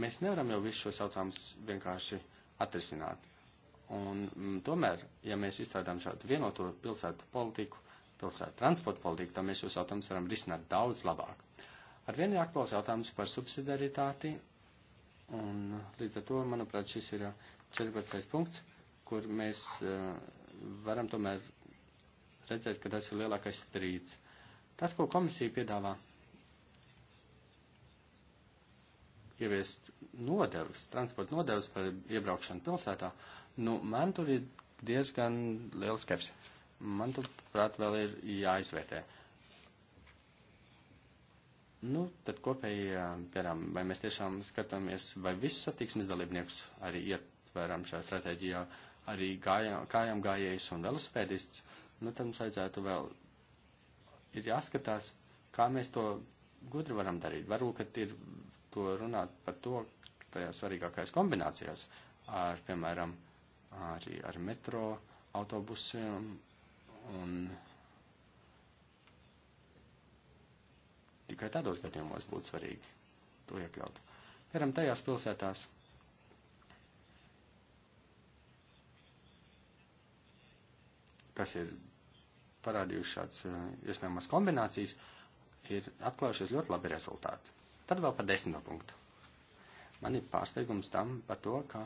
Mēs nevaram jau visus šos jautājumus vienkārši atrisināt. Un m, mm, tomēr, ja mēs izstrādājam šādu vienoto pilsētu politiku, pilsētu transporta politiku, tad mēs šos jautājumus varam risināt daudz labāk. Ar vienu aktuāls jautājums par subsidiaritāti, un līdz ar to, manuprāt, šis ir 14. punkts, kur mēs uh, varam tomēr redzēt, ka tas ir lielākais strīds. Tas, ko komisija piedāvā, ieviest nodevas, transporta nodevas par iebraukšanu pilsētā, nu, man tur ir diezgan liels skeps. Man tur, prāt, vēl ir jāizvērtē. Nu, tad kopēji, piemēram, vai mēs tiešām skatāmies, vai visus satiksmes dalībniekus arī ietveram šajā stratēģijā, arī gājām, kājām gājējus un velospēdists nu tad mums vajadzētu vēl, ir jāskatās, kā mēs to gudri varam darīt. Varbūt, ka ir to runāt par to tajās svarīgākajās kombinācijās ar, piemēram, arī ar metro, autobusiem un tikai tādos gadījumos būtu svarīgi to iekļaut. Piemēram, tajās pilsētās, kas ir parādījuši šāds uh, iespējamas kombinācijas, ir atklājušies ļoti labi rezultāti. Tad vēl par desmito punktu. Man ir pārsteigums tam par to, ka,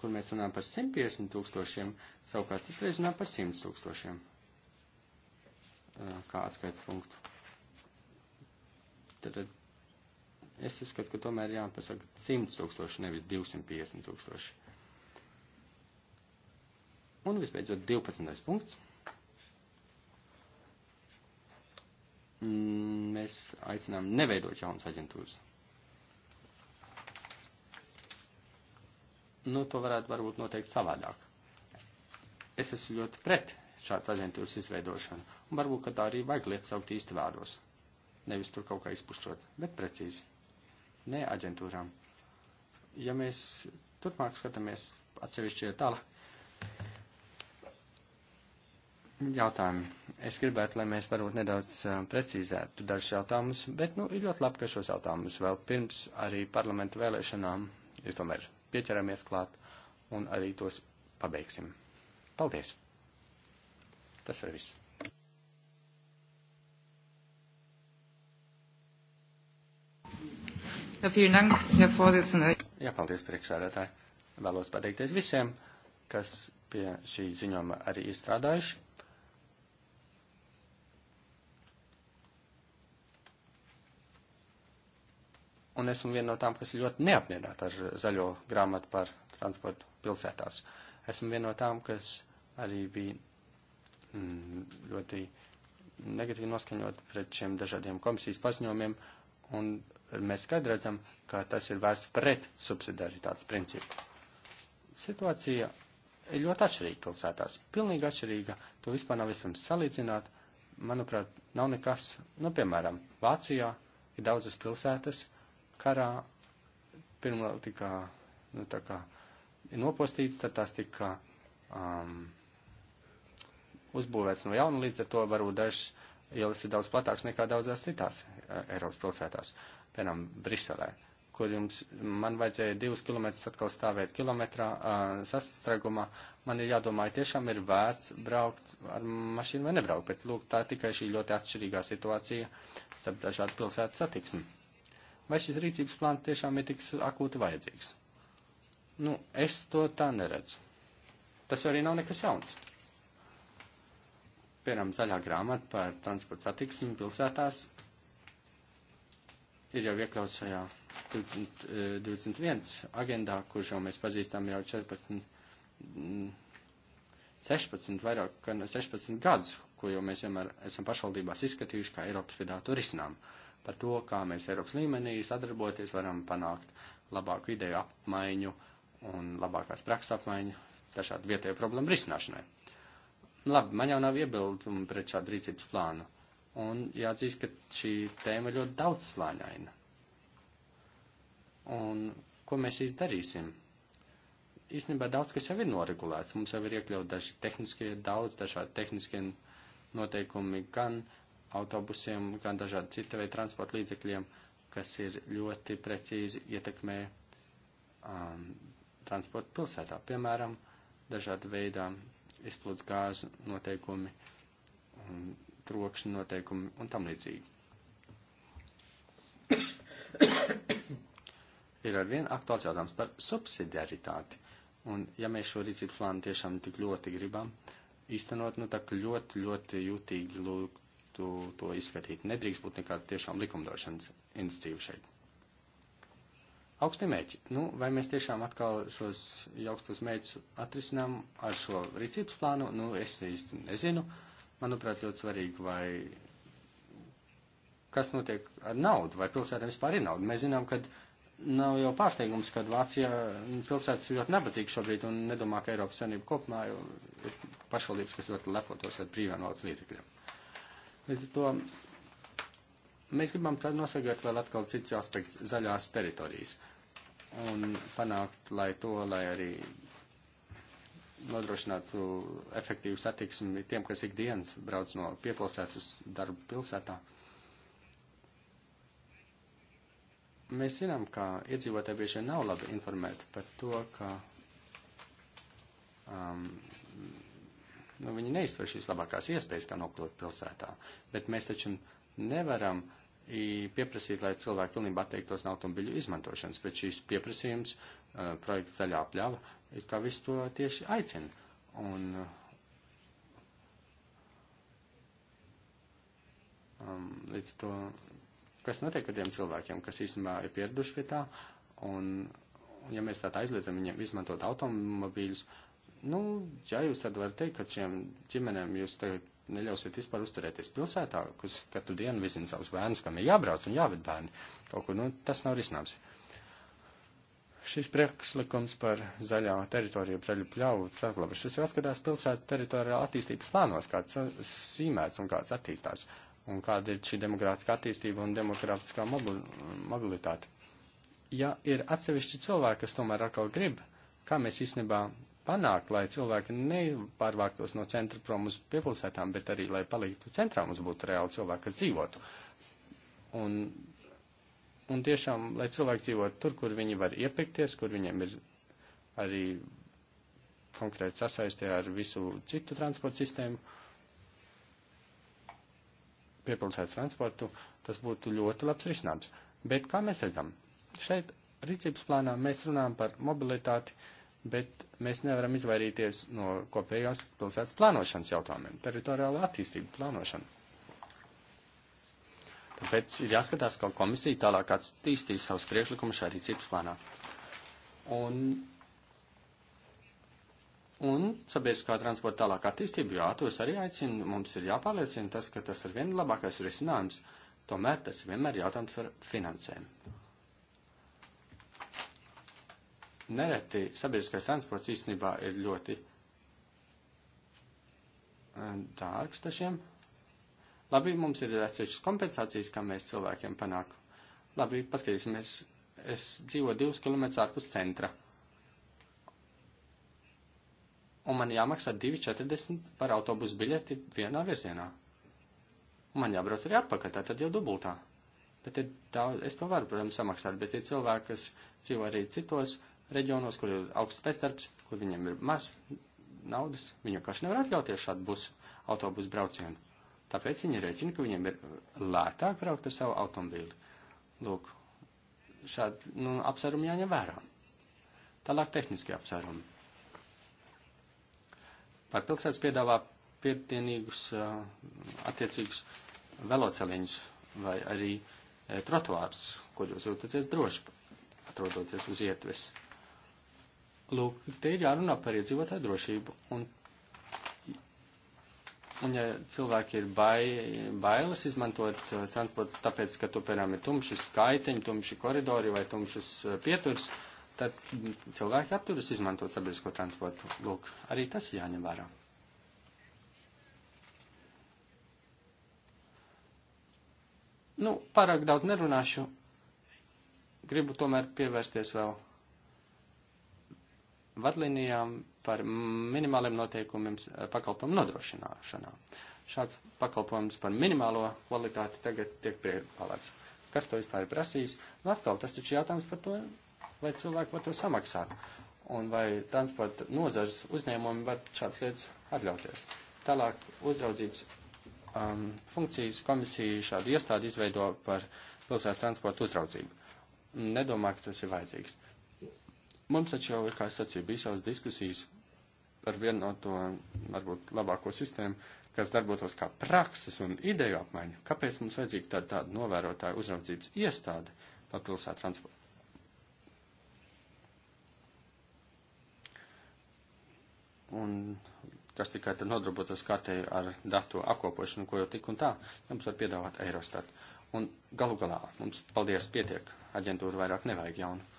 kur mēs runājam par 150 tūkstošiem, savukārt citreiz runājam par 100 tūkstošiem, uh, kā atskaita punktu. Tad es uzskatu, ka tomēr jāpasaka 100 tūkstoši, nevis 250 tūkstoši. Un visbeidzot 12. punkts. Mm, mēs aicinām neveidot jaunas aģentūras. Nu, to varētu varbūt noteikt savādāk. Es esmu ļoti pret šāds aģentūras izveidošanu, un varbūt, ka tā arī vajag lietas saukt īsti vārdos. Nevis tur kaut kā izpušķot, bet precīzi. Nē, aģentūrām. Ja mēs turpmāk skatāmies atsevišķi tālāk, jautājumi. Es gribētu, lai mēs varbūt nedaudz precīzētu dažus jautājumus, bet, nu, ir ļoti labi, ka šos jautājumus vēl pirms arī parlamenta vēlēšanām ir tomēr pieķeramies klāt un arī tos pabeigsim. Paldies! Tas ir viss. Jā, paldies priekšādātāji. Vēlos pateikties visiem, kas pie šī ziņojuma arī ir strādājuši. un esmu viena no tām, kas ļoti neapmierināta ar zaļo grāmatu par transportu pilsētās. Esmu viena no tām, kas arī bija mm, ļoti negatīvi noskaņot pret šiem dažādiem komisijas paziņojumiem, un mēs skaidri redzam, ka tas ir vērsts pret subsidiaritātes principu. Situācija ir ļoti atšķirīga pilsētās, pilnīgi atšķirīga, to vispār nav iespējams salīdzināt, manuprāt, nav nekas, nu, piemēram, Vācijā ir daudzas pilsētas, karā pirmā tika, nu, tā kā nopostīts, tad tās tika um, uzbūvēts no jauna, līdz ar to varbūt dažs ielas ir daudz platāks nekā daudzās citās uh, Eiropas pilsētās, piemēram, Briselē, kur jums, man vajadzēja divus kilometrus atkal stāvēt kilometrā uh, sastragumā, man ir jādomā, tiešām ir vērts braukt ar mašīnu vai nebraukt, bet lūk, tā tikai šī ļoti atšķirīgā situācija starp dažādu pilsētu satiksmi vai šis rīcības plāns tiešām ir tik akūti vajadzīgs. Nu, es to tā neredzu. Tas arī nav nekas jauns. Piemēram, zaļā grāmata par transporta satiksmi pilsētās ir jau iekļauts šajā 20, 21 eh, agendā, kurš jau mēs pazīstam jau 14, 16, mm, vairāk, 16 gadus, ko jau mēs vienmēr esam pašvaldībās izskatījuši kā Eiropas vidātu risinājumu par to, kā mēs Eiropas līmenī sadarboties varam panākt labāku ideju apmaiņu un labākās prakses apmaiņu dažādu vietēju problēmu risināšanai. Labi, man jau nav iebildumu pret šādu rīcības plānu. Un jāatzīst, ka šī tēma ļoti daudz slāņaina. Un ko mēs īsti darīsim? Īstenībā daudz kas jau ir noregulēts. Mums jau ir iekļaut daži tehniskie, daudz dažādi tehniskie noteikumi gan uh, autobusiem, gan dažādi cita veida transporta līdzekļiem, kas ir ļoti precīzi ietekmē um, transportu pilsētā. Piemēram, dažāda veida izplūdes gāzu noteikumi, um, trokšņa noteikumi un tam līdzīgi. ir arvien aktuāls jautājums par subsidiaritāti. Un ja mēs šo rīcības plānu tiešām tik ļoti gribam īstenot, nu tā ļoti, ļoti jūtīgi lūgt tu to izskatīt. Nedrīkst būt nekāda tiešām likumdošanas institīva šeit. Augstie mērķi. Nu, vai mēs tiešām atkal šos augstos mērķus atrisinām ar šo rīcības plānu? Nu, es īsti nezinu. Manuprāt, ļoti svarīgi, vai kas notiek ar naudu, vai pilsētām vispār ir nauda. Mēs zinām, ka nav jau pārsteigums, ka Vācijā nu, pilsētas ir ļoti nepatīk šobrīd un nedomā, ka Eiropas Sanība kopumā ir pašvaldības, kas ļoti lepotos ar brīvām valsts līdzekļiem. Līdz ar to mēs gribam tad nosargāt vēl atkal cits aspekts - zaļās teritorijas. Un panākt, lai to, lai arī nodrošinātu efektīvu satiksmi tiem, kas ikdienas brauc no piepilsētas uz darbu pilsētā. Mēs zinām, ka iedzīvotāji bieži vien nav labi informēti par to, ka um, nu, viņi neizsver šīs labākās iespējas, kā nokļūt pilsētā. Bet mēs taču nevaram pieprasīt, lai cilvēki pilnībā atteiktos no automobiļu izmantošanas, bet šīs pieprasījums, projekts zaļā pļava, it kā visu to tieši aicina. Un, um, līdz to, kas notiek ar tiem cilvēkiem, kas īstenībā ir pieraduši pie tā, un, un ja mēs tā aizliedzam viņiem izmantot automobīļus, uh, Nu, ja jūs tad varat teikt, ka šiem ģimenēm jūs tagad neļausiet vispār uzturēties pilsētā, kurš katru dienu vizina savus bērnus, kam ir jābrauc un jāved bērni, kaut kur, nu, tas nav risinājums. Šis priekšlikums par zaļā teritoriju, zaļu pļauju saglabāšanu, šis jāskatās pilsētas teritorijā attīstības plānos, kāds sīmēts un kāds attīstās, un kāda ir šī demokrātiskā attīstība un demokrātiskā mobilitāte. Ja ir atsevišķi cilvēki, kas tomēr atkal grib, kā mēs īstenībā panākt, lai cilvēki nepārvāktos no centra prom uz piepilsētām, bet arī, lai paliktu centrā, mums būtu reāli cilvēki, kas dzīvotu. Un, un tiešām, lai cilvēki dzīvotu tur, kur viņi var iepirkties, kur viņiem ir arī konkrēti sasaistē ar visu citu transportu sistēmu, piepilsētu transportu, tas būtu ļoti labs risinājums. Bet kā mēs redzam, šeit rīcības plānā mēs runājam par mobilitāti, uh, bet mēs nevaram izvairīties no kopējās pilsētas plānošanas jautājumiem, teritoriāla attīstība plānošana. Tāpēc ir jāskatās, ka komisija tālāk attīstīs savus priekšlikumus šā rīcības plānā. Un, un sabiedriskā transporta tālāk attīstība, jā, to es arī aicinu, mums ir jāpārliecina tas, ka tas ir viena labākais risinājums, tomēr tas ir vienmēr jautājums par finansēm nereti sabiedriskais transports īstenībā ir ļoti eh, dārgs tašiem. Labi, mums ir atsevišķas kompensācijas, kā mēs cilvēkiem panāk. Labi, paskatīsimies, es dzīvoju divus kilometrus ārpus centra. Un man jāmaksā 2,40 par autobusu biļeti vienā virzienā. Un man jābrauc arī atpakaļ, tā tad jau dubultā. Bet ir daudz, es to varu, protams, samaksāt, bet ir cilvēki, kas dzīvo arī citos uh, reģionos, kur ir augsts pēcdarbs, kur viņiem ir maz naudas, viņi vienkārši nevar atļauties šādu busu, autobusu braucienu. Tāpēc viņi rēķina, ka viņiem ir lētāk braukt ar savu automobīli. Lūk, šādi nu, apsvērumi jāņem vērā. Tālāk tehniski apsvērumi. Par pilsētas piedāvā pietienīgus attiecīgus veloceliņus vai arī trotuārs, kuros jūtaties droši atrodoties uz ietves. Lūk, te ir jārunā par iedzīvotāju drošību. Un, un ja cilvēki ir bai, bailes izmantot uh, transportu tāpēc, ka tu, piemēram, ir tumši skaiteņi, tumši koridori vai tumšas uh, pieturs, tad mm, cilvēki atturas izmantot sabiedrisko transportu. Lūk, arī tas jāņem vērā. Nu, pārāk daudz nerunāšu. Gribu tomēr pievērsties vēl vadlinijām par minimāliem noteikumiem eh, pakalpojumu nodrošināšanā. Šāds pakalpojums par minimālo kvalitāti tagad tiek piedāvāts. Kas to vispār ir prasījis? Nu, atkal tas taču jautājums par to, vai cilvēki par to samaksā. Un vai transporta nozars uzņēmumi var šādas lietas atļauties. Tālāk uzraudzības um, funkcijas komisija šādu iestādi izveido par pilsētas transporta uzraudzību. Nedomāju, ka tas ir vajadzīgs. Uh, Mums taču jau, kā es sacīju, bija savas diskusijas ar vienu no to, varbūt, labāko sistēmu, kas darbotos kā prakses un ideju apmaiņa. Kāpēc mums vajadzīga tāda, tāda novērotāja uzraudzības iestāde par pilsētu transportu? Un kas tikai tad nodarbotos kārtēji ar datu apkopošanu, ko jau tik un tā jums var piedāvāt Eirostat. Un galu galā mums, paldies, pietiek, aģentūru vairāk nevajag jaunu.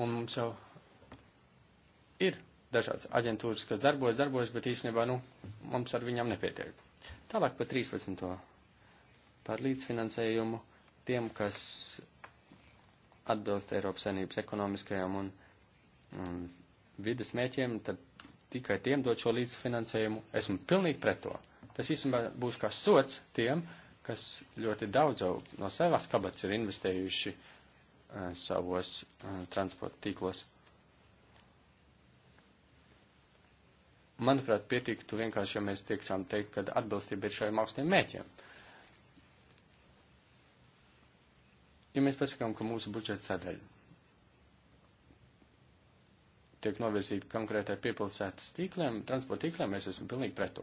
Un mums jau ir dažādas aģentūras, kas darbojas, darbojas, bet īstenībā, nu, mums ar viņām nepietiek. Tālāk par 13. par līdzfinansējumu tiem, kas atbilst Eiropas saimnības ekonomiskajam un, un vidas mēķiem, tad tikai tiem dot šo līdzfinansējumu. Esmu pilnīgi pret to. Tas īstenībā būs kā sots tiem, kas ļoti daudz jau no savās kabatas ir investējuši uh, Eh, savos eh, transporta tīklos. Manuprāt, pietiktu vienkārši, ja mēs tiekšām teikt, ka atbilstība ir šajiem augstiem mēķiem. Ja mēs pasakām, ka mūsu budžeta sadaļa tiek novirzīta konkrētai piepilsētas tīkliem, transporta tīkliem, mēs esam pilnīgi pret to.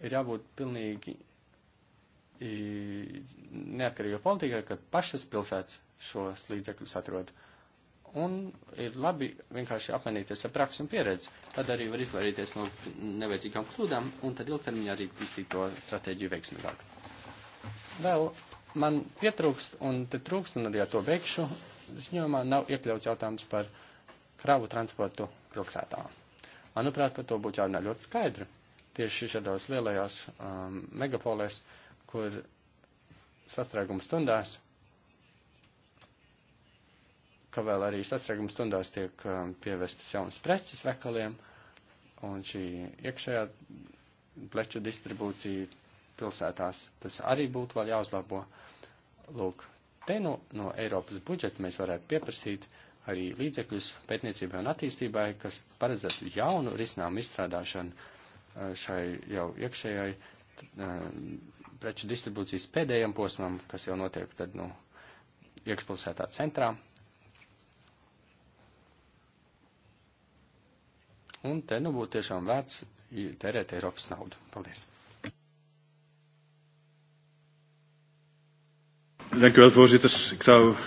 Ir jābūt pilnīgi neatkarīga politika, ka pašas pilsētas šos līdzekļus atrod. Un ir labi vienkārši apmainīties ar praksi un pieredzi. Tad arī var izvairīties no nevajadzīgām kļūdām un tad ilgtermiņā arī attīstīt to stratēģiju veiksmīgāk. Vēl man pietrūkst un te trūkst, un arī ar to beigšu, ziņojumā nav iekļauts jautājums par kravu transportu pilsētā. Manuprāt, par to būtu jārunā ļoti skaidri. Tieši šādās lielajās um, megapolēs, kur sastrēguma stundās ka vēl arī sastrēguma stundās tiek um, pievestas jaunas preces vekaliem, un šī iekšējā pleču distribūcija pilsētās, tas arī būtu vēl jāuzlabo. Lūk, te nu, no Eiropas budžeta mēs varētu pieprasīt arī līdzekļus pētniecībai un attīstībai, kas paredzētu jaunu risinājumu izstrādāšanu uh, šai jau iekšējai um, preču distribūcijas pēdējiem posmam, kas jau notiek tad, nu, iekšpilsētā centrā. Un te nu būtu tiešām vērts terēt Eiropas naudu. Paldies! Dank u wel, voorzitter. Ik zou uh,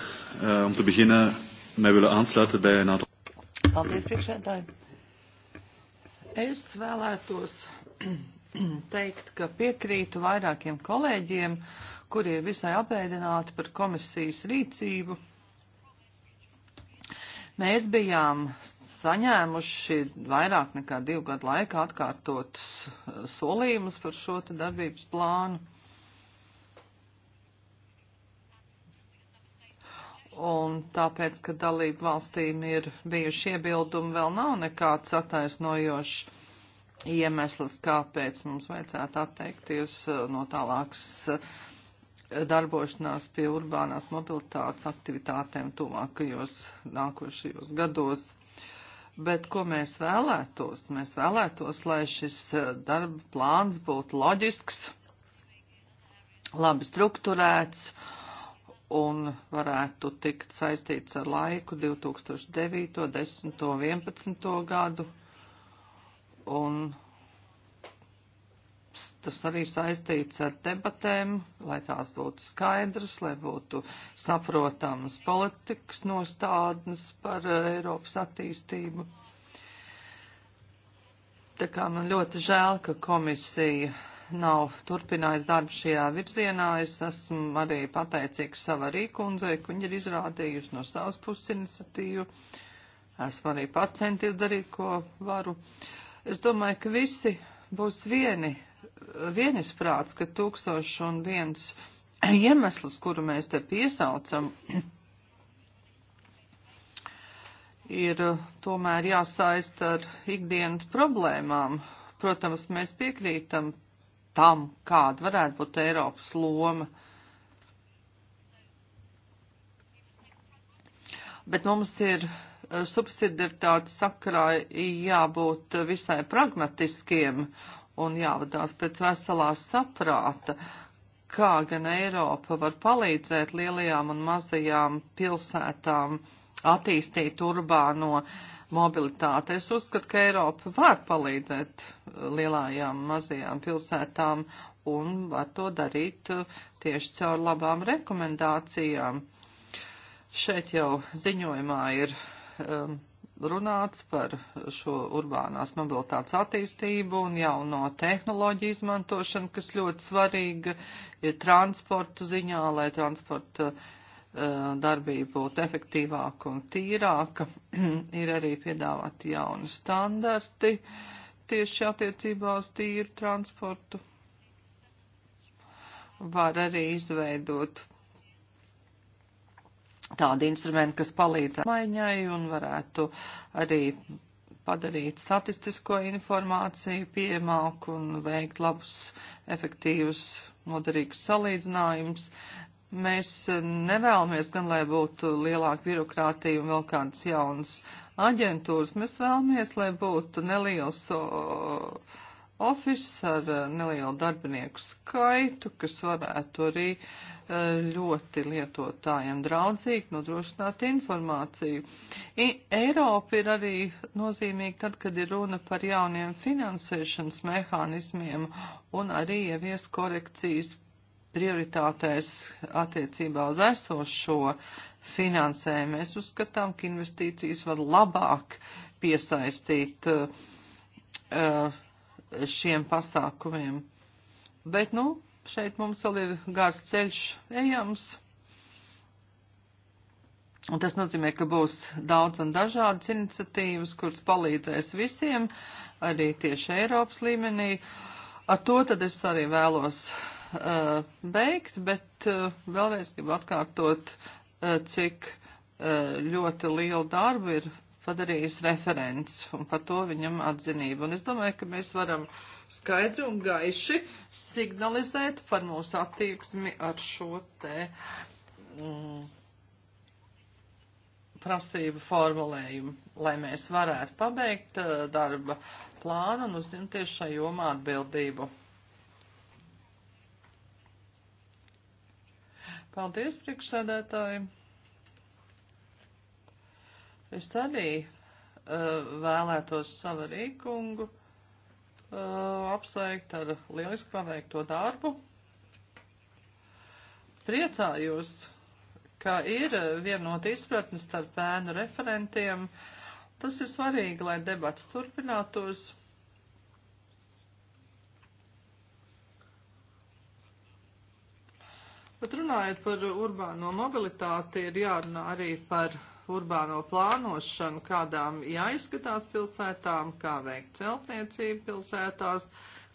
om te beginnen mij willen aansluiten bij een aantal. Paldies, priekšsēdāji. Es vēlētos teikt, ka piekrītu vairākiem kolēģiem, kuri ir visai apēdināti par komisijas rīcību. Mēs bijām saņēmuši vairāk nekā divu gadu laikā atkārtotas eh, solījumus par šo te darbības plānu. Un tāpēc, ka dalību valstīm ir bijuši iebildumi, vēl nav nekāds attaisnojošs iemesls, kāpēc mums vajadzētu atteikties eh, no tālākas eh, darbošanās pie urbānās mobilitātes aktivitātēm tuvākajos nākošajos gados. Bet ko mēs vēlētos? Mēs vēlētos, lai šis e, darba plāns būtu loģisks, labi strukturēts un varētu tikt saistīts ar laiku 2009, 10, 11 gadu. Un darbs, tas arī saistīts ar debatēm, lai tās būtu skaidras, lai būtu saprotamas politikas nostādnes par eh, Eiropas attīstību. Tā kā man ļoti žēl, ka komisija nav turpinājis darbu šajā virzienā. Es esmu arī pateicīgs sava rīkundzei, ka viņa ir izrādījusi no savas puses iniciatīvu. Esmu arī pats centies darīt, ko varu. Es domāju, ka visi būs vieni vienisprāts, ka tūkstoši un viens iemesls, kuru mēs te piesaucam, ir uh, tomēr jāsaist ar ikdienas problēmām. Protams, mēs piekrītam tam, kāda varētu būt Eiropas loma. Bet mums ir uh, subsidiaritātes sakarā jābūt visai pragmatiskiem un jāvadās pēc veselā saprāta, kā gan Eiropa var palīdzēt lielajām un mazajām pilsētām attīstīt urbāno mobilitāti. Es uzskatu, ka Eiropa var palīdzēt uh, lielajām un mazajām pilsētām un var to darīt uh, tieši caur labām rekomendācijām. Šeit jau ziņojumā ir um, runāts par šo urbānās mobilitātes attīstību un jauno tehnoloģiju izmantošanu, kas ļoti svarīga ir transporta ziņā, lai transporta uh, darbība būtu efektīvāka un tīrāka. ir arī piedāvāti jauni standarti tieši attiecībā uz tīru transportu. Var arī izveidot tādi instrumenti, kas palīdz maiņai un varētu arī padarīt statistisko informāciju pieejamāku un veikt labus, efektīvus, noderīgus salīdzinājumus. Mēs nevēlamies gan, lai būtu lielāka birokrātija un vēl kādas jaunas aģentūras. Mēs vēlamies, lai būtu neliels. Uh, Office ar eh, nelielu darbinieku skaitu, kas varētu arī eh, ļoti lietotājiem draudzīgi nodrošināt informāciju. I, Eiropa ir arī nozīmīga tad, kad ir runa par jauniem finansēšanas mehānismiem un arī ievies korekcijas prioritātēs attiecībā uz esošo finansējumu. Mēs uzskatām, ka investīcijas var labāk piesaistīt uh, uh, šiem pasākumiem. Bet, nu, šeit mums vēl ir gars ceļš ejams. Un tas nozīmē, ka būs daudz un dažādas iniciatīvas, kuras palīdzēs visiem, arī tieši Eiropas līmenī. Ar to tad es arī vēlos uh, beigt, bet uh, vēlreiz gribu atkārtot, uh, cik uh, ļoti lielu darbu ir padarījis referents, un par to viņam atzinību. Un es domāju, ka mēs varam skaidri un gaiši signalizēt par mūsu attieksmi ar šo te mm, prasību formulējumu, lai mēs varētu pabeigt eh, darba plānu un uzņemties šai jomā atbildību. Paldies, priekšsēdētāji! Es arī uh, vēlētos savu rīkungu uh, apsveikt ar lieliski paveikto darbu. Priecājos, ka ir vienota izpratne starp bērnu referentiem. Tas ir svarīgi, lai debats turpinātos. Bet runājot par urbāno mobilitāti, ir jārunā arī par urbāno plānošanu, kādām jāizskatās pilsētām, kā veikt celtniecību pilsētās,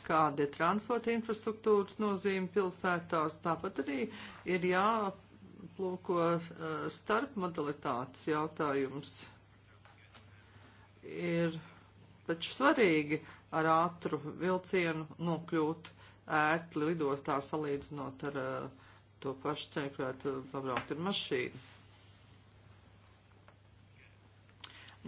kāda ir transporta infrastruktūras nozīme pilsētās. Tāpat arī ir jāplūko eh, starpmodalitātes jautājums. Ir taču svarīgi ar ātru vilcienu nokļūt ērti lidostā salīdzinot ar uh, to pašu ceļu, varētu pabraukt ar mašīnu.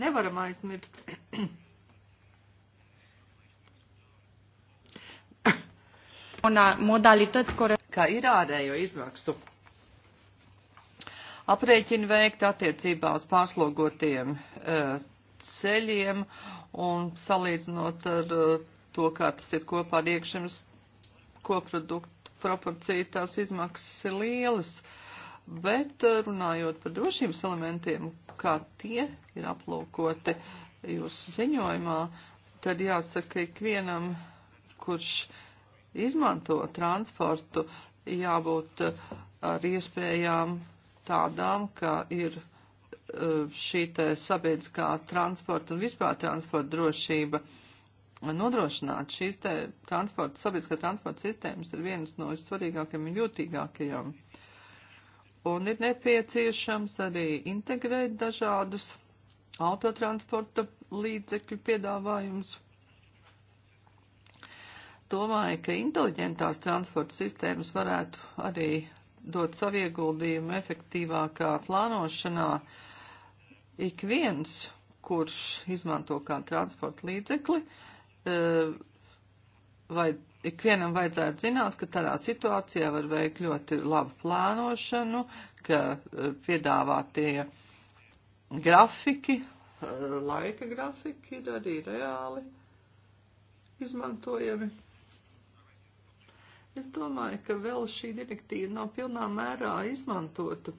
Nevaram aizmirst. modalități corecte. Kā ir ārējo izmaksu aprēķini veikt attiecībā uz pārslogotiem e, ceļiem un salīdzinot ar e, to, kā tas ir kopā ar iekšzemes koproduktu proporcija tās izmaksas ir lielas, bet eh, runājot par drošības elementiem, kā tie ir aplūkoti jūsu ziņojumā, tad jāsaka ikvienam, kurš izmanto transportu, jābūt eh, ar iespējām tādām, ka ir eh, šī te sabiedriskā transporta un vispār transporta drošība. Uh, nodrošināt šīs te transporta, sabiedriskā transporta sistēmas ir vienas no svarīgākajām un jūtīgākajām. Un ir nepieciešams arī integrēt dažādus autotransporta līdzekļu piedāvājumus. Domāju, ka inteliģentās transporta sistēmas varētu arī dot savu ieguldījumu efektīvākā plānošanā. Ik viens, kurš izmanto kā transporta līdzekli, uh, Eh, vai ikvienam vajadzētu zināt, ka tādā situācijā var veikt ļoti labu plānošanu, ka eh, piedāvātie grafiki, eh, laika grafiki ir arī reāli izmantojami. Es domāju, ka vēl šī direktīva nav pilnā mērā izmantota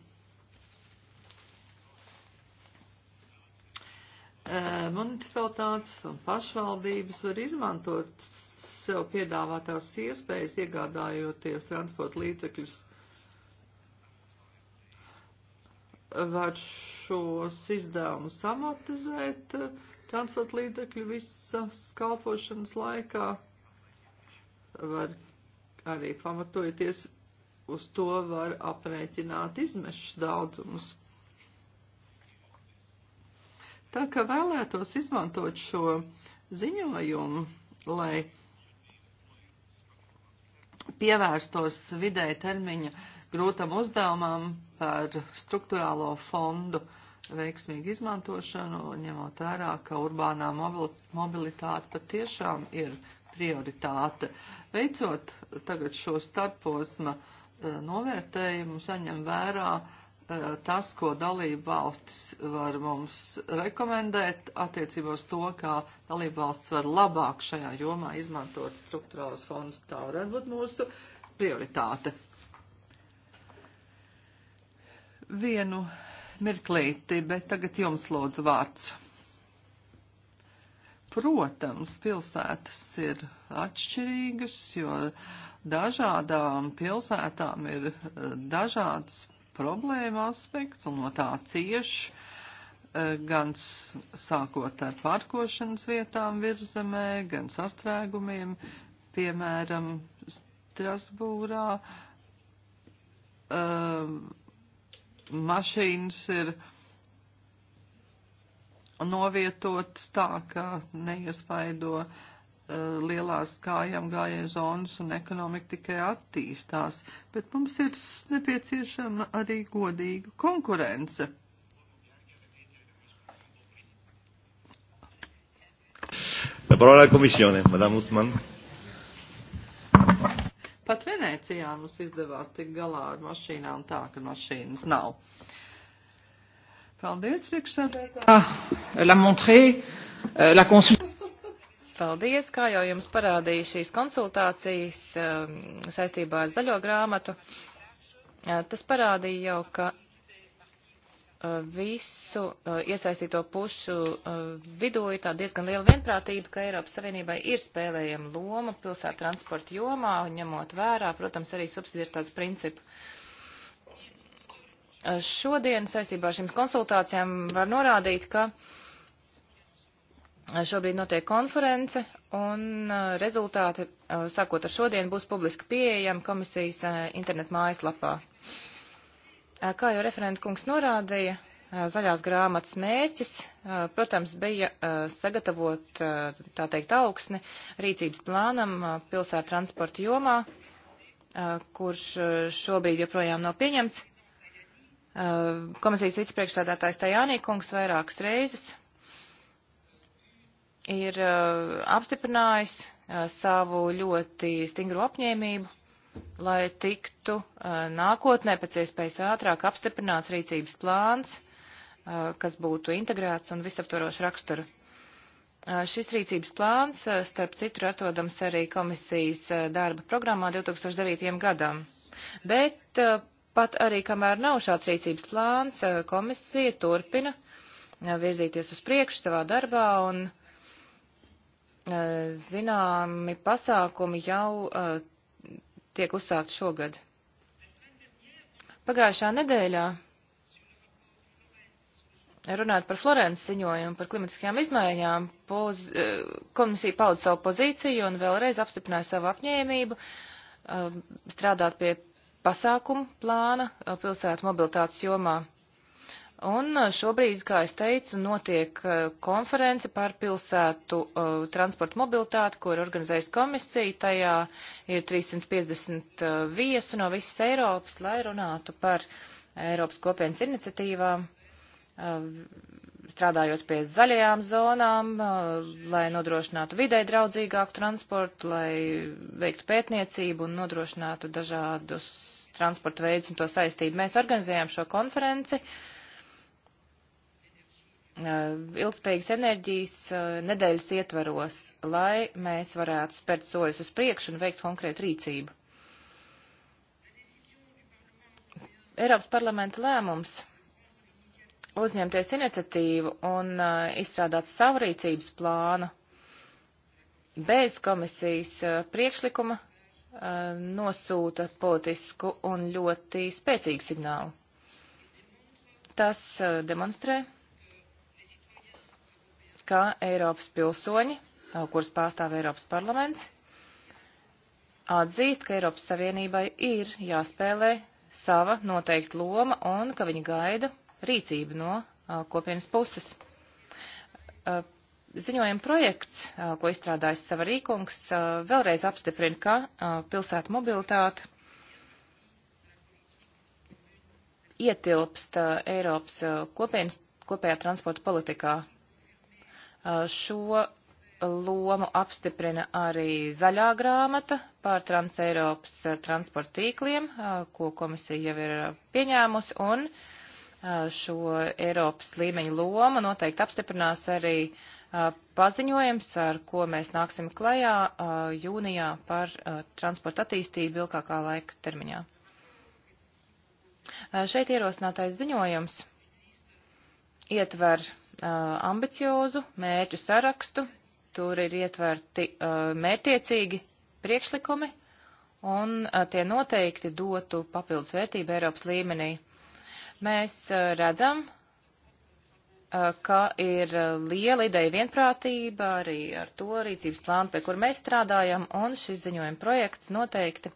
Eh, municipalitātes un pašvaldības var izmantot sev piedāvātās iespējas, iegādājoties transporta līdzekļus, var šos izdevumus amortizēt eh, transporta līdzekļu visas kalpošanas laikā, var arī pamatojoties uz to var aprēķināt izmešu daudzumus. Tā kā vēlētos izmantot šo ziņojumu, lai pievērstos vidēja termiņa grūtam uzdevumam par struktūrālo fondu veiksmīgu izmantošanu, ņemot vērā, ka urbānā mobilitāte patiešām ir prioritāte. Veicot tagad šo starposma eh, novērtējumu, saņem vērā uh, Eh, tas, ko dalība valstis var mums rekomendēt attiecībā uz to, kā dalība valsts var labāk šajā jomā izmantot struktūrālos fondus. Tā varētu būt mūsu prioritāte. Vienu mirklīti, bet tagad jums lūdzu vārds. Protams, pilsētas ir atšķirīgas, jo dažādām pilsētām ir eh, dažādas problēma aspekts un no tā cieš e, gan sākot ar pārkošanas vietām virzemē, gan sastrēgumiem, piemēram, Strasbūrā. E, mašīnas ir novietotas tā, ka neiespaido uh, Eh, lielās kājām gājēju zonas un ekonomika tikai attīstās, bet mums ir nepieciešama arī godīga konkurence. La parola alla Commissione, Madame Utman. Pat Venecijā mums izdevās tik galā ar mašīnām tā, ka mašīnas nav. Paldies, priekšsēdētāji. Ah, la montré, euh, la consul... Paldies, kā jau jums parādīja šīs konsultācijas um, saistībā ar zaļo grāmatu. Uh, tas parādīja jau, ka uh, visu uh, iesaistīto pušu vidū ir tā diezgan liela vienprātība, ka Eiropas Savienībai ir spēlējama loma pilsētu transporta jomā, ņemot vērā, protams, arī subsidiertāts principu. Šodien saistībā ar šīm konsultācijām var norādīt, ka uh, Šobrīd notiek konference, un rezultāti, sākot ar šodien, būs publiski pieejami komisijas internetu mājaslapā. Kā jau referenta kungs norādīja, zaļās grāmatas mērķis, protams, bija sagatavot, tā teikt, augsni rīcības plānam pilsētu transporta jomā, kurš šobrīd joprojām nav pieņemts. Komisijas vicepriekšsādātājs Tajānī kungs vairākas reizes ir eh, apstiprinājis eh, savu ļoti stingru apņēmību, lai tiktu eh, nākotnē pēc iespējas ātrāk apstiprināts rīcības plāns, kas būtu integrēts un visaptvarošs raksturu. Šis rīcības plāns, starp citu, atrodams arī komisijas darba programmā 2009. gadam. Bet pat arī kamēr nav šāds rīcības plāns, komisija turpina virzīties uz priekšu savā darbā un uh, Eh, zināmi pasākumi jau eh, tiek uzsākt šogad. Pagājušā nedēļā runāt par Florences ziņojumu par klimatiskajām izmaiņām, poz, eh, komisija pauda savu pozīciju un vēlreiz apstiprināja savu apņēmību strādāt pie pasākumu plāna pilsētu mobilitātes jomā. Un eh, šobrīd, kā es teicu, notiek eh, konference par pilsētu uh, transportu mobilitāti, ko ir organizējusi komisija. Tajā ir 350 uh, viesu no visas Eiropas, lai runātu par Eiropas kopienas iniciatīvām, uh, strādājot pie zaļajām zonām, lai nodrošinātu vidē draudzīgāku transportu, lai veiktu pētniecību un nodrošinātu dažādus transporta veidus un to saistību. Mēs organizējām šo konferenci. Uh, Eh, ilgspējīgas enerģijas eh, nedēļas ietvaros, lai mēs varētu spērt soļus uz priekšu un veikt konkrētu rīcību. Eiropas parlamenta lēmums uzņemties iniciatīvu un eh, izstrādāt savu rīcības plānu bez komisijas priekšlikuma nosūta politisku un ļoti spēcīgu signālu. Tas demonstrē, ka Eiropas pilsoņi, uh, kurus pārstāv Eiropas parlaments, atzīst, ka Eiropas Savienībai ir jāspēlē sava noteikta loma un ka viņi gaida rīcību no a, uh, kopienas puses. A, uh, ziņojuma projekts, a, ko izstrādājis sava rīkungs, vēlreiz apstiprina, ka pilsētu mobilitāte ietilpst Eiropas kopienas kopējā transporta politikā. Eh, šo lomu apstiprina arī zaļā grāmata pār Transeiropas eh, transporta tīkliem, eh, ko komisija jau ir pieņēmusi, un šo Eiropas līmeņa lomu noteikti apstiprinās arī paziņojums, ar ko mēs nāksim klajā jūnijā par transporta attīstību ilgākā laika termiņā. Šeit ierosinātais ziņojums ietver Uh, ambiciozu mērķu sarakstu, tur ir ietverti uh, mērķiecīgi priekšlikumi, un uh, tie noteikti dotu papildus vērtību Eiropas līmenī. Mēs redzam, ka ir liela ideja vienprātība arī ar to rīcības plānu, pie kur mēs strādājam, un šis ziņojuma projekts noteikti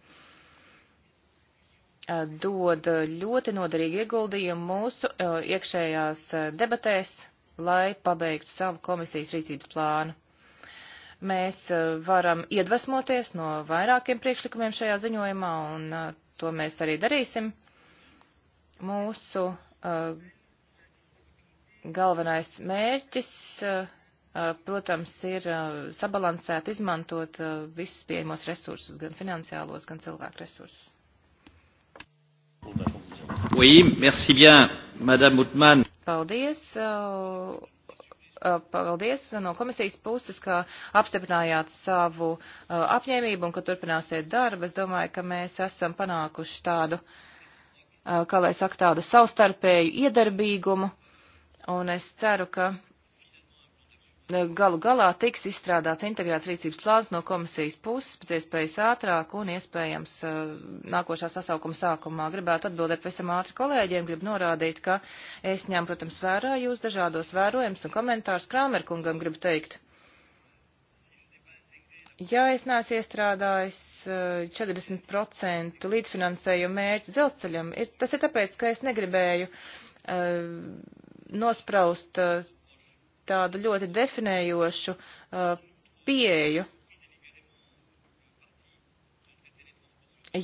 dod ļoti noderīgu ieguldījumu mūsu iekšējās debatēs lai pabeigtu savu komisijas rīcības plānu. Mēs uh, varam iedvesmoties no vairākiem priekšlikumiem šajā ziņojumā, un uh, to mēs arī darīsim. Mūsu uh, galvenais mērķis, protams, ir sabalansēt, izmantot visus pieejamos resursus, gan finansiālos, gan cilvēku resursus. Oui, merci bien, Madame Utman. Paldies! Uh, uh, paldies no komisijas puses, ka apstiprinājāt savu uh, apņēmību un ka turpināsiet darbu. Es domāju, ka mēs esam panākuši tādu, kā lai saka, tādu savstarpēju iedarbīgumu. Un es ceru, ka galu galā tiks izstrādāts integrēts rīcības plāns no komisijas puses pēc iespējas ātrāk un iespējams uh, nākošā sasaukuma sākumā. Gribētu atbildēt pavisam ātri kolēģiem, gribu norādīt, ka es ņem, protams, vērā jūs dažādos vērojums un komentārus Krāmerkungam gribu teikt. Ja es neesmu iestrādājis 40% uh, līdzfinansējumu mērķi dzelzceļam, ir, tas ir tāpēc, ka es negribēju uh, nospraust uh, tādu ļoti definējošu uh, pieeju,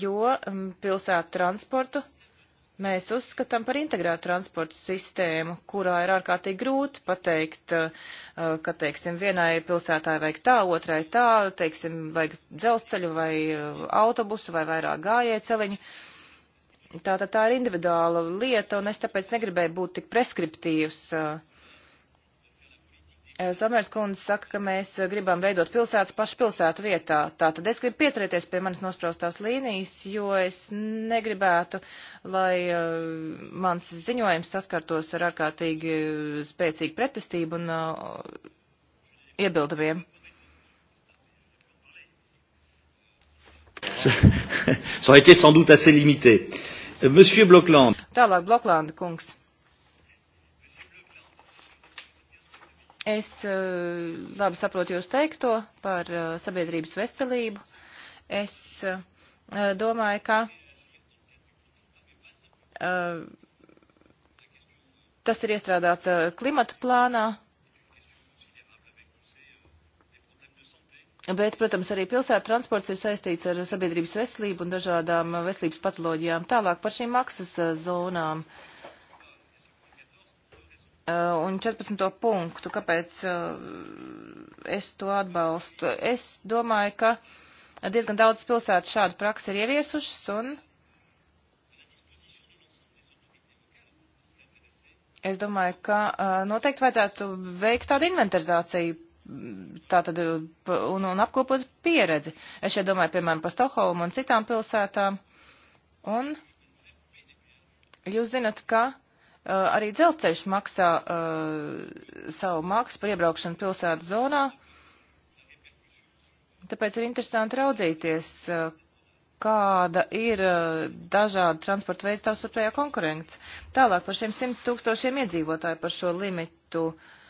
jo um, pilsētu transportu mēs uzskatām par integrētu transporta sistēmu, kurā ir ārkārtīgi grūti pateikt, uh, ka, teiksim, vienai pilsētāji vajag tā, otrai tā, teiksim, vajag dzelzceļu vai uh, autobusu vai vairāk gājēju celiņu. Tātad tā, tā ir individuāla lieta, un es tāpēc negribēju būt tik preskriptīvs. Uh, Samērs eh, kundze saka, ka mēs eh, gribam veidot pilsētas pašu pilsētu vietā. Tātad es gribu pieturēties pie manas nospraustās līnijas, jo es negribētu, lai uh, mans ziņojums saskartos ar ārkārtīgi spēcīgu pretestību un uh, iebildumiem. Ça a été sans doute assez limité. Euh, Monsieur Blokland. Tālāk, Bloklanda kungs. Es eh, labi saprotu jūs teikto par eh, sabiedrības veselību. Es eh, domāju, ka tas ir iestrādāts klimata plānā. Bet, protams, arī pilsētu transports ir saistīts ar sabiedrības veselību un dažādām veselības patoloģijām. Tālāk par šīm maksas zonām. Uh, Eh, un 14. punktu, kāpēc eh, es to atbalstu. Es domāju, ka diezgan daudz pilsētu šādu praksi ir ieviesušas un es domāju, ka eh, noteikti vajadzētu veikt tādu inventarizāciju. Mm, tātad un, un apkopot pieredzi. Es šeit domāju, piemēram, par Stokholmu un citām pilsētām. Un jūs zinat, ka uh, Eh, arī dzelzceļš maksā eh, savu maksu par iebraukšanu pilsētu zonā. Tāpēc ir interesanti raudzīties, eh, kāda ir dažādu transporta veidu savstarpējā konkurence. Tālāk par šiem 100 tūkstošiem iedzīvotāju par šo limitu. Uh,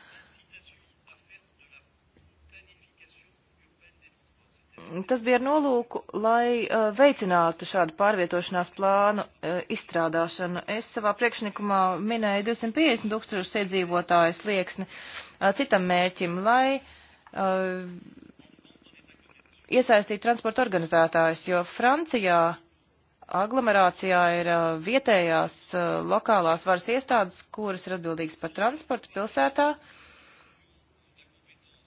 Tas bija ar nolūku, lai uh, veicinātu šādu pārvietošanās plānu uh, izstrādāšanu. Es savā priekšnikumā minēju 250 tūkstošus iedzīvotāju slieksni uh, citam mērķim, lai iesaistītu transporta organizētājus, jo Francijā aglomerācijā ir vietējās lokālās varas iestādes, kuras ir atbildīgas par transportu pilsētā. Uh,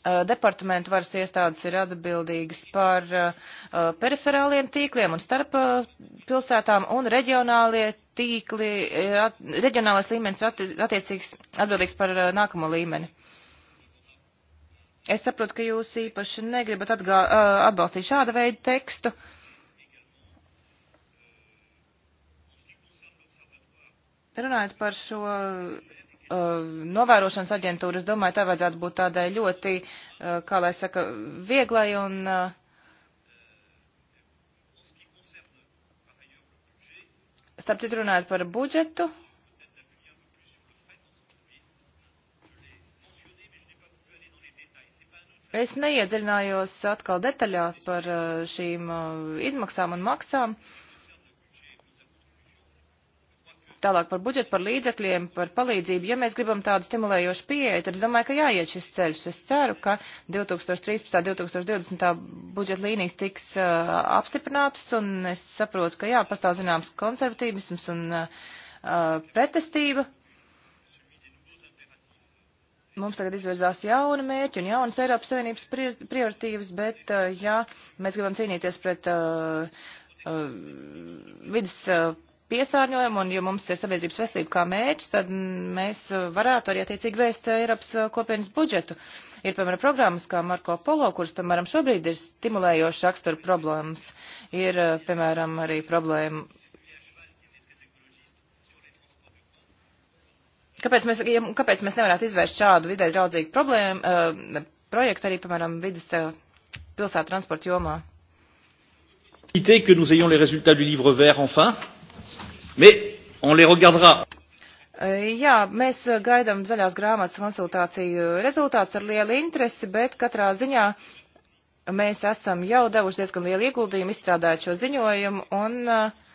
Uh, departamentu varas iestādes ir atbildīgas par uh, uh, periferāliem tīkliem un starp pilsētām un reģionālie tīkli, reģionālais līmenis ir attiecīgs atbildīgs par nākamo līmeni. Es saprotu, ka jūs īpaši negribat atgā, atbalstīt šāda veida tekstu. Runājot par šo Uh, novērošanas aģentūra, es domāju, tā vajadzētu būt tādai ļoti, uh, kā lai saka, vieglai un. Uh, starp citu runājot par budžetu. Es neiedziļinājos atkal detaļās par šīm izmaksām un maksām. Uh, Tālāk par budžetu, par līdzekļiem, par palīdzību. Ja mēs gribam tādu stimulējošu pieeju, tad es domāju, ka jāiet šis ceļš. Es ceru, ka 2013. 2020. budžeta līnijas tiks uh, apstiprinātas, un es saprotu, ka jā, pastāv zināms konservatīvisms un uh, pretestība. Mums tagad izvirzās jauni mērķi un jaunas Eiropas Savienības prioritīvas, bet uh, ja mēs gribam cīnīties pret uh, uh, vidas. Uh, piesārņojumu, un ja mums ir sabiedrības veselība kā mērķis, tad mēs varētu arī attiecīgi vēst Eiropas uh, kopienas budžetu. Ir, piemēram, programmas kā Marko Polo, kuras, piemēram, šobrīd ir stimulējoši rakstura problēmas. Ir, uh, piemēram, arī problēma. Kāpēc mēs, ja, kāpēc mēs nevarētu izvērst šādu vidē draudzīgu problēmu, uh, projektu arī, piemēram, vidas uh, pilsētu transporta jomā? que nous ayons les résultats du livre vert enfin Mais on les regardera. Jā, mēs gaidām zaļās grāmatas konsultāciju rezultāts ar lielu interesi, bet katrā ziņā mēs esam jau devuši diezgan lielu ieguldījumu izstrādājot šo ziņojumu un uh,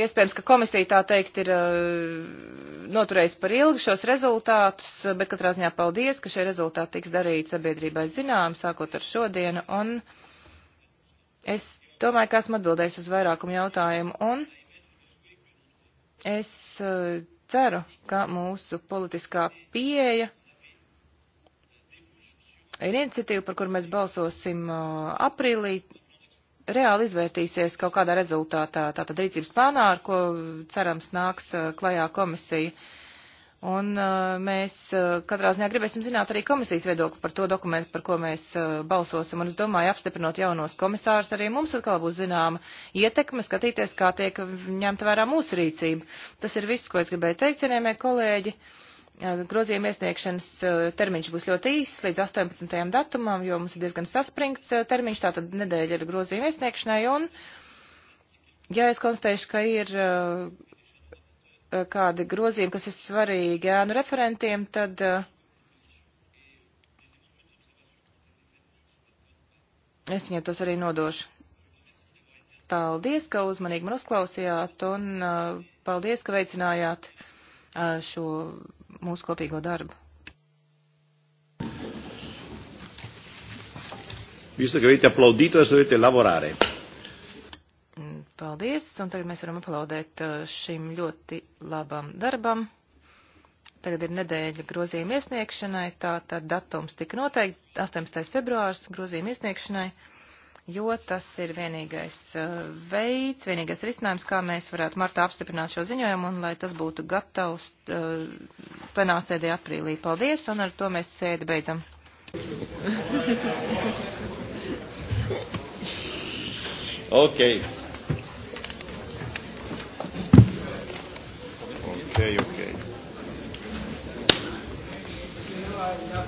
iespējams, ka komisija tā teikt ir noturējusi par ilgu šos rezultātus, bet katrā ziņā paldies, ka šie rezultāti tiks darīti sabiedrībai zinām, sākot ar šodienu, un es Domāju, ka esmu atbildējis uz vairākumu jautājumu un es eh, ceru, ka mūsu politiskā pieeja ir iniciatīva, par kur mēs balsosim eh, aprīlī, reāli izvērtīsies kaut kādā rezultātā, tātad rīcības plānā, ar ko cerams nāks eh, klajā komisija. Un uh, mēs uh, katrā ziņā gribēsim zināt arī komisijas viedokli par to dokumentu, par ko mēs uh, balsosim. Un es domāju, apstiprinot jaunos komisārus, arī mums atkal būs zināma ietekme skatīties, kā tiek ņemta vērā mūsu rīcība. Tas ir viss, ko es gribēju teikt, cienījamie kolēģi. Grozījuma iesniegšanas termiņš būs ļoti īss līdz 18. datumam, jo mums ir diezgan saspringts termiņš, tātad nedēļa ir grozījuma iesniegšanai. Un, ja es konstatēšu, ka ir Eh, kādi grozījumi, kas ir svarīgi ēnu referentiem, tad eh, es viņiem tos arī nodošu. Paldies, ka uzmanīgi man uzklausījāt un eh, paldies, ka veicinājāt šo mūsu kopīgo darbu. Visto che avete applaudito, adesso dovete lavorare. Paldies, un tagad mēs varam aplaudēt uh, šim ļoti labam darbam. Tagad ir nedēļa grozījuma iesniegšanai, tā tad datums tika noteikts 18. februārs grozījuma iesniegšanai, jo tas ir vienīgais uh, veids, vienīgais risinājums, kā mēs varētu martā apstiprināt šo ziņojumu un lai tas būtu gatavs uh, plenārsēdē aprīlī. Paldies, un ar to mēs sēdi beidzam. okay. okay, okay.